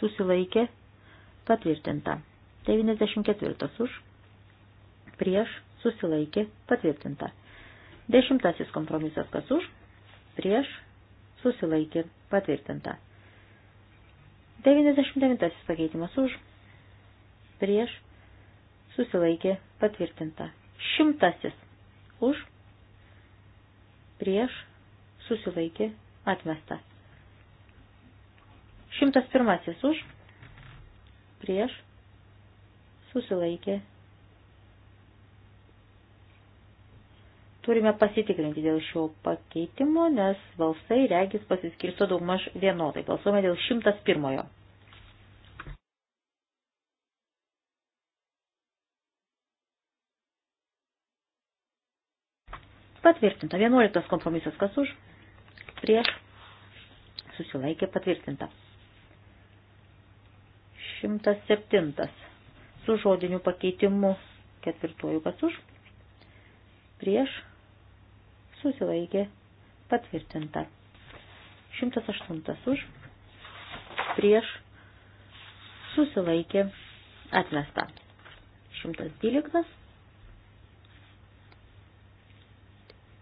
Susilaikė. Patvirtinta. 94 už. Prieš. Susilaikė. Patvirtinta. Dešimtasis kompromisas kas už. Prieš. Susilaikė. Patvirtinta. 99 pakeitimas už. Prieš. Susilaikė. Patvirtinta. Šimtasis už prieš, susilaikė, atmesta. 101 už, prieš, susilaikė. Turime pasitikrinti dėl šio pakeitimo, nes balsai regis pasiskirsto daugmaž vienodai. Balsuome dėl 101. Patvirtinta. 11 kompromisas kas už? Prieš. Susilaikė patvirtinta. 107. Su žodiniu pakeitimu ketvirtuoju kas už? Prieš. Susilaikė patvirtinta. 108 už. Prieš. Susilaikė atmesta. 112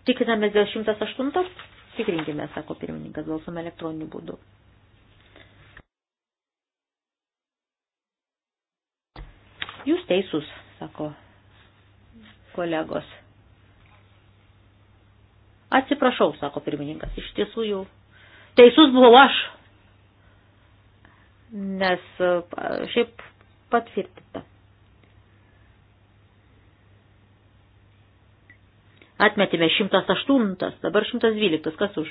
Tikrinamės dėl 108. Tikrinkime, sako pirmininkas, balsuom elektroniniu būdu. Jūs teisus, sako kolegos. Atsiprašau, sako pirmininkas, iš tiesų jau teisus buvau aš, nes šiaip patvirtinta. Atmetėme 108, dabar 112, kas už?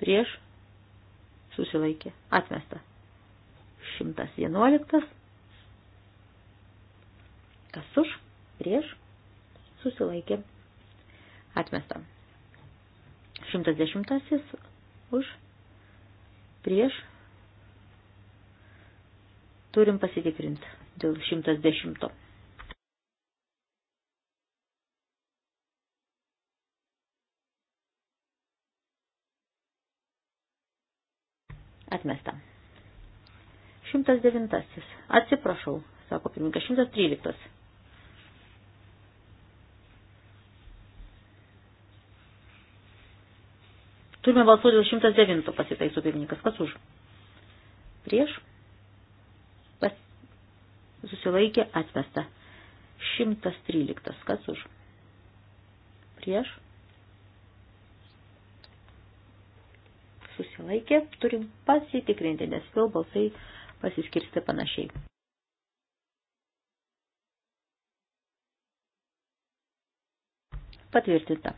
Prieš susilaikė, atmesta. 111, kas už? Prieš susilaikė, atmesta. 110 už, prieš. Turim pasitikrinti dėl 110. Atmesta. 109. Atsiprašau, sako pirmininkas. 113. Turime balsuoti dėl 109 pasitaisų pirmininkas. Kas už? Prieš? Pas... Susilaikė atmesta. 113. Kas už? Prieš? susilaikė, turim pasitikrinti, nes vėl balsai pasiskirsti panašiai. Patvirtinta.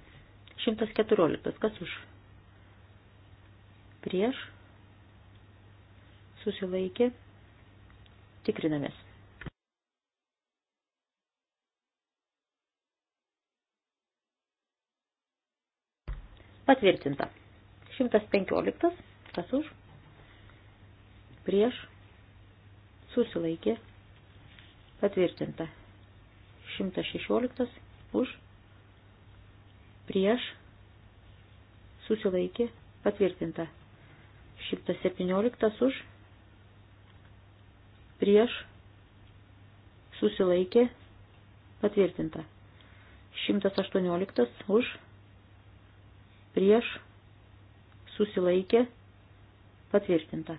114. Kas už? Prieš. Susilaikė. Tikrinamės. Patvirtinta. 115. Kas už? Prieš. Susilaikė. Patvirtinta. 116. Už. Prieš. Susilaikė. Patvirtinta. 117. Už. Prieš. Susilaikė. Patvirtinta. 118. Už. Prieš susilaikė, patvirtinta.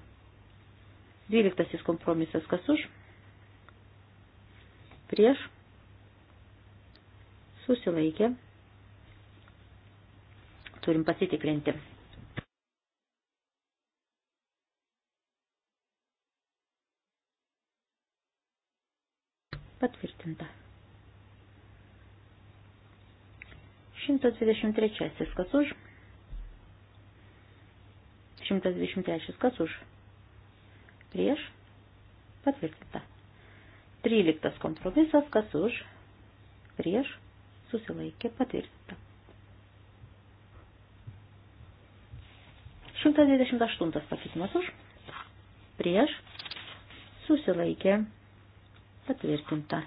Dvyliktasis kompromisas kas už, prieš, susilaikė, turim pasitikrinti. Patvirtinta. 123. Kas už? 123. Kas už? Prieš? Patvirtinta. 13. Kompromisas. Kas už? Prieš? Susilaikė patvirtinta. 128. Pakeitimas už? Prieš? Susilaikė patvirtinta.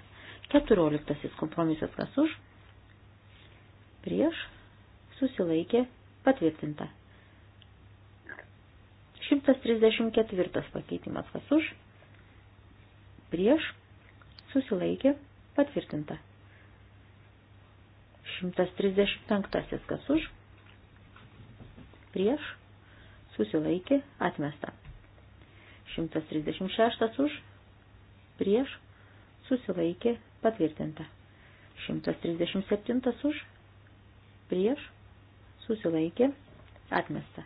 14. Kompromisas. Kas už? Prieš? Susilaikė patvirtinta. 134 pakeitimas kas už, prieš, susilaikė, patvirtinta. 135 kas už, prieš, susilaikė, atmesta. 136 už, prieš, susilaikė, patvirtinta. 137 už, prieš, susilaikė, atmesta.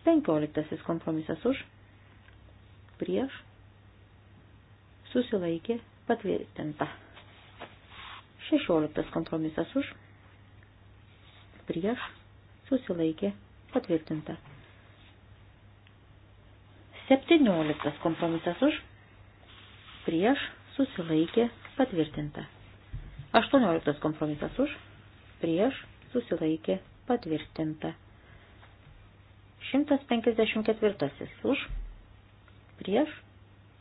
Penkioliktasis kompromisas už, prieš, susilaikė, patvirtinta. Šešioliktas kompromisas už, prieš, susilaikė, patvirtinta. Septynioliktas kompromisas už, prieš, susilaikė, patvirtinta. Aštuonioliktas kompromisas už, prieš, susilaikė, patvirtinta. 154 už, prieš,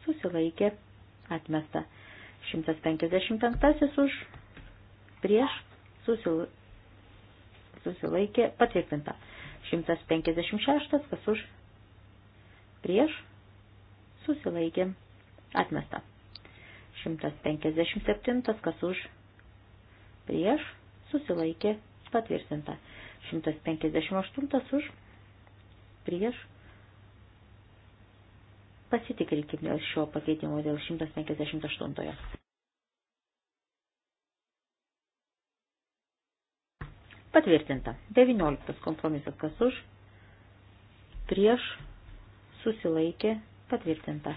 susilaikė, atmesta. 155 už, prieš, susilaikė, patvirtinta. 156 kas už, prieš, susilaikė, atmesta. 157 kas už, prieš, susilaikė, patvirtinta. 158 už, prieš. Pasitikrinkime šio pakeitimo dėl 158. Patvirtinta. 19 kompromisas kas už, prieš, susilaikė, patvirtinta.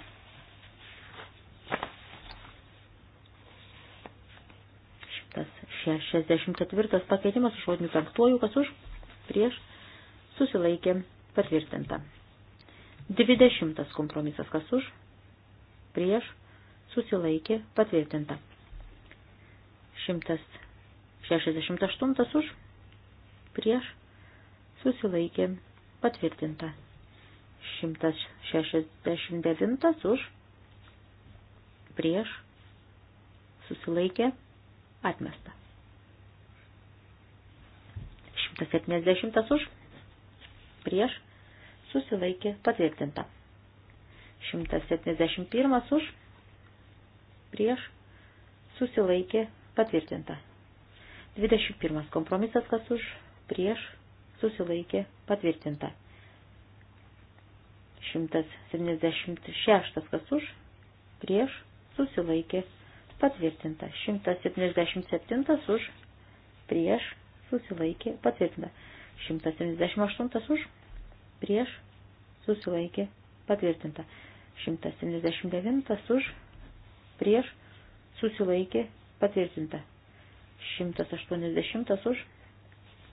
Šitas 64 pakeitimas už žodinių penktųjų kas už, prieš, susilaikė, Patvirtinta. 20 kompromisas kas už, prieš, susilaikė, patvirtinta. 168 už, prieš, susilaikė, patvirtinta. 169 už, prieš, susilaikė, atmesta. 170 už, prieš, susilaikė patvirtinta. 171 už, prieš, susilaikė patvirtinta. 21 kompromisas kas už, prieš, susilaikė patvirtinta. 176 kas už, prieš, susilaikė patvirtinta. 177 už, prieš, susilaikė patvirtinta. 178 už, prieš, susilaikė, patvirtinta. 179 už, prieš, susilaikė, patvirtinta. 180 už,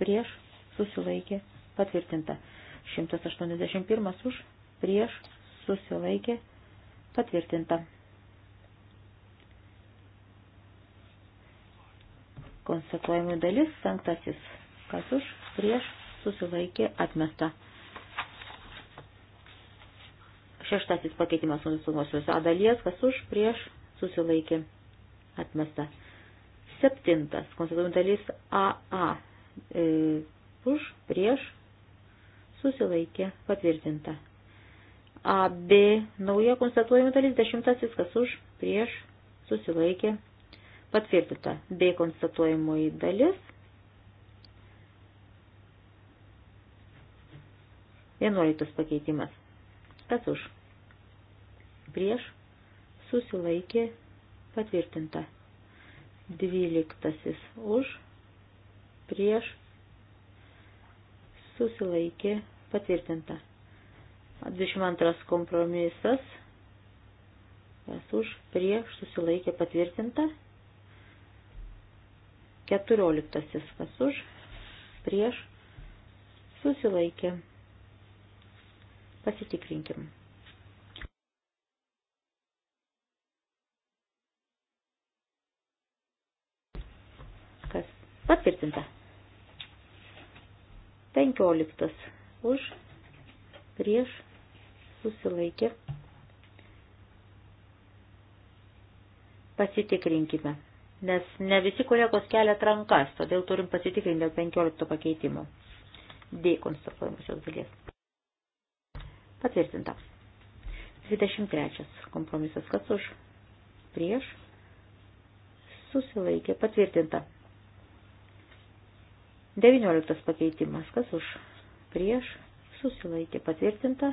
prieš, susilaikė, patvirtinta. 181 už, prieš, susilaikė, patvirtinta. Konstatuojamų dalis, penktasis, kas už, prieš, susilaikė, atmesta. Šeštasis pakeitimas nusinosios A dalies, kas už prieš susilaikė atmesta. Septintas, konstatuojant dalis AA, e, už prieš susilaikė patvirtinta. AB, nauja konstatuojama dalis, dešimtasis, kas už prieš susilaikė patvirtinta. B konstatuojamoji dalis. Vienuoliktas pakeitimas. Kas už? prieš, susilaikė, patvirtinta. Dvyliktasis už, prieš, susilaikė, patvirtinta. 22 kompromisas, kas už, prieš, susilaikė, patvirtinta. 14 kas už, prieš, susilaikė. Pasitikrinkim. Patvirtinta. 15. Už, prieš, susilaikė. Pasitikrinkime, nes ne visi kolegos kelia rankas, todėl turim pasitikrinti dėl 15 pakeitimo. D konstatuojamosios dalies. Patvirtinta. 23. Kompromisas kas už, prieš, susilaikė. Patvirtinta. 19 pakeitimas, kas už, prieš, susilaikė patvirtinta.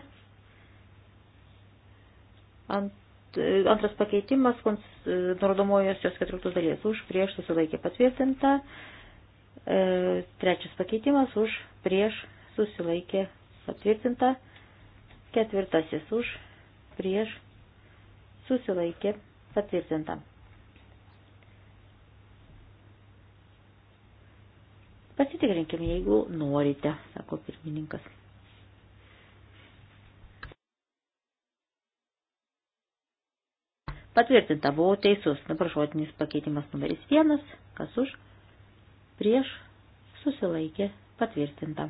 Ant, antras pakeitimas, nurodomojosios 14 dalies, už, prieš, susilaikė patvirtinta. E, trečias pakeitimas, už, prieš, susilaikė patvirtinta. Ketvirtasis už, prieš, susilaikė patvirtinta. Pasitikrinkim, jeigu norite, sako pirmininkas. Patvirtinta, buvau teisus. Dabar žodinis pakeitimas numeris vienas, kas už, prieš, susilaikė, patvirtinta.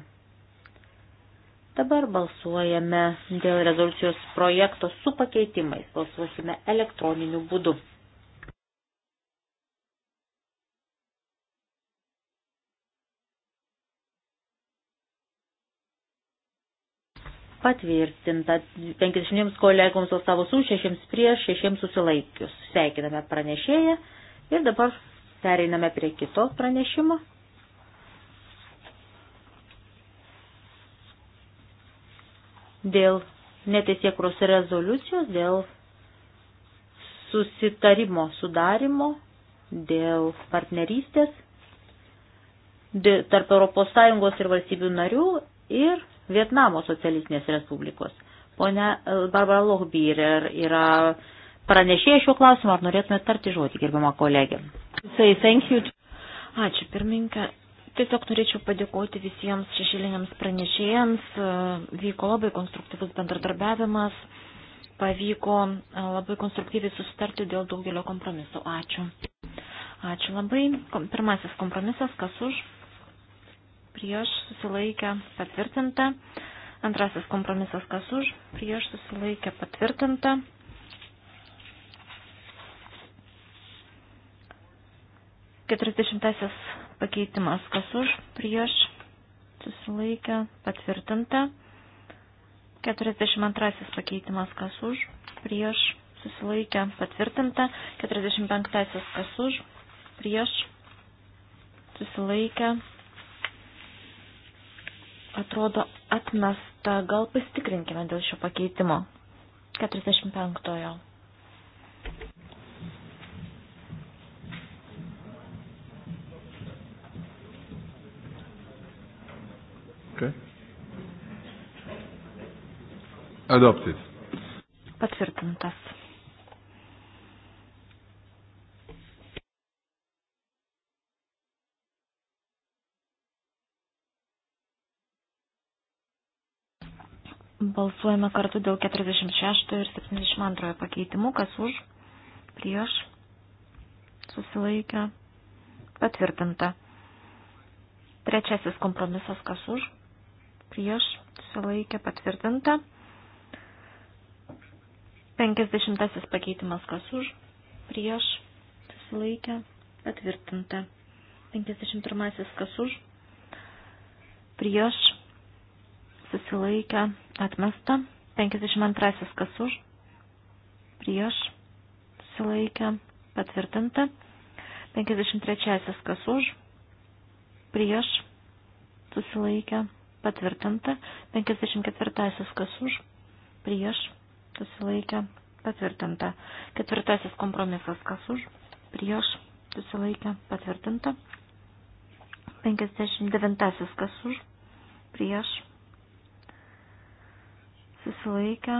Dabar balsuojame dėl rezoliucijos projekto su pakeitimais. Balsuosime elektroniniu būdu. patvirtinta 50 kolegoms balsavo su, 6 prieš, 6 susilaikius. Sveikiname pranešėją ir dabar pereiname prie kito pranešimo. Dėl neteisėkros rezoliucijos, dėl susitarimo sudarimo, dėl partnerystės dėl, tarp ES ir valstybių narių ir Vietnamo socialistinės respublikos. Pone e, Barbara Lohbyr yra pranešėja šiuo klausimu, ar norėtumėte tarti žodį, gerbama kolegė? Ačiū, pirmininkė. Tiesiog norėčiau padėkoti visiems šešėliniams pranešėjams. E, vyko labai konstruktyvus bendradarbiavimas. Pavyko e, labai konstruktyviai susitarti dėl daugelio kompromisų. Ačiū. Ačiū labai. Pirmasis kompromisas, kas už? prieš susilaikę patvirtinta. Antrasis kompromisas kas už, prieš susilaikę patvirtinta. Keturiasdešimtasis pakeitimas kas už, prieš susilaikę patvirtinta. Keturiasdešimt antrasis pakeitimas kas už, prieš susilaikę patvirtinta. Keturiasdešimt penktasis kas už, prieš susilaikę atrodo atmesta, gal pasitikrinkime dėl šio pakeitimo. 45-ojo. Okay. Adopted. Patvirtintas. Balsuojame kartu dėl 46 ir 72 pakeitimų, kas už, prieš, susilaikę, patvirtinta. Trečiasis kompromisas, kas už, prieš, susilaikę, patvirtinta. 50 pakeitimas, kas už, prieš, susilaikę, patvirtinta. 51 kas už, prieš, susilaikę, patvirtinta Atmesta. 52 kas už. Prieš. Susilaikė. Patvirtinta. 53 kas už. Prieš. Susilaikė. Patvirtinta. 54 kas už. Prieš. Susilaikė. Patvirtinta. Ketvirtasis kompromisas kas už. Prieš. Susilaikė. Patvirtinta. 59 kas už. Prieš susilaikę.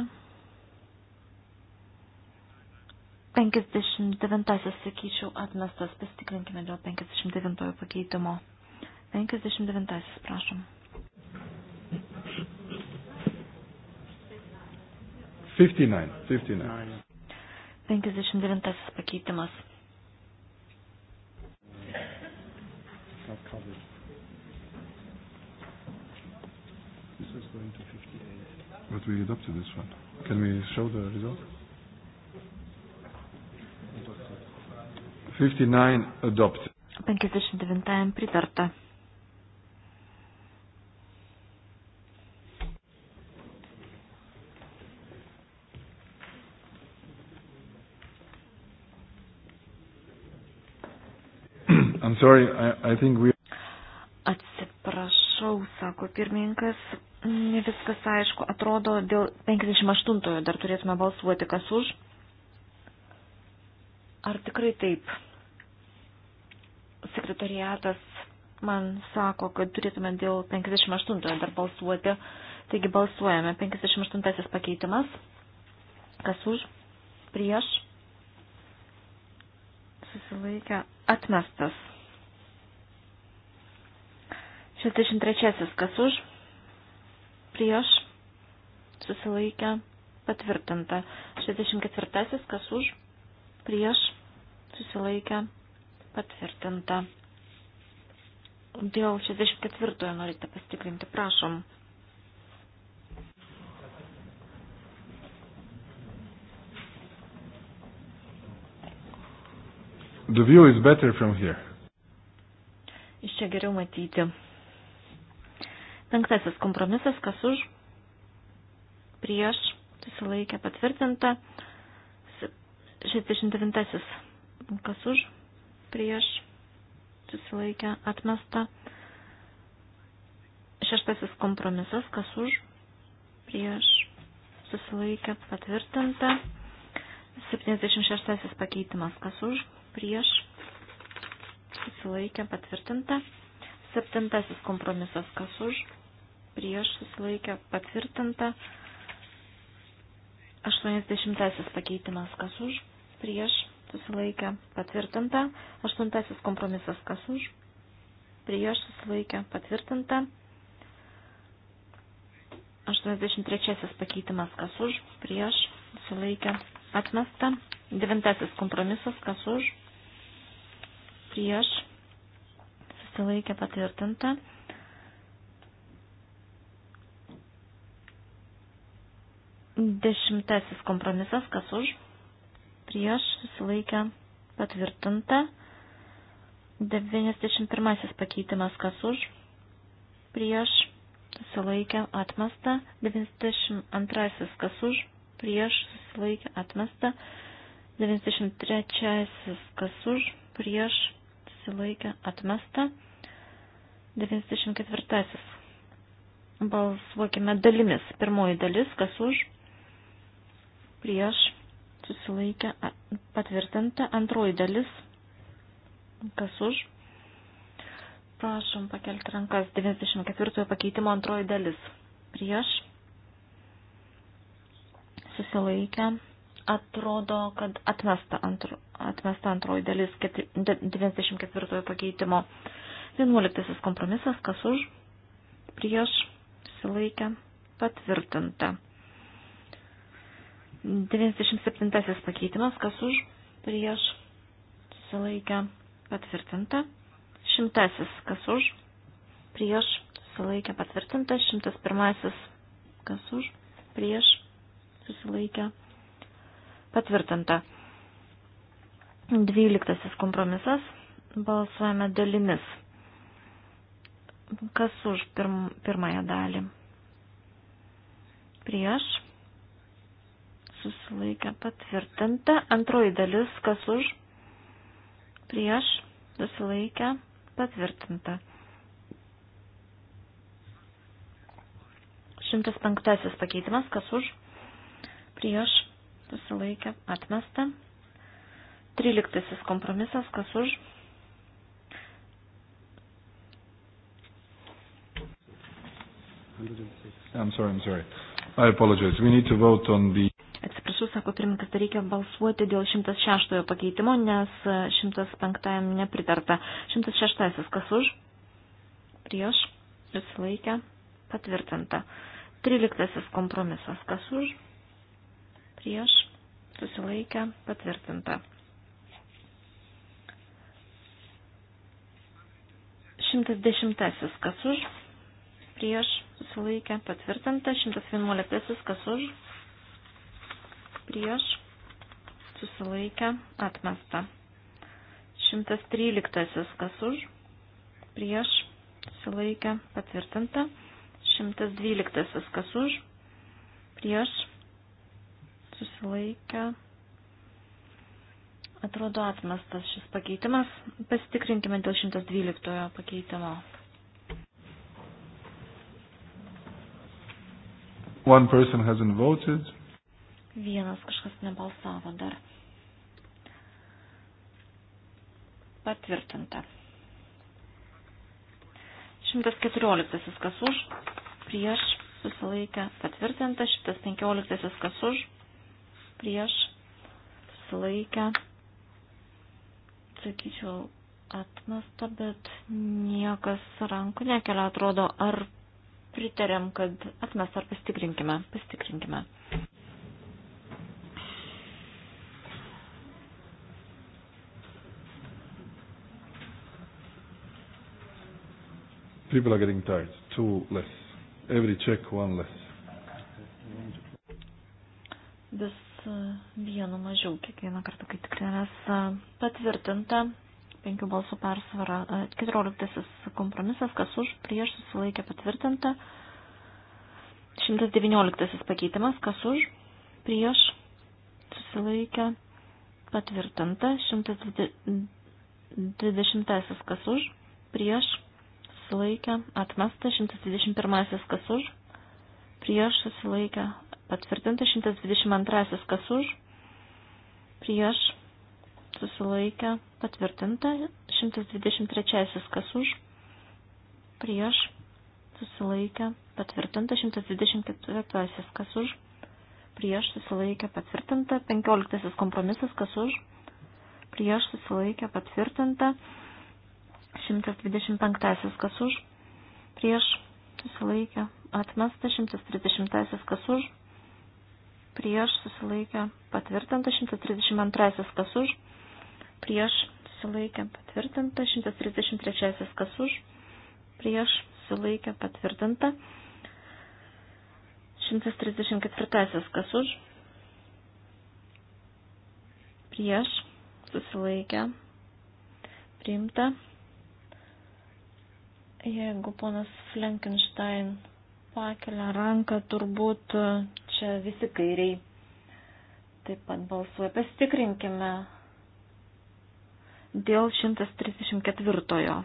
59-asis, sakyčiau, atmestas. Pasitikrinkime dėl 59-ojo pakeitimo. 59-asis, prašom. 59. 59. 59-asis pakeitimas. Not covered. This is going to 50. But we adopted this one. Can we show the result? 59 adopted. 59 pritarta. (clears throat) I'm sorry, I, I think we Atsiprašau, sako pirmininkas, ne viskas aišku, atrodo, dėl 58-ojo dar turėsime balsuoti, kas už. Ar tikrai taip? Sekretariatas man sako, kad turėtume dėl 58-ojo dar balsuoti, taigi balsuojame. 58-asis pakeitimas, kas už, prieš, susilaikę, atmestas. 63. Kas už? Prieš? Susilaikę? Patvirtinta. 64. Kas už? Prieš? Susilaikę? Patvirtinta. Dėl 64 norite pasitikrinti, prašom. The view is better from here. Iš čia geriau matyti. Penktasis kompromisas, kas už, prieš, susilaikė patvirtinta. 69. Kas už, prieš, susilaikė atmesta. Šeštasis kompromisas, kas už, prieš, susilaikė patvirtinta. 76. pakeitimas, kas už, prieš, susilaikė patvirtinta. Septintasis kompromisas kas už, prieš susilaikę patvirtinta. Aštuonisdešimtasis pakeitimas kas už, prieš susilaikę patvirtinta. Aštuntasis kompromisas kas už, prieš susilaikę patvirtinta. 83 pakeitimas kas už, prieš, susilaikė, atmesta. 9 kompromisas kas už, prieš, susilaikė patvirtinta. Dešimtasis kompromisas, kas už, prieš, susilaikę, patvirtinta. 91 pakeitimas, kas už, prieš, susilaikę, atmesta. 92 kas už, prieš, susilaikę, atmesta. 93 kas už, prieš, susilaikė atmesta. 94. Balsuokime dalimis. Pirmoji dalis, kas už, prieš, susilaikė, patvirtinta. Antroji dalis, kas už. Prašom pakelti rankas. 94 pakeitimo antroji dalis. Prieš, susilaikė, Atrodo, kad atmesta, antro, atmesta antroji dalis 94 pakeitimo. 11 kompromisas, kas už, prieš, silaikę, patvirtinta. 97 pakeitimas, kas už, prieš, silaikę, patvirtinta. 100 kas už, prieš, silaikę, patvirtinta. 101 kas už, prieš, susilaikę, patvirtinta Patvirtinta. Dvyliktasis kompromisas. Balsuojame dalimis. Kas už pirm, pirmąją dalį? Prieš. Susilaikę patvirtinta. Antroji dalis. Kas už? Prieš. Susilaikę patvirtinta. 105 pakeitimas. Kas už? Prieš susilaikė, atmesta. Tryliktasis kompromisas, kas už. I'm sorry, I'm sorry. I apologize. We need to vote on the... Atsiprašau, sako pirmininkas, tai reikia balsuoti dėl 106 pakeitimo, nes 105 nepritarta. 106 kas už? Prieš. Susilaikė. Patvirtinta. 13 kompromisas kas už? prieš, susilaikę, patvirtinta. 110. Kas už, prieš, susilaikę, patvirtinta. 111. Kas už, prieš, susilaikę, atmesta. 113. Kas už, prieš, susilaikę, patvirtinta. 112. Kas už, prieš, susilaikę. Atrodo atmestas šis pakeitimas. Pasitikrinkime dėl 112 pakeitimo. One person hasn't voted. Vienas kažkas nebalsavo dar. Patvirtinta. 114 kas už, prieš susilaikę patvirtinta, 115 kas už, prieš sulaikę, sakyčiau, atmesta, bet niekas rankų nekelia, atrodo, ar pritarėm, kad atmesta, ar pastikrinkime, pastikrinkime. People are getting tired. Two less. Every check, one less. Vis vienu mažiau kiekvieną kartą, kai tikrinės patvirtinta penkių balsų persvara. 14 kompromisas, kas už, prieš susilaikė patvirtinta. 119 pakeitimas, kas už, prieš susilaikė patvirtinta. 120 kas už, prieš susilaikė atmesta. 121 kas už, prieš susilaikė Patvirtinta 122 kas už, prieš susilaikę. Patvirtinta 123 kas už, prieš susilaikę. Patvirtinta 124 kas už, prieš susilaikę. Patvirtinta 15 kompromisas kas už, prieš susilaikę. Patvirtinta 125 kas už, prieš susilaikę. Atmesta 130 kas už prieš susilaikę patvirtinta 132 kas už, prieš susilaikę patvirtinta 133 kas už, prieš susilaikę patvirtinta 134 kas už, prieš susilaikę priimta. Jeigu ponas Flankenstein pakelia ranką, turbūt čia visi kairiai taip pat balsuoja. Pasitikrinkime dėl 134.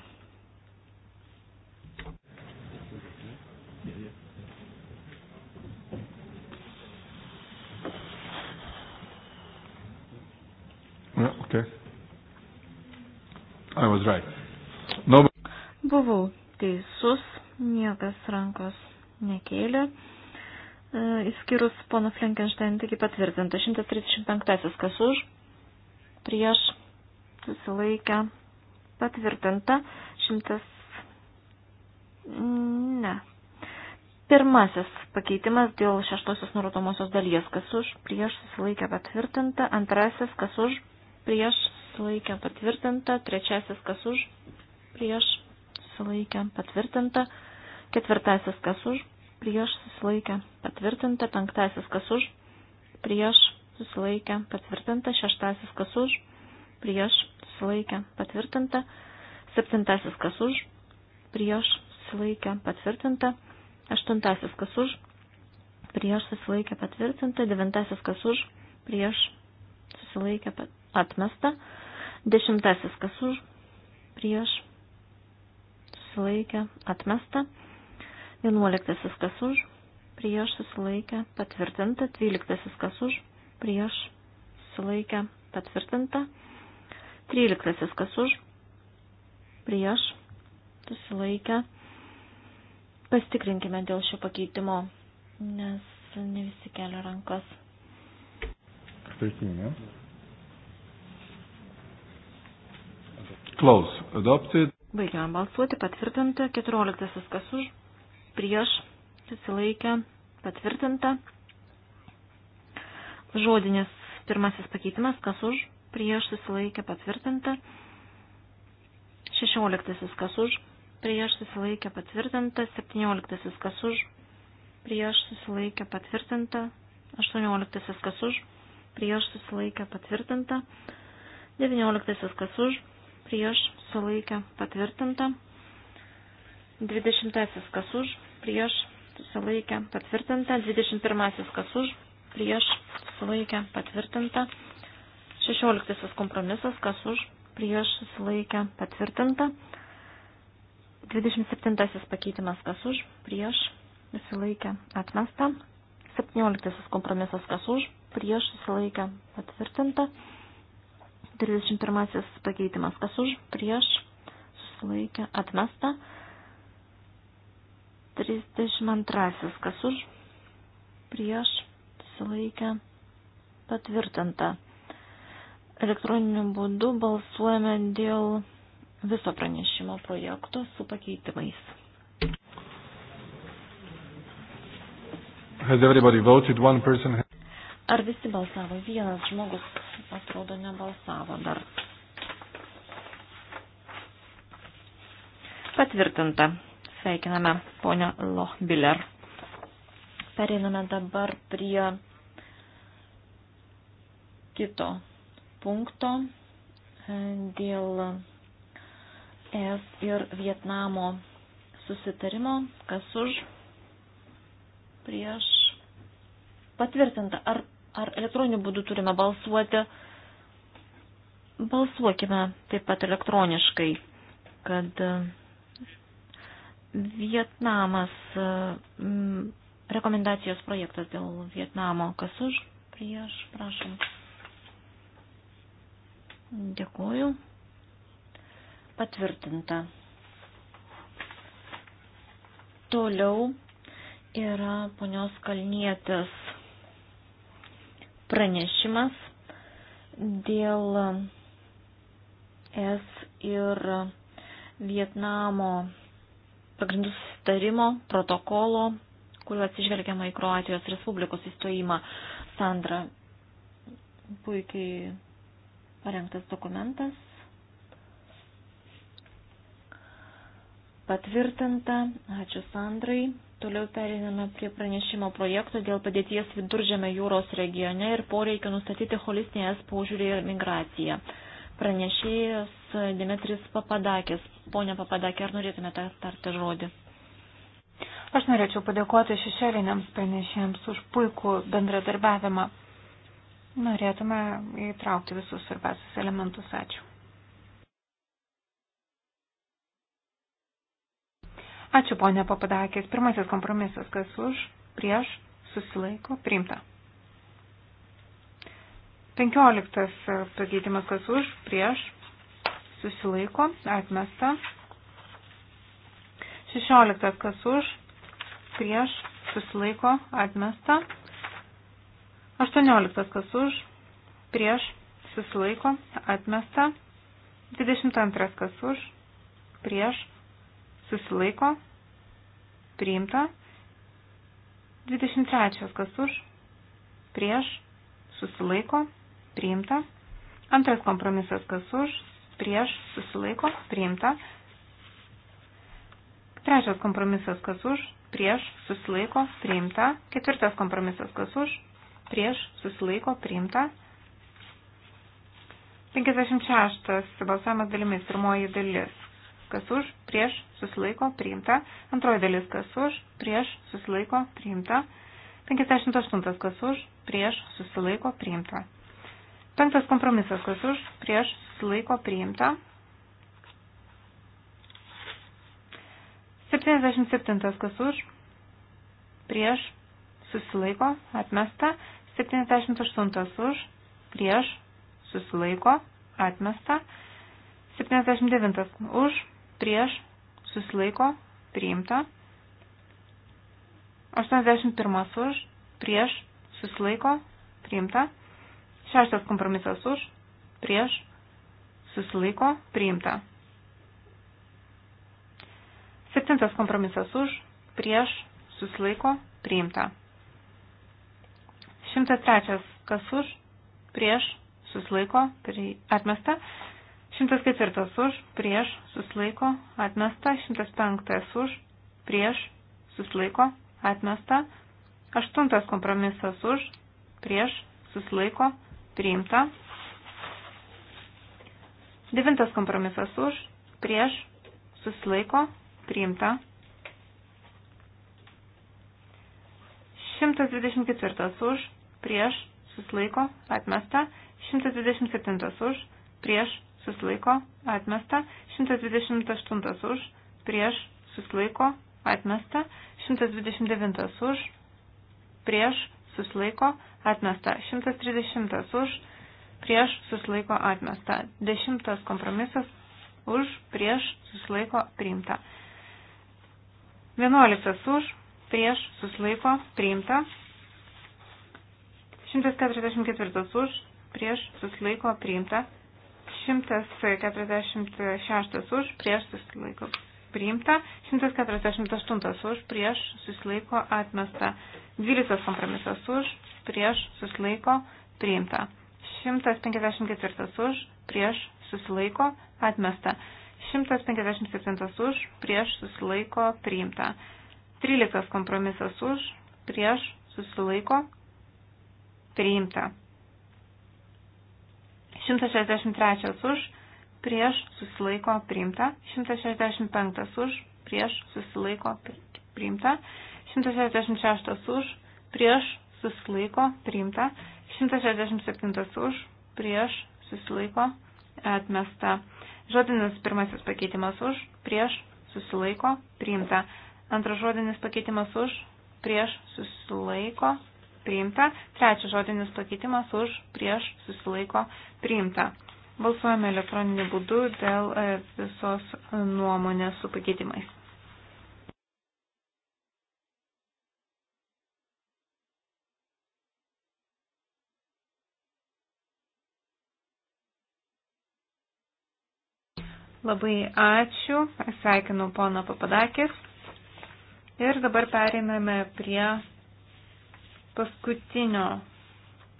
Yeah, okay. I was right. No. Buvau teisus, niekas rankos nekėlė. Įskyrus e, ponas Lenkenštain, taigi patvirtinta 135 kas už, prieš susilaikę patvirtinta 100. Ne. Pirmasis pakeitimas dėl šeštosios nurodomosios dalies kas už, prieš susilaikę patvirtinta, antrasis kas už, prieš susilaikę patvirtinta, trečiasis kas už, prieš susilaikę patvirtinta, ketvirtasis kas už, prieš susilaikę patvirtinta, penktasis kas už, prieš susilaikę patvirtinta, šeštasis kas už, prieš susilaikę patvirtinta, septintasis kas už, prieš susilaikę patvirtinta, aštuntasis kas už, prieš susilaikę patvirtinta, devintasis kas už, prieš susilaikę atmesta, dešimtasis kas už, prieš susilaikę atmesta. Vienuoliktasis kas už, prieš susilaikę, patvirtinta. Dvyliktasis kas už, prieš susilaikę, patvirtinta. Tryliktasis kas už, prieš susilaikę. Pastikrinkime dėl šio pakeitimo, nes ne visi kelia rankas. Prisimė. Close. Adopted. Baigiam balsuoti, patvirtinta, keturioliktasis kas už prieš, susilaikę, patvirtinta. Žodinis pirmasis pakeitimas, kas už, prieš, susilaikę, patvirtinta. Šešioliktasis, kas už, prieš, susilaikę, patvirtinta. Septynioliktasis, kas už, prieš, susilaikę, patvirtinta. Aštuonioliktasis, kas už, prieš, susilaikę, patvirtinta. Devynioliktasis, kas už, prieš, susilaikę, patvirtinta. 20 kas už, prieš, susilaikę, patvirtinta. 21 kas už, prieš, susilaikę, patvirtinta. 16 kompromisas kas už, prieš, susilaikę, patvirtinta. 27 pakeitimas kas už, prieš, susilaikę, atmesta. 17 kompromisas kas už, prieš, susilaikę, patvirtinta. 31 pakeitimas kas už, prieš, susilaikę, atmesta. 32. Kas už? Prieš. Susilaikę. Patvirtinta. Elektroniniu būdu balsuojame dėl viso pranešimo projekto su pakeitimais. Has everybody voted? One person has... Ar visi balsavo? Vienas žmogus, atrodo, nebalsavo dar. Patvirtinta. Sveikiname ponę Lochbiller. Pereiname dabar prie kito punkto dėl ES ir Vietnamo susitarimo, kas už prieš patvirtinta. Ar, ar elektroniniu būdu turime balsuoti? Balsuokime taip pat elektroniškai, kad Vietnamas. E, rekomendacijos projektas dėl Vietnamo. Kas už? Prieš, prašom. Dėkuoju. Patvirtinta. Toliau yra ponios Kalnietės pranešimas dėl S ir Vietnamo pagrindų sustarimo protokolo, kuriuo atsižvelgiama į Kroatijos Respublikos įstojimą. Sandra, puikiai parengtas dokumentas. Patvirtinta. Ačiū Sandrai. Toliau periname prie pranešimo projekto dėl padėties viduržėme jūros regione ir poreikio nustatyti holistinės požiūrį ir migraciją pranešėjas Dimitris Papadakis. Pone Papadakė, ar norėtumėte tarti žodį? Aš norėčiau padėkoti šešėliniams pranešėjams už puikų bendradarbiavimą. Norėtume įtraukti visus svarbiausius elementus. Ačiū. Ačiū, ponė Papadakės. Pirmasis kompromisas, kas už, prieš, susilaiko, priimta. Penkioliktas pakeitimas kas už, prieš, susilaiko, atmesta. Šešioliktas kas už, prieš, susilaiko, atmesta. Aštuonioliktas kas už, prieš, susilaiko, atmesta. Dvidešimt antras kas už, prieš, susilaiko, priimta. Dvidešimt trečias kas už, prieš, susilaiko, atmesta priimta. Antras kompromisas, kas už, prieš, susilaiko, priimta. Trečias kompromisas, kas už, prieš, susilaiko, priimta. Ketvirtas kompromisas, kas už, prieš, susilaiko, priimta. 56. Balsavimas dalimis. Pirmoji dalis. Kas už, prieš, susilaiko, priimta. Antroji dalis. Kas už, prieš, susilaiko, priimta. 58. Kas už, prieš, susilaiko, priimta. Penktas kompromisas, kas už, prieš, laiko priimta. 77 kas už, prieš, susilaiko, atmesta. 78 už, prieš, susilaiko, atmesta. 79 už, prieš, susilaiko, priimta. 81 už, prieš, susilaiko, priimta. Šeštas kompromisas už, prieš, susilaiko, priimta. Septintas kompromisas už, prieš, susilaiko, priimta. Šimtas trečias, kas už, prieš, susilaiko, pri, atmesta. Šimtas ketvirtas už, prieš, susilaiko, atmesta. Šimtas penktas už, prieš, susilaiko, atmesta. Aštuntas kompromisas už, prieš, susilaiko, atmesta priimta. Devintas kompromisas už, prieš, susilaiko, priimta. 124 už, prieš, susilaiko, atmesta. 127 už, prieš, susilaiko, atmesta. 128 už, prieš, susilaiko, atmesta. 129 už, prieš, susilaiko, atmesta atmesta. 130 už, prieš susilaiko atmesta. 10 kompromisas už, prieš susilaiko priimta. 11 už, prieš susilaiko priimta. 144 už, prieš susilaiko priimta. 146 už, prieš susilaiko priimta. 148 už, prieš susilaiko atmesta. 12 kompromisas už, prieš, susilaiko, priimta. 154 už, prieš, susilaiko, atmesta. 157 už, prieš, susilaiko, priimta. 13 kompromisas už, prieš, susilaiko, priimta. 163 už, prieš, susilaiko, priimta. 165 už, prieš, susilaiko, priimta. 166 už, prieš, susilaiko, priimta. 167 už, prieš, susilaiko, atmesta. Žodinis pirmasis pakeitimas už, prieš, susilaiko, priimta. Antras žodinis pakeitimas už, prieš, susilaiko, priimta. Trečias žodinis pakeitimas už, prieš, susilaiko, priimta. Balsuojame elektroniniu būdu dėl e, visos nuomonės su pakeitimais. Labai ačiū, sveikinu pono Papadakis. Ir dabar pereiname prie paskutinio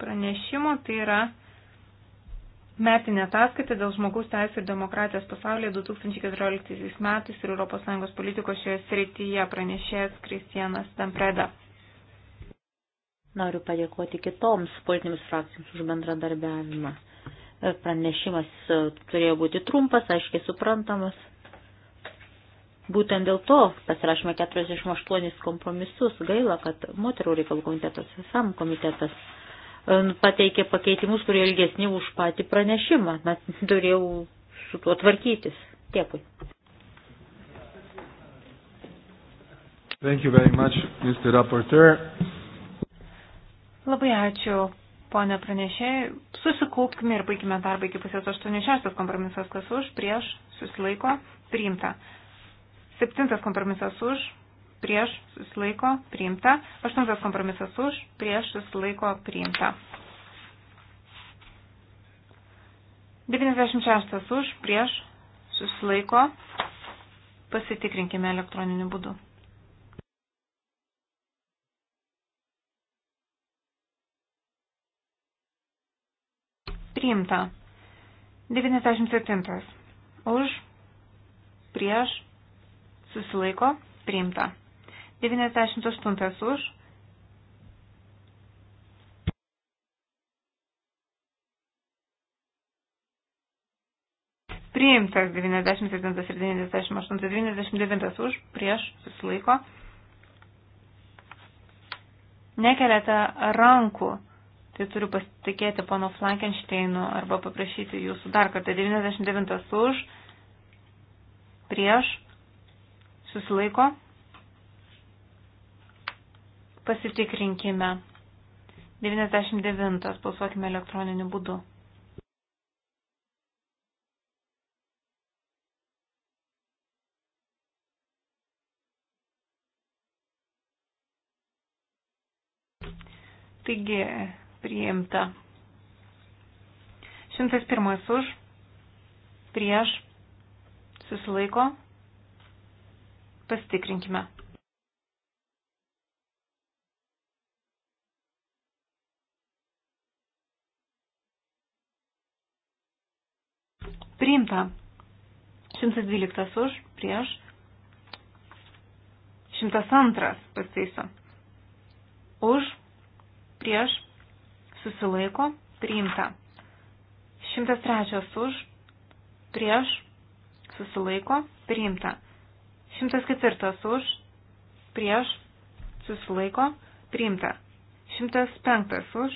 pranešimo, tai yra metinė ataskaita dėl žmogaus teisų ir demokratijos pasaulyje 2014 metais ir ES politikos šioje srityje pranešėjas Kristianas Tampreda. Noriu padėkoti kitoms politinėms frakcijoms už bendradarbiavimą Pranešimas e, turėjo būti trumpas, aiškiai suprantamas. Būtent dėl to pasirašėme 48 kompromisus. Gaila, kad moterų reikalų komitetas, visam komitetas e, pateikė pakeitimus, kurie ilgesni už patį pranešimą. Na, turėjau su tuo tvarkytis. Dėkui. Thank you very much, Mr. Rapporteur. Labai ačiū, Pone pranešėjai, susikaupkime ir baigime darbą iki pusės 86 kompromisas, kas už, prieš, susilaiko, priimta. 7 kompromisas už, prieš, susilaiko, priimta. 8 kompromisas už, prieš, susilaiko, priimta. 96 už, prieš, susilaiko, pasitikrinkime elektroniniu būdu. Priimta. 97. Už, prieš, susilaiko, priimta. 98 už. Priimtas 97 ir 98, 99 už, prieš, susilaiko. Nekeliate rankų tai turiu pasitikėti pono Flankensteinu arba paprašyti jūsų dar kartą. 99 už, prieš, susilaiko. Pasitikrinkime. 99 balsuokime elektroniniu būdu. Taigi, priimta. 101 už, prieš, susilaiko, pasitikrinkime. Priimta. 112 už, prieš. 102 pasitaiso. Už, prieš, susilaiko, priimta. 103 už, prieš, susilaiko, priimta. 104 už, prieš, susilaiko, priimta. 105 už,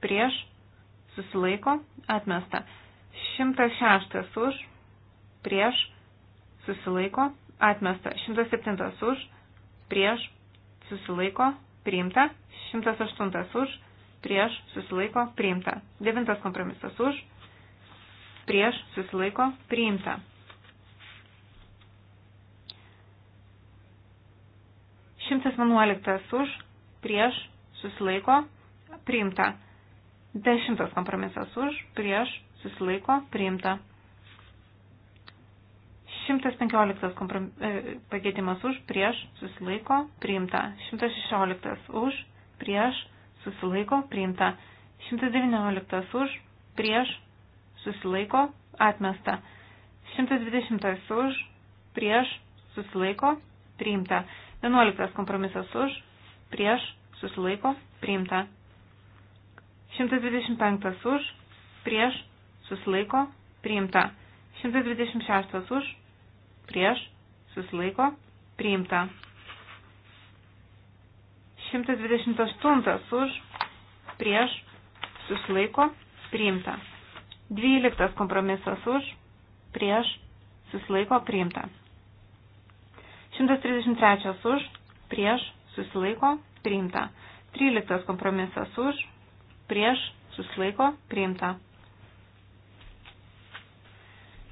prieš, susilaiko, atmesta. 106 už, prieš, susilaiko, atmesta. 107 už, prieš, susilaiko, priimta. 108 už, prieš, susilaiko, priimta. Devintas kompromisas už, prieš, susilaiko, priimta. Šimtas vienuoliktas už, prieš, susilaiko, priimta. Dešimtas kompromisas už, prieš, susilaiko, priimta. 115 komprom... E, pakeitimas už, prieš, susilaiko, priimta. 116 už, prieš, susilaiko priimta. 119 už, prieš, susilaiko atmesta. 120 už, prieš, susilaiko priimta. 11 kompromisas už, prieš, susilaiko priimta. 125 už, prieš, susilaiko priimta. 126 už, prieš, susilaiko priimta. 128 už, prieš, susilaiko, priimta. 12 kompromisas už, prieš, susilaiko, priimta. 133 už, prieš, susilaiko, priimta. 13 kompromisas už, prieš, susilaiko, priimta.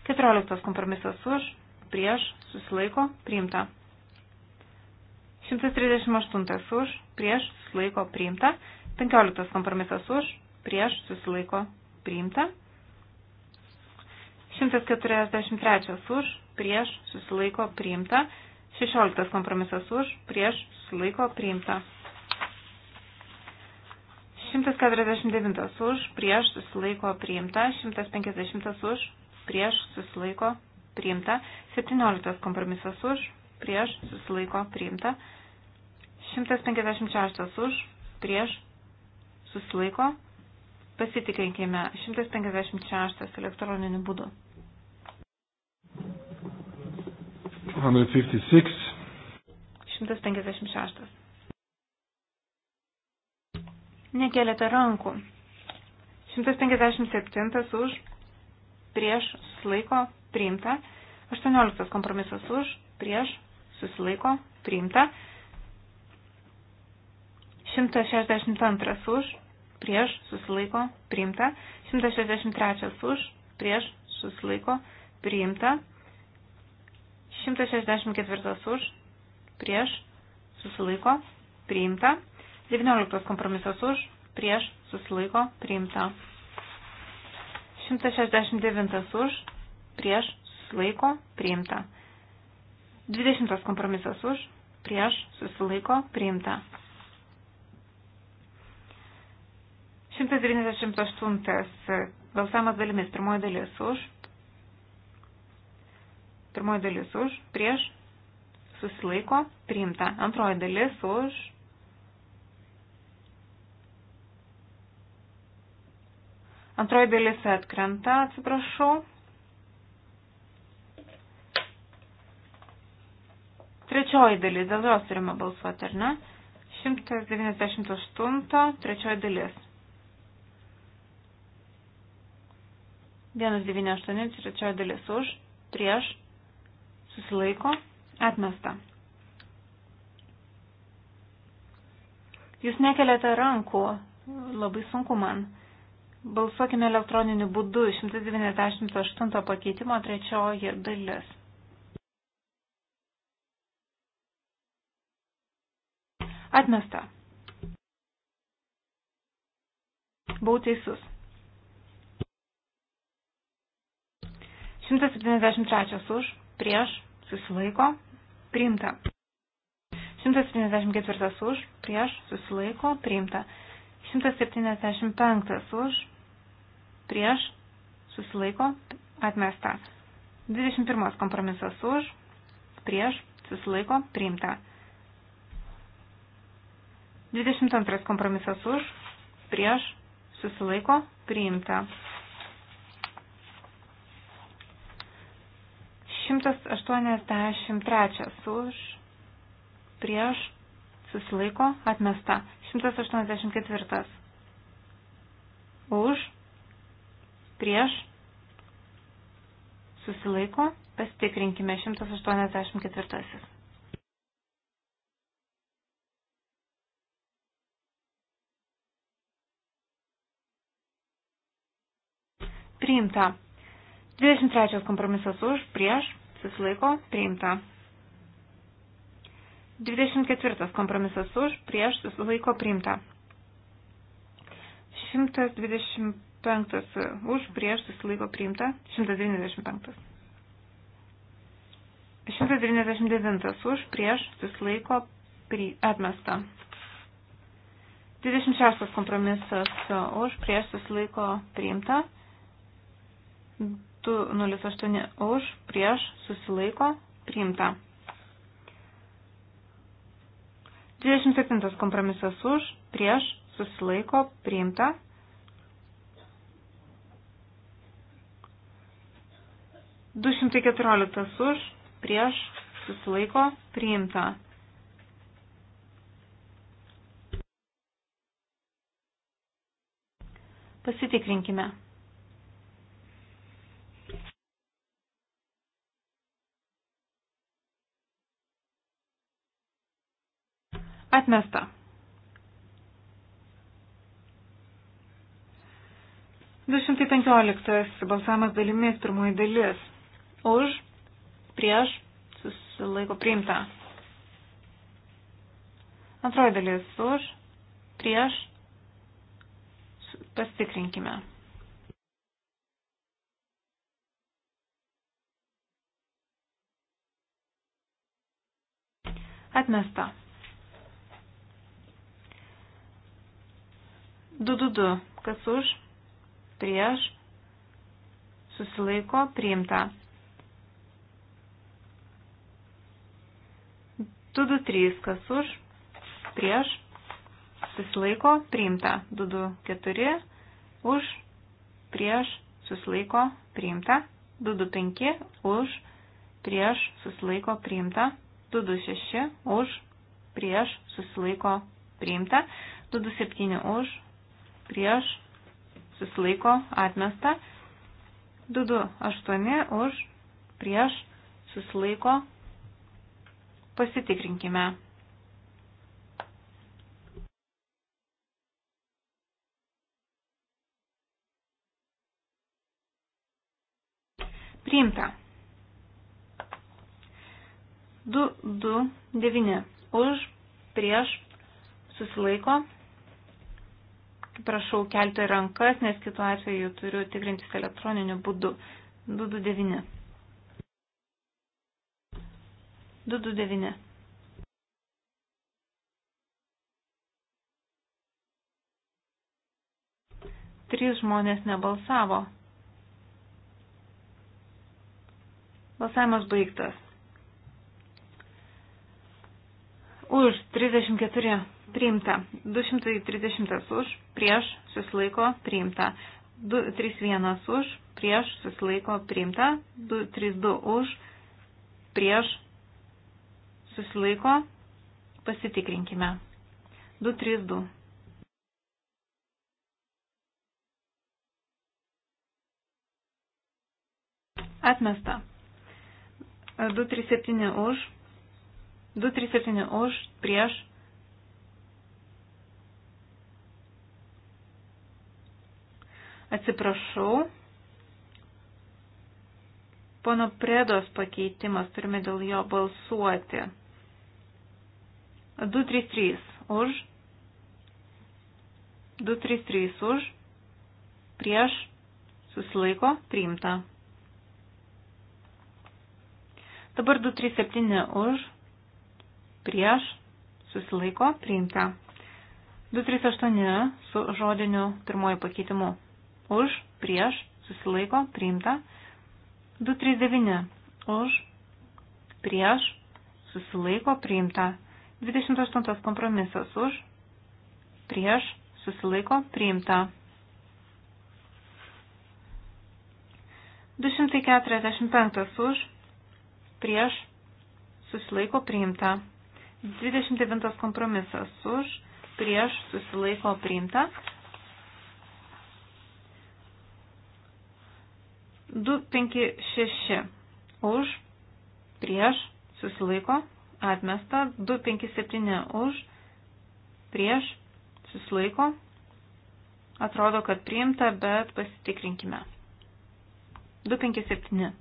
14 kompromisas už, prieš, susilaiko, priimta. 138 už, prieš, susilaiko priimta. 15 kompromisas už, prieš, susilaiko priimta. 143 už, prieš, susilaiko priimta. 16 kompromisas už, prieš, susilaiko priimta. 149 už, prieš, susilaiko priimta. 150 už, prieš, susilaiko priimta. 17 kompromisas už, prieš, susilaiko, priimta. 156 už, prieš, susilaiko. Pasitikinkime 156 elektroniniu būdu. 156. 156. Nekėlėte rankų. 157 už, prieš, susilaiko, priimta. 18 kompromisas už, prieš, susilaiko, priimta. 162 už, prieš, susilaiko, priimta. 163 už, prieš, susilaiko, priimta. 164 už, prieš, susilaiko, priimta. 19 kompromisas už, prieš, susilaiko, priimta. 169 už, prieš, susilaiko, priimta. 20 kompromisas už, prieš, susilaiko, priimta. 198 balsavimas dalimis, pirmoji dalis už, pirmoji dalis už, prieš, susilaiko, priimta. Antroji dalis už, antroji dalis atkrenta, atsiprašau. Trečioji dalis, dėl jos turime balsuoti, ar ne? 198, trečioji dalis. 198, trečioji dalis už, prieš, susilaiko, atmesta. Jūs nekeliate rankų, labai sunku man. Balsuokime elektroniniu būdu 198 pakeitimo trečioji dalis. Atmesta. Buvau teisus. 173 už, prieš, susilaiko, priimta. 174 už, prieš, susilaiko, priimta. 175 už, prieš, susilaiko, atmesta. 21 kompromisas už, prieš, susilaiko, priimta. 22 kompromisas už, prieš, susilaiko, priimta. 183 už, prieš, susilaiko, atmesta. 184 už, prieš, susilaiko, pasitikrinkime 184. priimta. 23 kompromisas už, prieš, susilaiko, priimta. 24 kompromisas už, prieš, susilaiko, priimta. 125 už, prieš, susilaiko, priimta. 195. 199 už, prieš, susilaiko, pri, atmesta. 26 kompromisas už, prieš, susilaiko, priimta. 208 už, prieš, susilaiko, priimta. 27 kompromisas už, prieš, susilaiko, priimta. 214 už, prieš, susilaiko, priimta. 215. Pasitikrinkime. Atmesta. Du šimtai penkioliktas balsavimas dalimis pirmoji dalis. Už, prieš, susilaiko priimta. Antroji dalis. Už, prieš, pasitikrinkime. Atmesta. 222. Kas už? Prieš. Susilaiko. Priimta. 223. Kas už? Prieš. Susilaiko. Priimta. 224. Už. Prieš. Susilaiko. Priimta. 225. Už. Prieš. Susilaiko. Priimta. 226. Už. Prieš. Susilaiko. Priimta. 227. Už prieš, susilaiko, atmesta. 228 už, prieš, susilaiko, pasitikrinkime. Priimta. 229 už, prieš, susilaiko, Prašau kelti rankas, nes kitu atveju turiu tikrintis elektroniniu būdu. 229. 229. Trys žmonės nebalsavo. Balsavimas baigtas. Už 34 priimta. 230 už prieš susilaiko priimta. 231 už, prieš susilaiko priimta. 232 už, prieš susilaiko. Pasitikrinkime. 232. Atmesta. 237 už, 237 už, prieš Atsiprašau. Pono Predos pakeitimas, turime dėl jo balsuoti. 233 už. 233 už. Prieš. Susilaiko. Priimta. Dabar 237 už. Prieš. Susilaiko. Priimta. 238 su žodiniu pirmoji pakeitimu už, prieš, susilaiko, priimta. 239 už, prieš, susilaiko, priimta. 28 kompromisas už, prieš, susilaiko, priimta. 245 už, prieš, susilaiko, priimta. 29 kompromisas už, prieš, susilaiko, priimta. 256 už, prieš, susilaiko, atmesta. 257 už, prieš, susilaiko. Atrodo, kad priimta, bet pasitikrinkime. 257.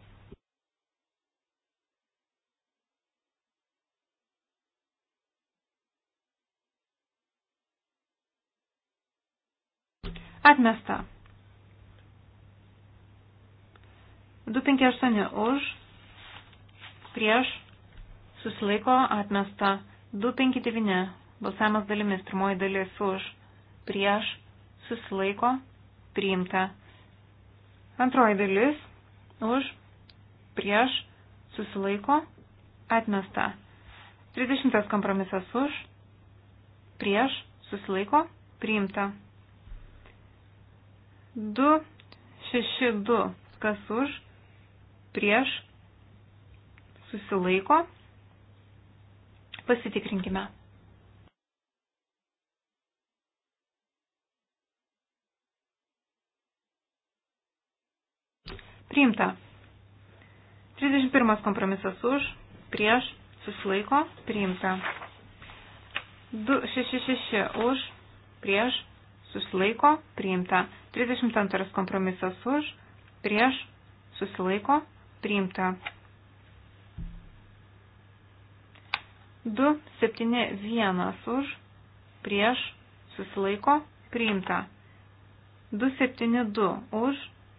Atmesta. 258 už, prieš, susilaiko, atmesta. 259 balsavimas dalimis, pirmoji dalis už, prieš, susilaiko, priimta. Antroji dalis už, prieš, susilaiko, atmesta. 30 kompromisas už, prieš, susilaiko, priimta. 2, 6, 2, kas už, prieš, susilaiko. Pasitikrinkime. Priimta. 31 kompromisas už, prieš, susilaiko, priimta. 266 už, prieš, susilaiko, priimta. 32 kompromisas už, prieš, susilaiko, priimta. 2, 7, 1 už, prieš, susilaiko, priimta. 2, 7, 2 už,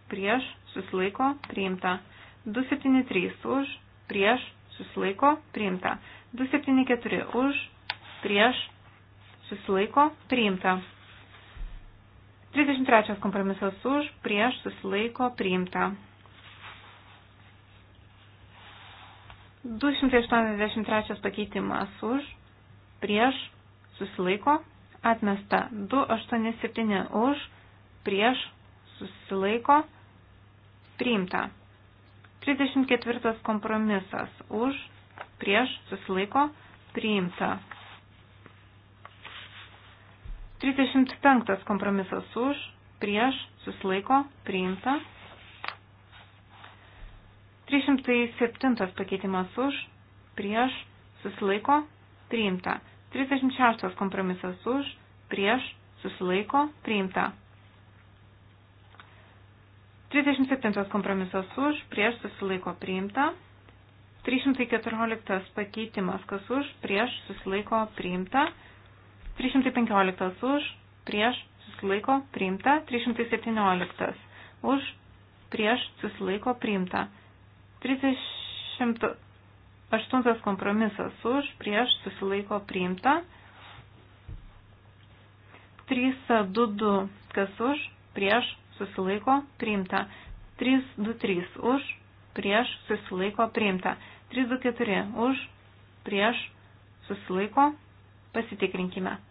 prieš, susilaiko, priimta. 2, 7, 3 už, prieš, susilaiko, priimta. 2, 7, 4 už, prieš, susilaiko, priimta. 33 kompromisas už, prieš, susilaiko, priimta. 283 pakeitimas už, prieš, susilaiko, atmesta. 287 už, prieš, susilaiko, priimta. 34 kompromisas už, prieš, susilaiko, priimta. 35 kompromisas už, prieš, susilaiko, priimta. 307 pakeitimas už, prieš, susilaiko, priimta. 36 kompromisas už, prieš, susilaiko, priimta. 37 kompromisas už, prieš, susilaiko, priimta. 314 pakeitimas, kas už, prieš, susilaiko, priimta. 315 už, prieš, susilaiko, priimta. 317 už, prieš, susilaiko, priimta. 38 kompromisas už, prieš, susilaiko priimta. 322 kas už, prieš, susilaiko priimta. 323 už, prieš, susilaiko priimta. 324 už, prieš, susilaiko. Pasitikrinkime.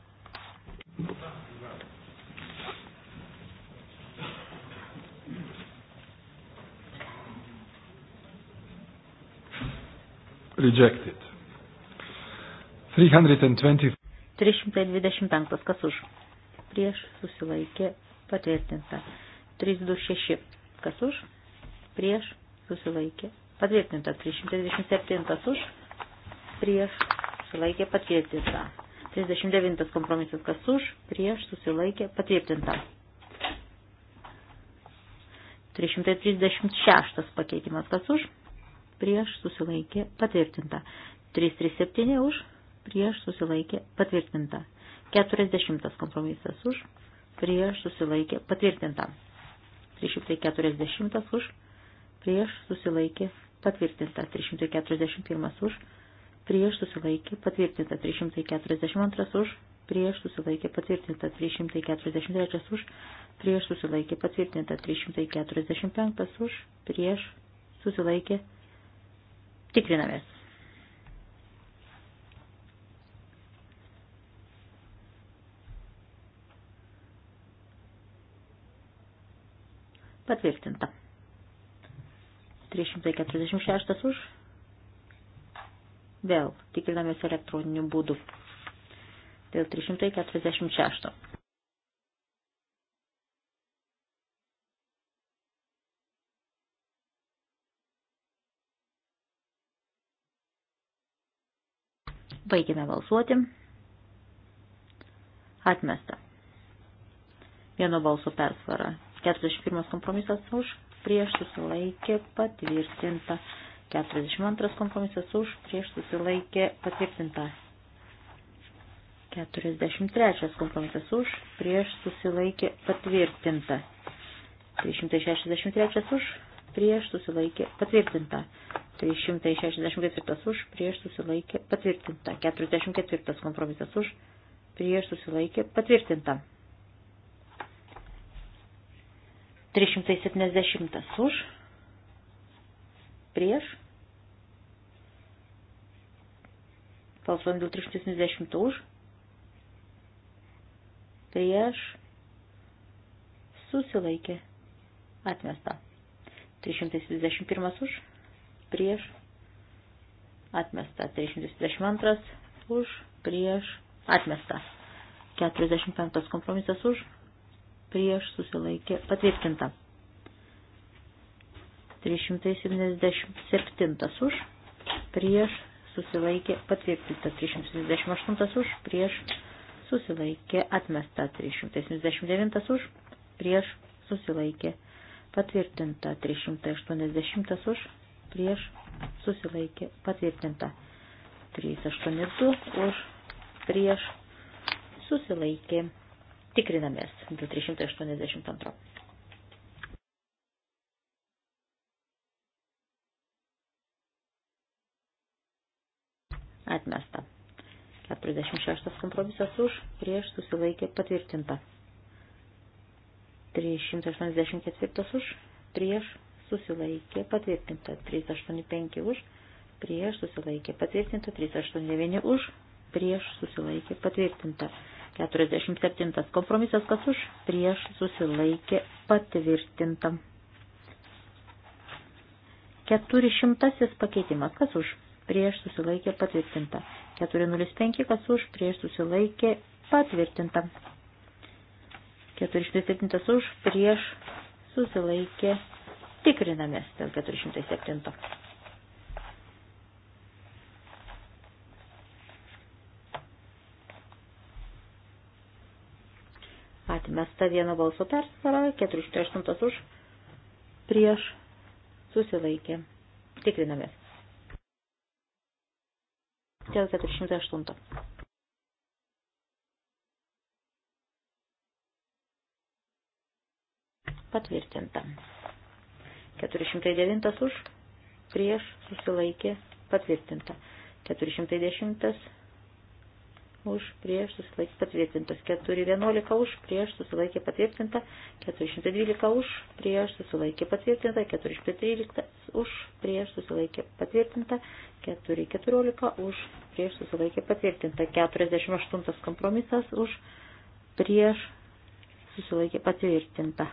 Thank you. rejected. 320. 325. Kas už? Prieš susilaikė patvirtinta. 326. Kas už? Prieš susilaikė patvirtinta. 327. Kas už? Prieš susilaikė patvirtinta. 39 kompromisas kas už, prieš susilaikė patvirtinta. 336 pakeitimas kas už, prieš susilaikė patvirtinta. 337 už, prieš susilaikė patvirtinta. 40 kompromisas už, prieš susilaikė patvirtinta. 340 už, prieš susilaikė patvirtinta. 341 už, prieš susilaikė patvirtinta. 342 už, prieš susilaikė patvirtinta 343 už, prieš susilaikė patvirtinta 345 už, prieš susilaikė Tikrinamės. Patvirtinta. 346 už. Vėl tikrinamės elektroniniu būdu. Dėl 346. Baigime balsuoti. Atmesta. Vieno balso persvara. 41 kompromisas už, prieš susilaikė patvirtinta. 42 kompromisas už, prieš susilaikė patvirtinta. 43 kompromisas už, prieš susilaikė patvirtinta. 363 už, prieš susilaikė patvirtinta. 364 už, prieš susilaikė patvirtinta. 44 kompromisas už, prieš susilaikė patvirtinta. 370 už, prieš. Balsuojam dėl 370 už, prieš susilaikė atmesta. 331 už, prieš, atmesta. 332 už, prieš, atmesta. 45 kompromisas už, prieš, susilaikė, patvirtinta. 377 už, prieš, susilaikė, patvirtinta. 378 už, prieš, susilaikė, atmesta. 379 už, prieš, susilaikė, patvirtinta patvirtinta 380 už, prieš susilaikė patvirtinta 382 už, prieš susilaikė. Tikrinamės dėl 382. Atmesta. 46 kompromisas už, prieš susilaikė patvirtinta. 384 už, prieš susilaikė patvirtinta 385 už, prieš susilaikė patvirtinta 389 už, prieš susilaikė patvirtinta 47 kompromisas kas už, prieš susilaikė patvirtinta 400 pakeitimas kas už, prieš susilaikė patvirtinta 405 kas už, prieš susilaikė patvirtinta 407 už, prieš, susilaikė, tikrinamės dėl 407. Atmesta vieno balso persvara, 408 už, prieš, susilaikė, tikrinamės. Dėl 408. patvirtinta. 409 už, prieš, susilaikė, patvirtinta. 410 už, prieš, susilaikė, patvirtintas. 411 už, prieš, susilaikė, patvirtinta. 412 už, prieš, susilaikė, patvirtinta. 413 už, prieš, susilaikė, patvirtinta. 414 už, prieš, susilaikė, patvirtinta. 48 kompromisas už, prieš, susilaikė, patvirtinta.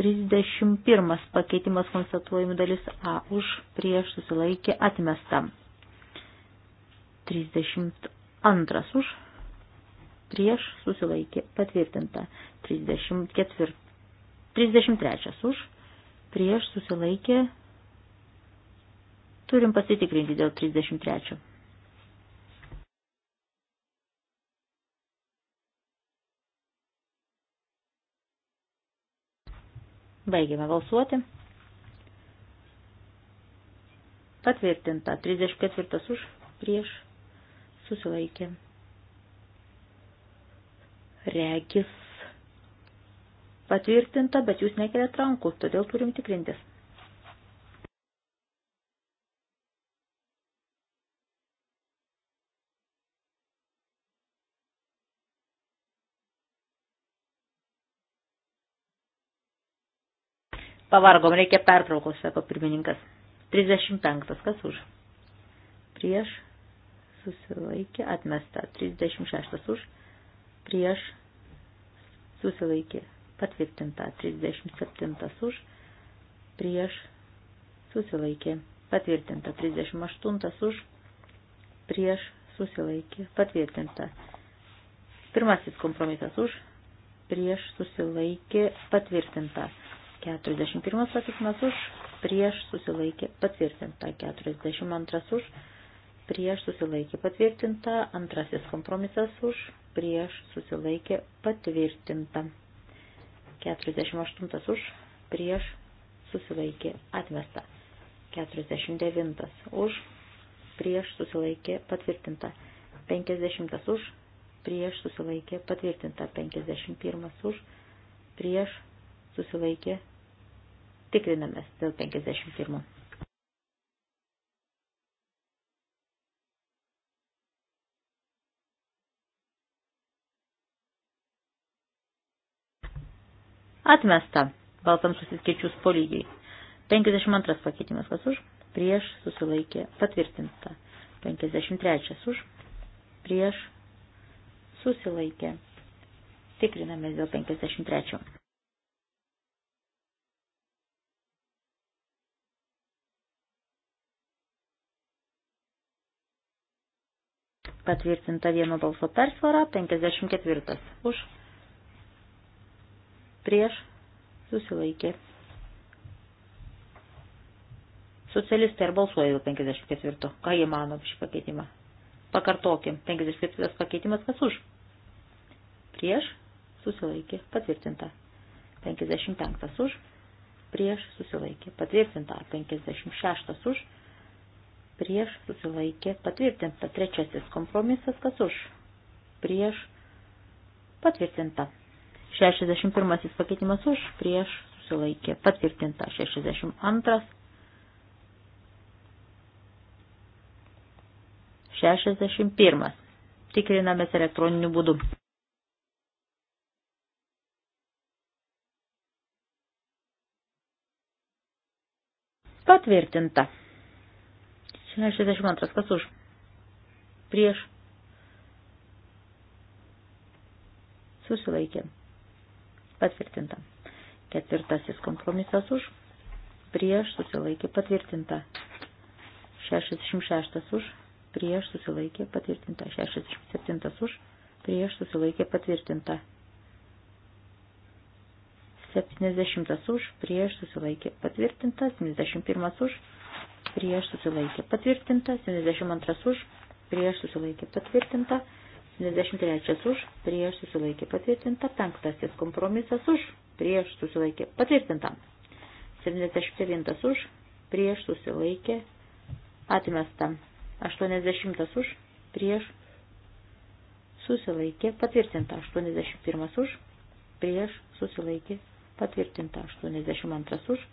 31 pakeitimas konstatuojami dalis A už prieš susilaikė atmesta. 32 už prieš susilaikė patvirtinta. 34. 33 už prieš susilaikė. Turim pasitikrinti dėl 33. Baigėme balsuoti. Patvirtinta. 34 už, prieš, susilaikė. Regis patvirtinta, bet jūs nekeliat rankų, todėl turim tikrintis. Pavargom, reikia pertraukos, sako pirmininkas. 35. Kas už? Prieš. Susilaikė. Atmesta. 36. Už. Prieš. Susilaikė. Patvirtinta. 37. Už. Prieš. Susilaikė. Patvirtinta. 38. Už. Prieš. Susilaikė. Patvirtinta. Pirmasis kompromisas už. Prieš. Susilaikė. Patvirtinta. 41 pakeitimas už, prieš susilaikė patvirtinta, 42 už, prieš susilaikė patvirtinta, antrasis kompromisas už, prieš susilaikė patvirtinta, 48 už, prieš susilaikė atmesta, 49 už, prieš susilaikė patvirtinta, 50 už, prieš susilaikė patvirtinta, 51 už, prieš susilaikė Tikrinamės dėl 51. Atmesta. Balsams susiskaičius po lygiai. 52 pakeitimas kas už, prieš susilaikė patvirtinta. 53 už, prieš susilaikė. Tikrinamės dėl 53. Patvirtinta vieno balso persvara 54. Už. Prieš. Susilaikė. Socialistai ir balsuoja dėl 54. Ką jie mano šį pakeitimą? Pakartokim. 54 pakeitimas kas už? Prieš. Susilaikė. Patvirtinta. 55 už. Prieš. Susilaikė. Patvirtinta. 56 už prieš susilaikė patvirtinta. Trečiasis kompromisas, kas už, prieš patvirtinta. 61 pakeitimas už, prieš susilaikė patvirtinta. 62. 61. Tikrinamės elektroniniu būdu. Patvirtinta. 62. Kas už? Prieš. Susilaikė. Patvirtinta. Ketvirtasis kompromisas už. Prieš susilaikė patvirtinta. 66 už. Prieš susilaikė patvirtinta. 67 už. Prieš susilaikė patvirtinta. 70 už. Prieš susilaikė patvirtinta. 71 už prieš susilaikė patvirtinta, 72 už, prieš susilaikė patvirtinta, 73 už, prieš susilaikė patvirtinta, 5 kompromisas už, prieš susilaikė patvirtinta, 79 už, prieš susilaikė atmesta, 80 už, prieš susilaikė patvirtinta, 81 už, prieš susilaikė patvirtinta, 82 už,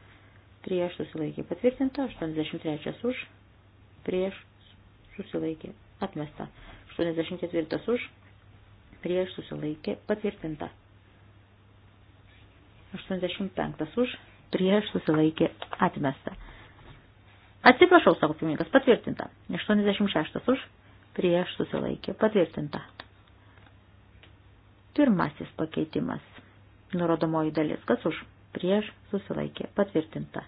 prieš susilaikė patvirtinta, 83 už, prieš susilaikė atmesta, 84 už, prieš susilaikė patvirtinta, 85 už, prieš susilaikė atmesta. Atsiprašau, sako pirmininkas, patvirtinta, 86 už, prieš susilaikė patvirtinta. Pirmasis pakeitimas, nurodomoji dalis, kas už prieš susilaikė patvirtinta.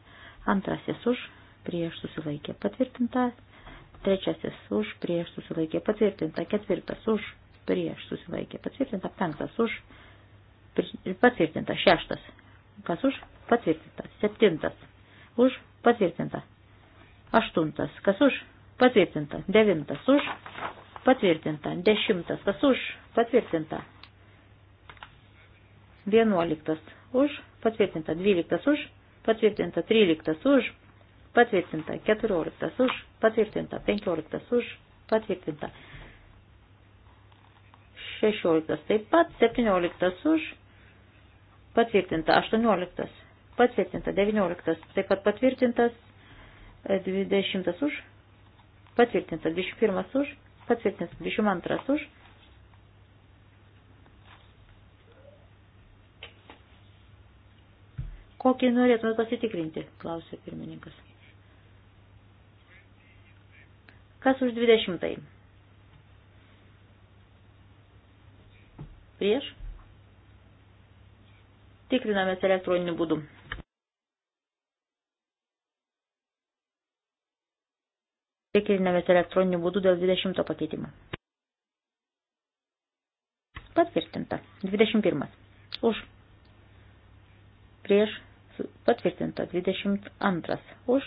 Antrasis už, prieš susilaikė patvirtinta. Trečiasis už, prieš susilaikė patvirtinta. Ketvirtas už, prieš susilaikė patvirtinta. Penktas už, patvirtinta. Šeštas. Kas už? Patvirtinta. Septintas. Už, patvirtinta. Aštuntas. Kas už? Patvirtinta. Devintas už, patvirtinta. Dešimtas. Kas už? Patvirtinta. Vienuoliktas už, patvirtinta 12 už, patvirtinta 13 už, patvirtinta 14 už, patvirtinta 15 už, patvirtinta 16 taip pat, 17 už, patvirtinta 18, patvirtinta 19, taip pat patvirtintas 20 e, už, patvirtinta 21 už, patvirtinta 22 už, Kokį norėtumėt pasitikrinti, klausė pirmininkas. Kas už 20? -ai? Prieš? Tikrinamės elektroniniu būdu. Tikrinamės elektroniniu būdu dėl 20 pakeitimo. Patvirtinta. 21. Už. Prieš patvirtinta 22 už,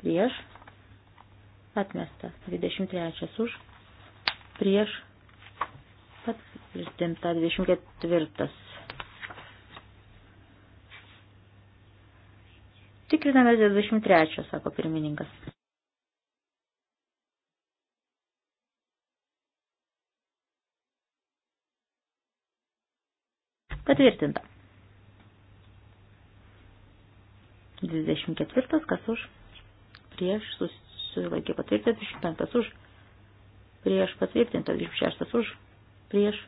prieš, atmesta 23 už, prieš, patvirtinta 24. Tikriname 23, sako pirmininkas. Patvirtinta. 24 kas už, prieš susilaikė patvirtintas, 25 kas už, prieš patvirtintas, 26 už, prieš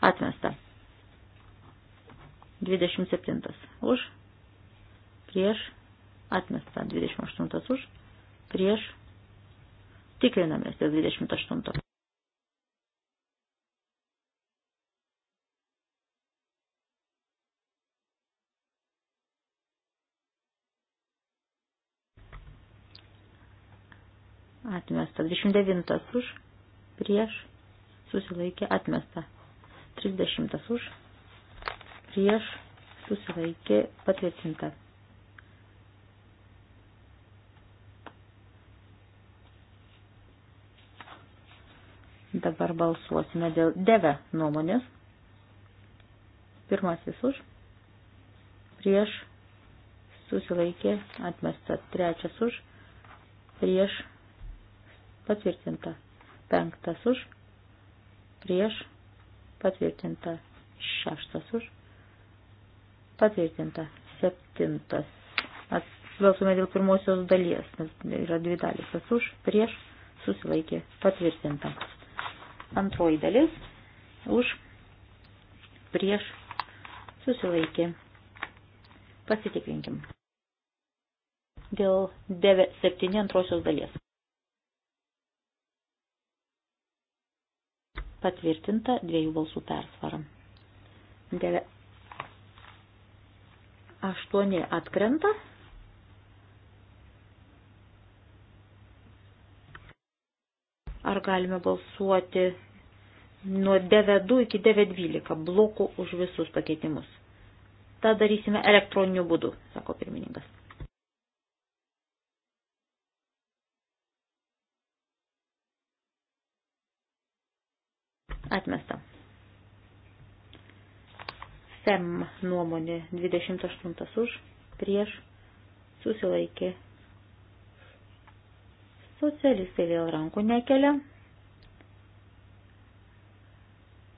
atmesta. 27 už, prieš atmesta, 28 už, prieš tikrinamės dėl 28. atmesta. 29 už, prieš, susilaikė, atmesta. 30 už, prieš, susilaikė, patvirtinta. Dabar balsuosime dėl deve nuomonės. Pirmasis už, prieš, susilaikė, atmesta. Trečias už, prieš, patvirtinta. Penktas už, prieš, patvirtinta. Šeštas už, patvirtinta. Septintas. Atsibalsume dėl pirmosios dalies, nes yra dvi dalis. Tas už, prieš, susilaikė, patvirtinta. Antroji dalis, už, prieš, susilaikė. Pasitikrinkim. Dėl 7 antrosios dalies. patvirtinta dviejų balsų persvara. Deve... Aštuoni atkrenta. Ar galime balsuoti nuo 9 iki 9.12 blokų už visus pakeitimus? Ta darysime elektroniniu būdu, sako pirmininkas. Atmesta. FEM nuomonė 28 už, prieš, susilaikė. Socialistai vėl rankų nekelia.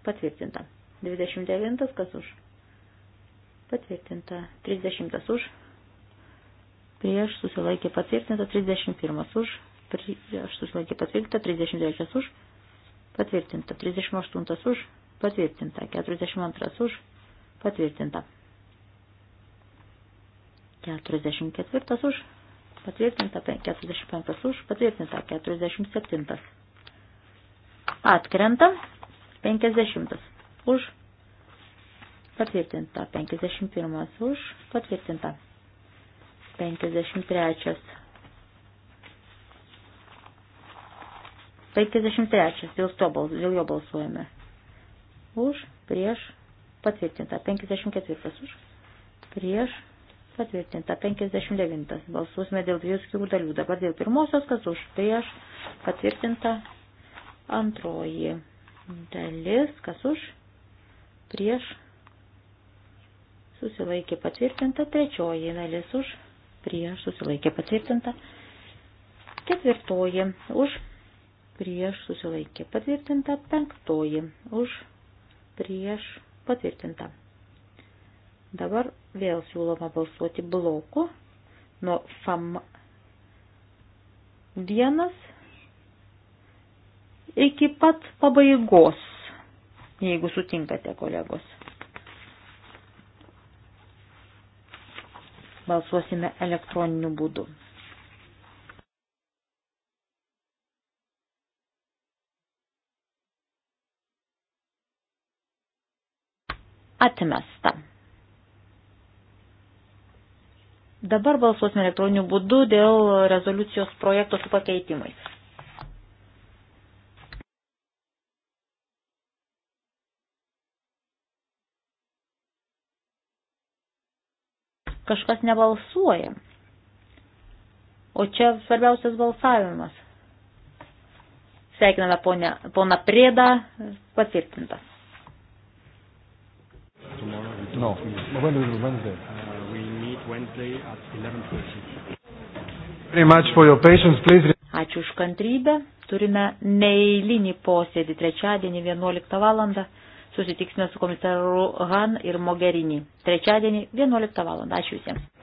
Patvirtinta. 29 kas už. Patvirtinta. 30 už. Prieš susilaikė patvirtinta. 31 už. Prieš susilaikė patvirtinta. 33 už patvirtinta, 38 už, patvirtinta, 42 už, patvirtinta, 44 už, patvirtinta, 45 už, patvirtinta, 47. Atkrenta, 50 už, patvirtinta, 51 už, patvirtinta, 53 53. Dėl, to, dėl jo balsuojame. Už, prieš, patvirtinta. 54. Už, prieš, patvirtinta. 59. Balsuosime dėl dviejų skirų dalių. Dabar dėl pirmosios, kas už, prieš, patvirtinta. Antroji dalis, kas už, prieš, susilaikė patvirtinta. Trečioji dalis už, prieš, susilaikė patvirtinta. Ketvirtoji už, prieš susilaikė patvirtinta, penktoji už prieš patvirtinta. Dabar vėl siūloma balsuoti bloku nuo FAM 1 iki pat pabaigos, jeigu sutinkate kolegos. Balsuosime elektroniniu būdu. Atmesta. Dabar balsuosime elektroniniu būdu dėl rezoliucijos projekto su pakeitimais. Kažkas nebalsuoja. O čia svarbiausias balsavimas. Sveikiname poną Prėdą, patvirtintas tomorrow? We no. When is it? Wednesday. Uh, we meet Wednesday at 11.30. Very much for your patience, please. Ačiū už kantrybę. Turime neįlinį posėdį trečiadienį 11 valandą. Susitiksime su komisaru Han ir Mogherini. Trečiadienį 11 valandą. Ačiū visiems.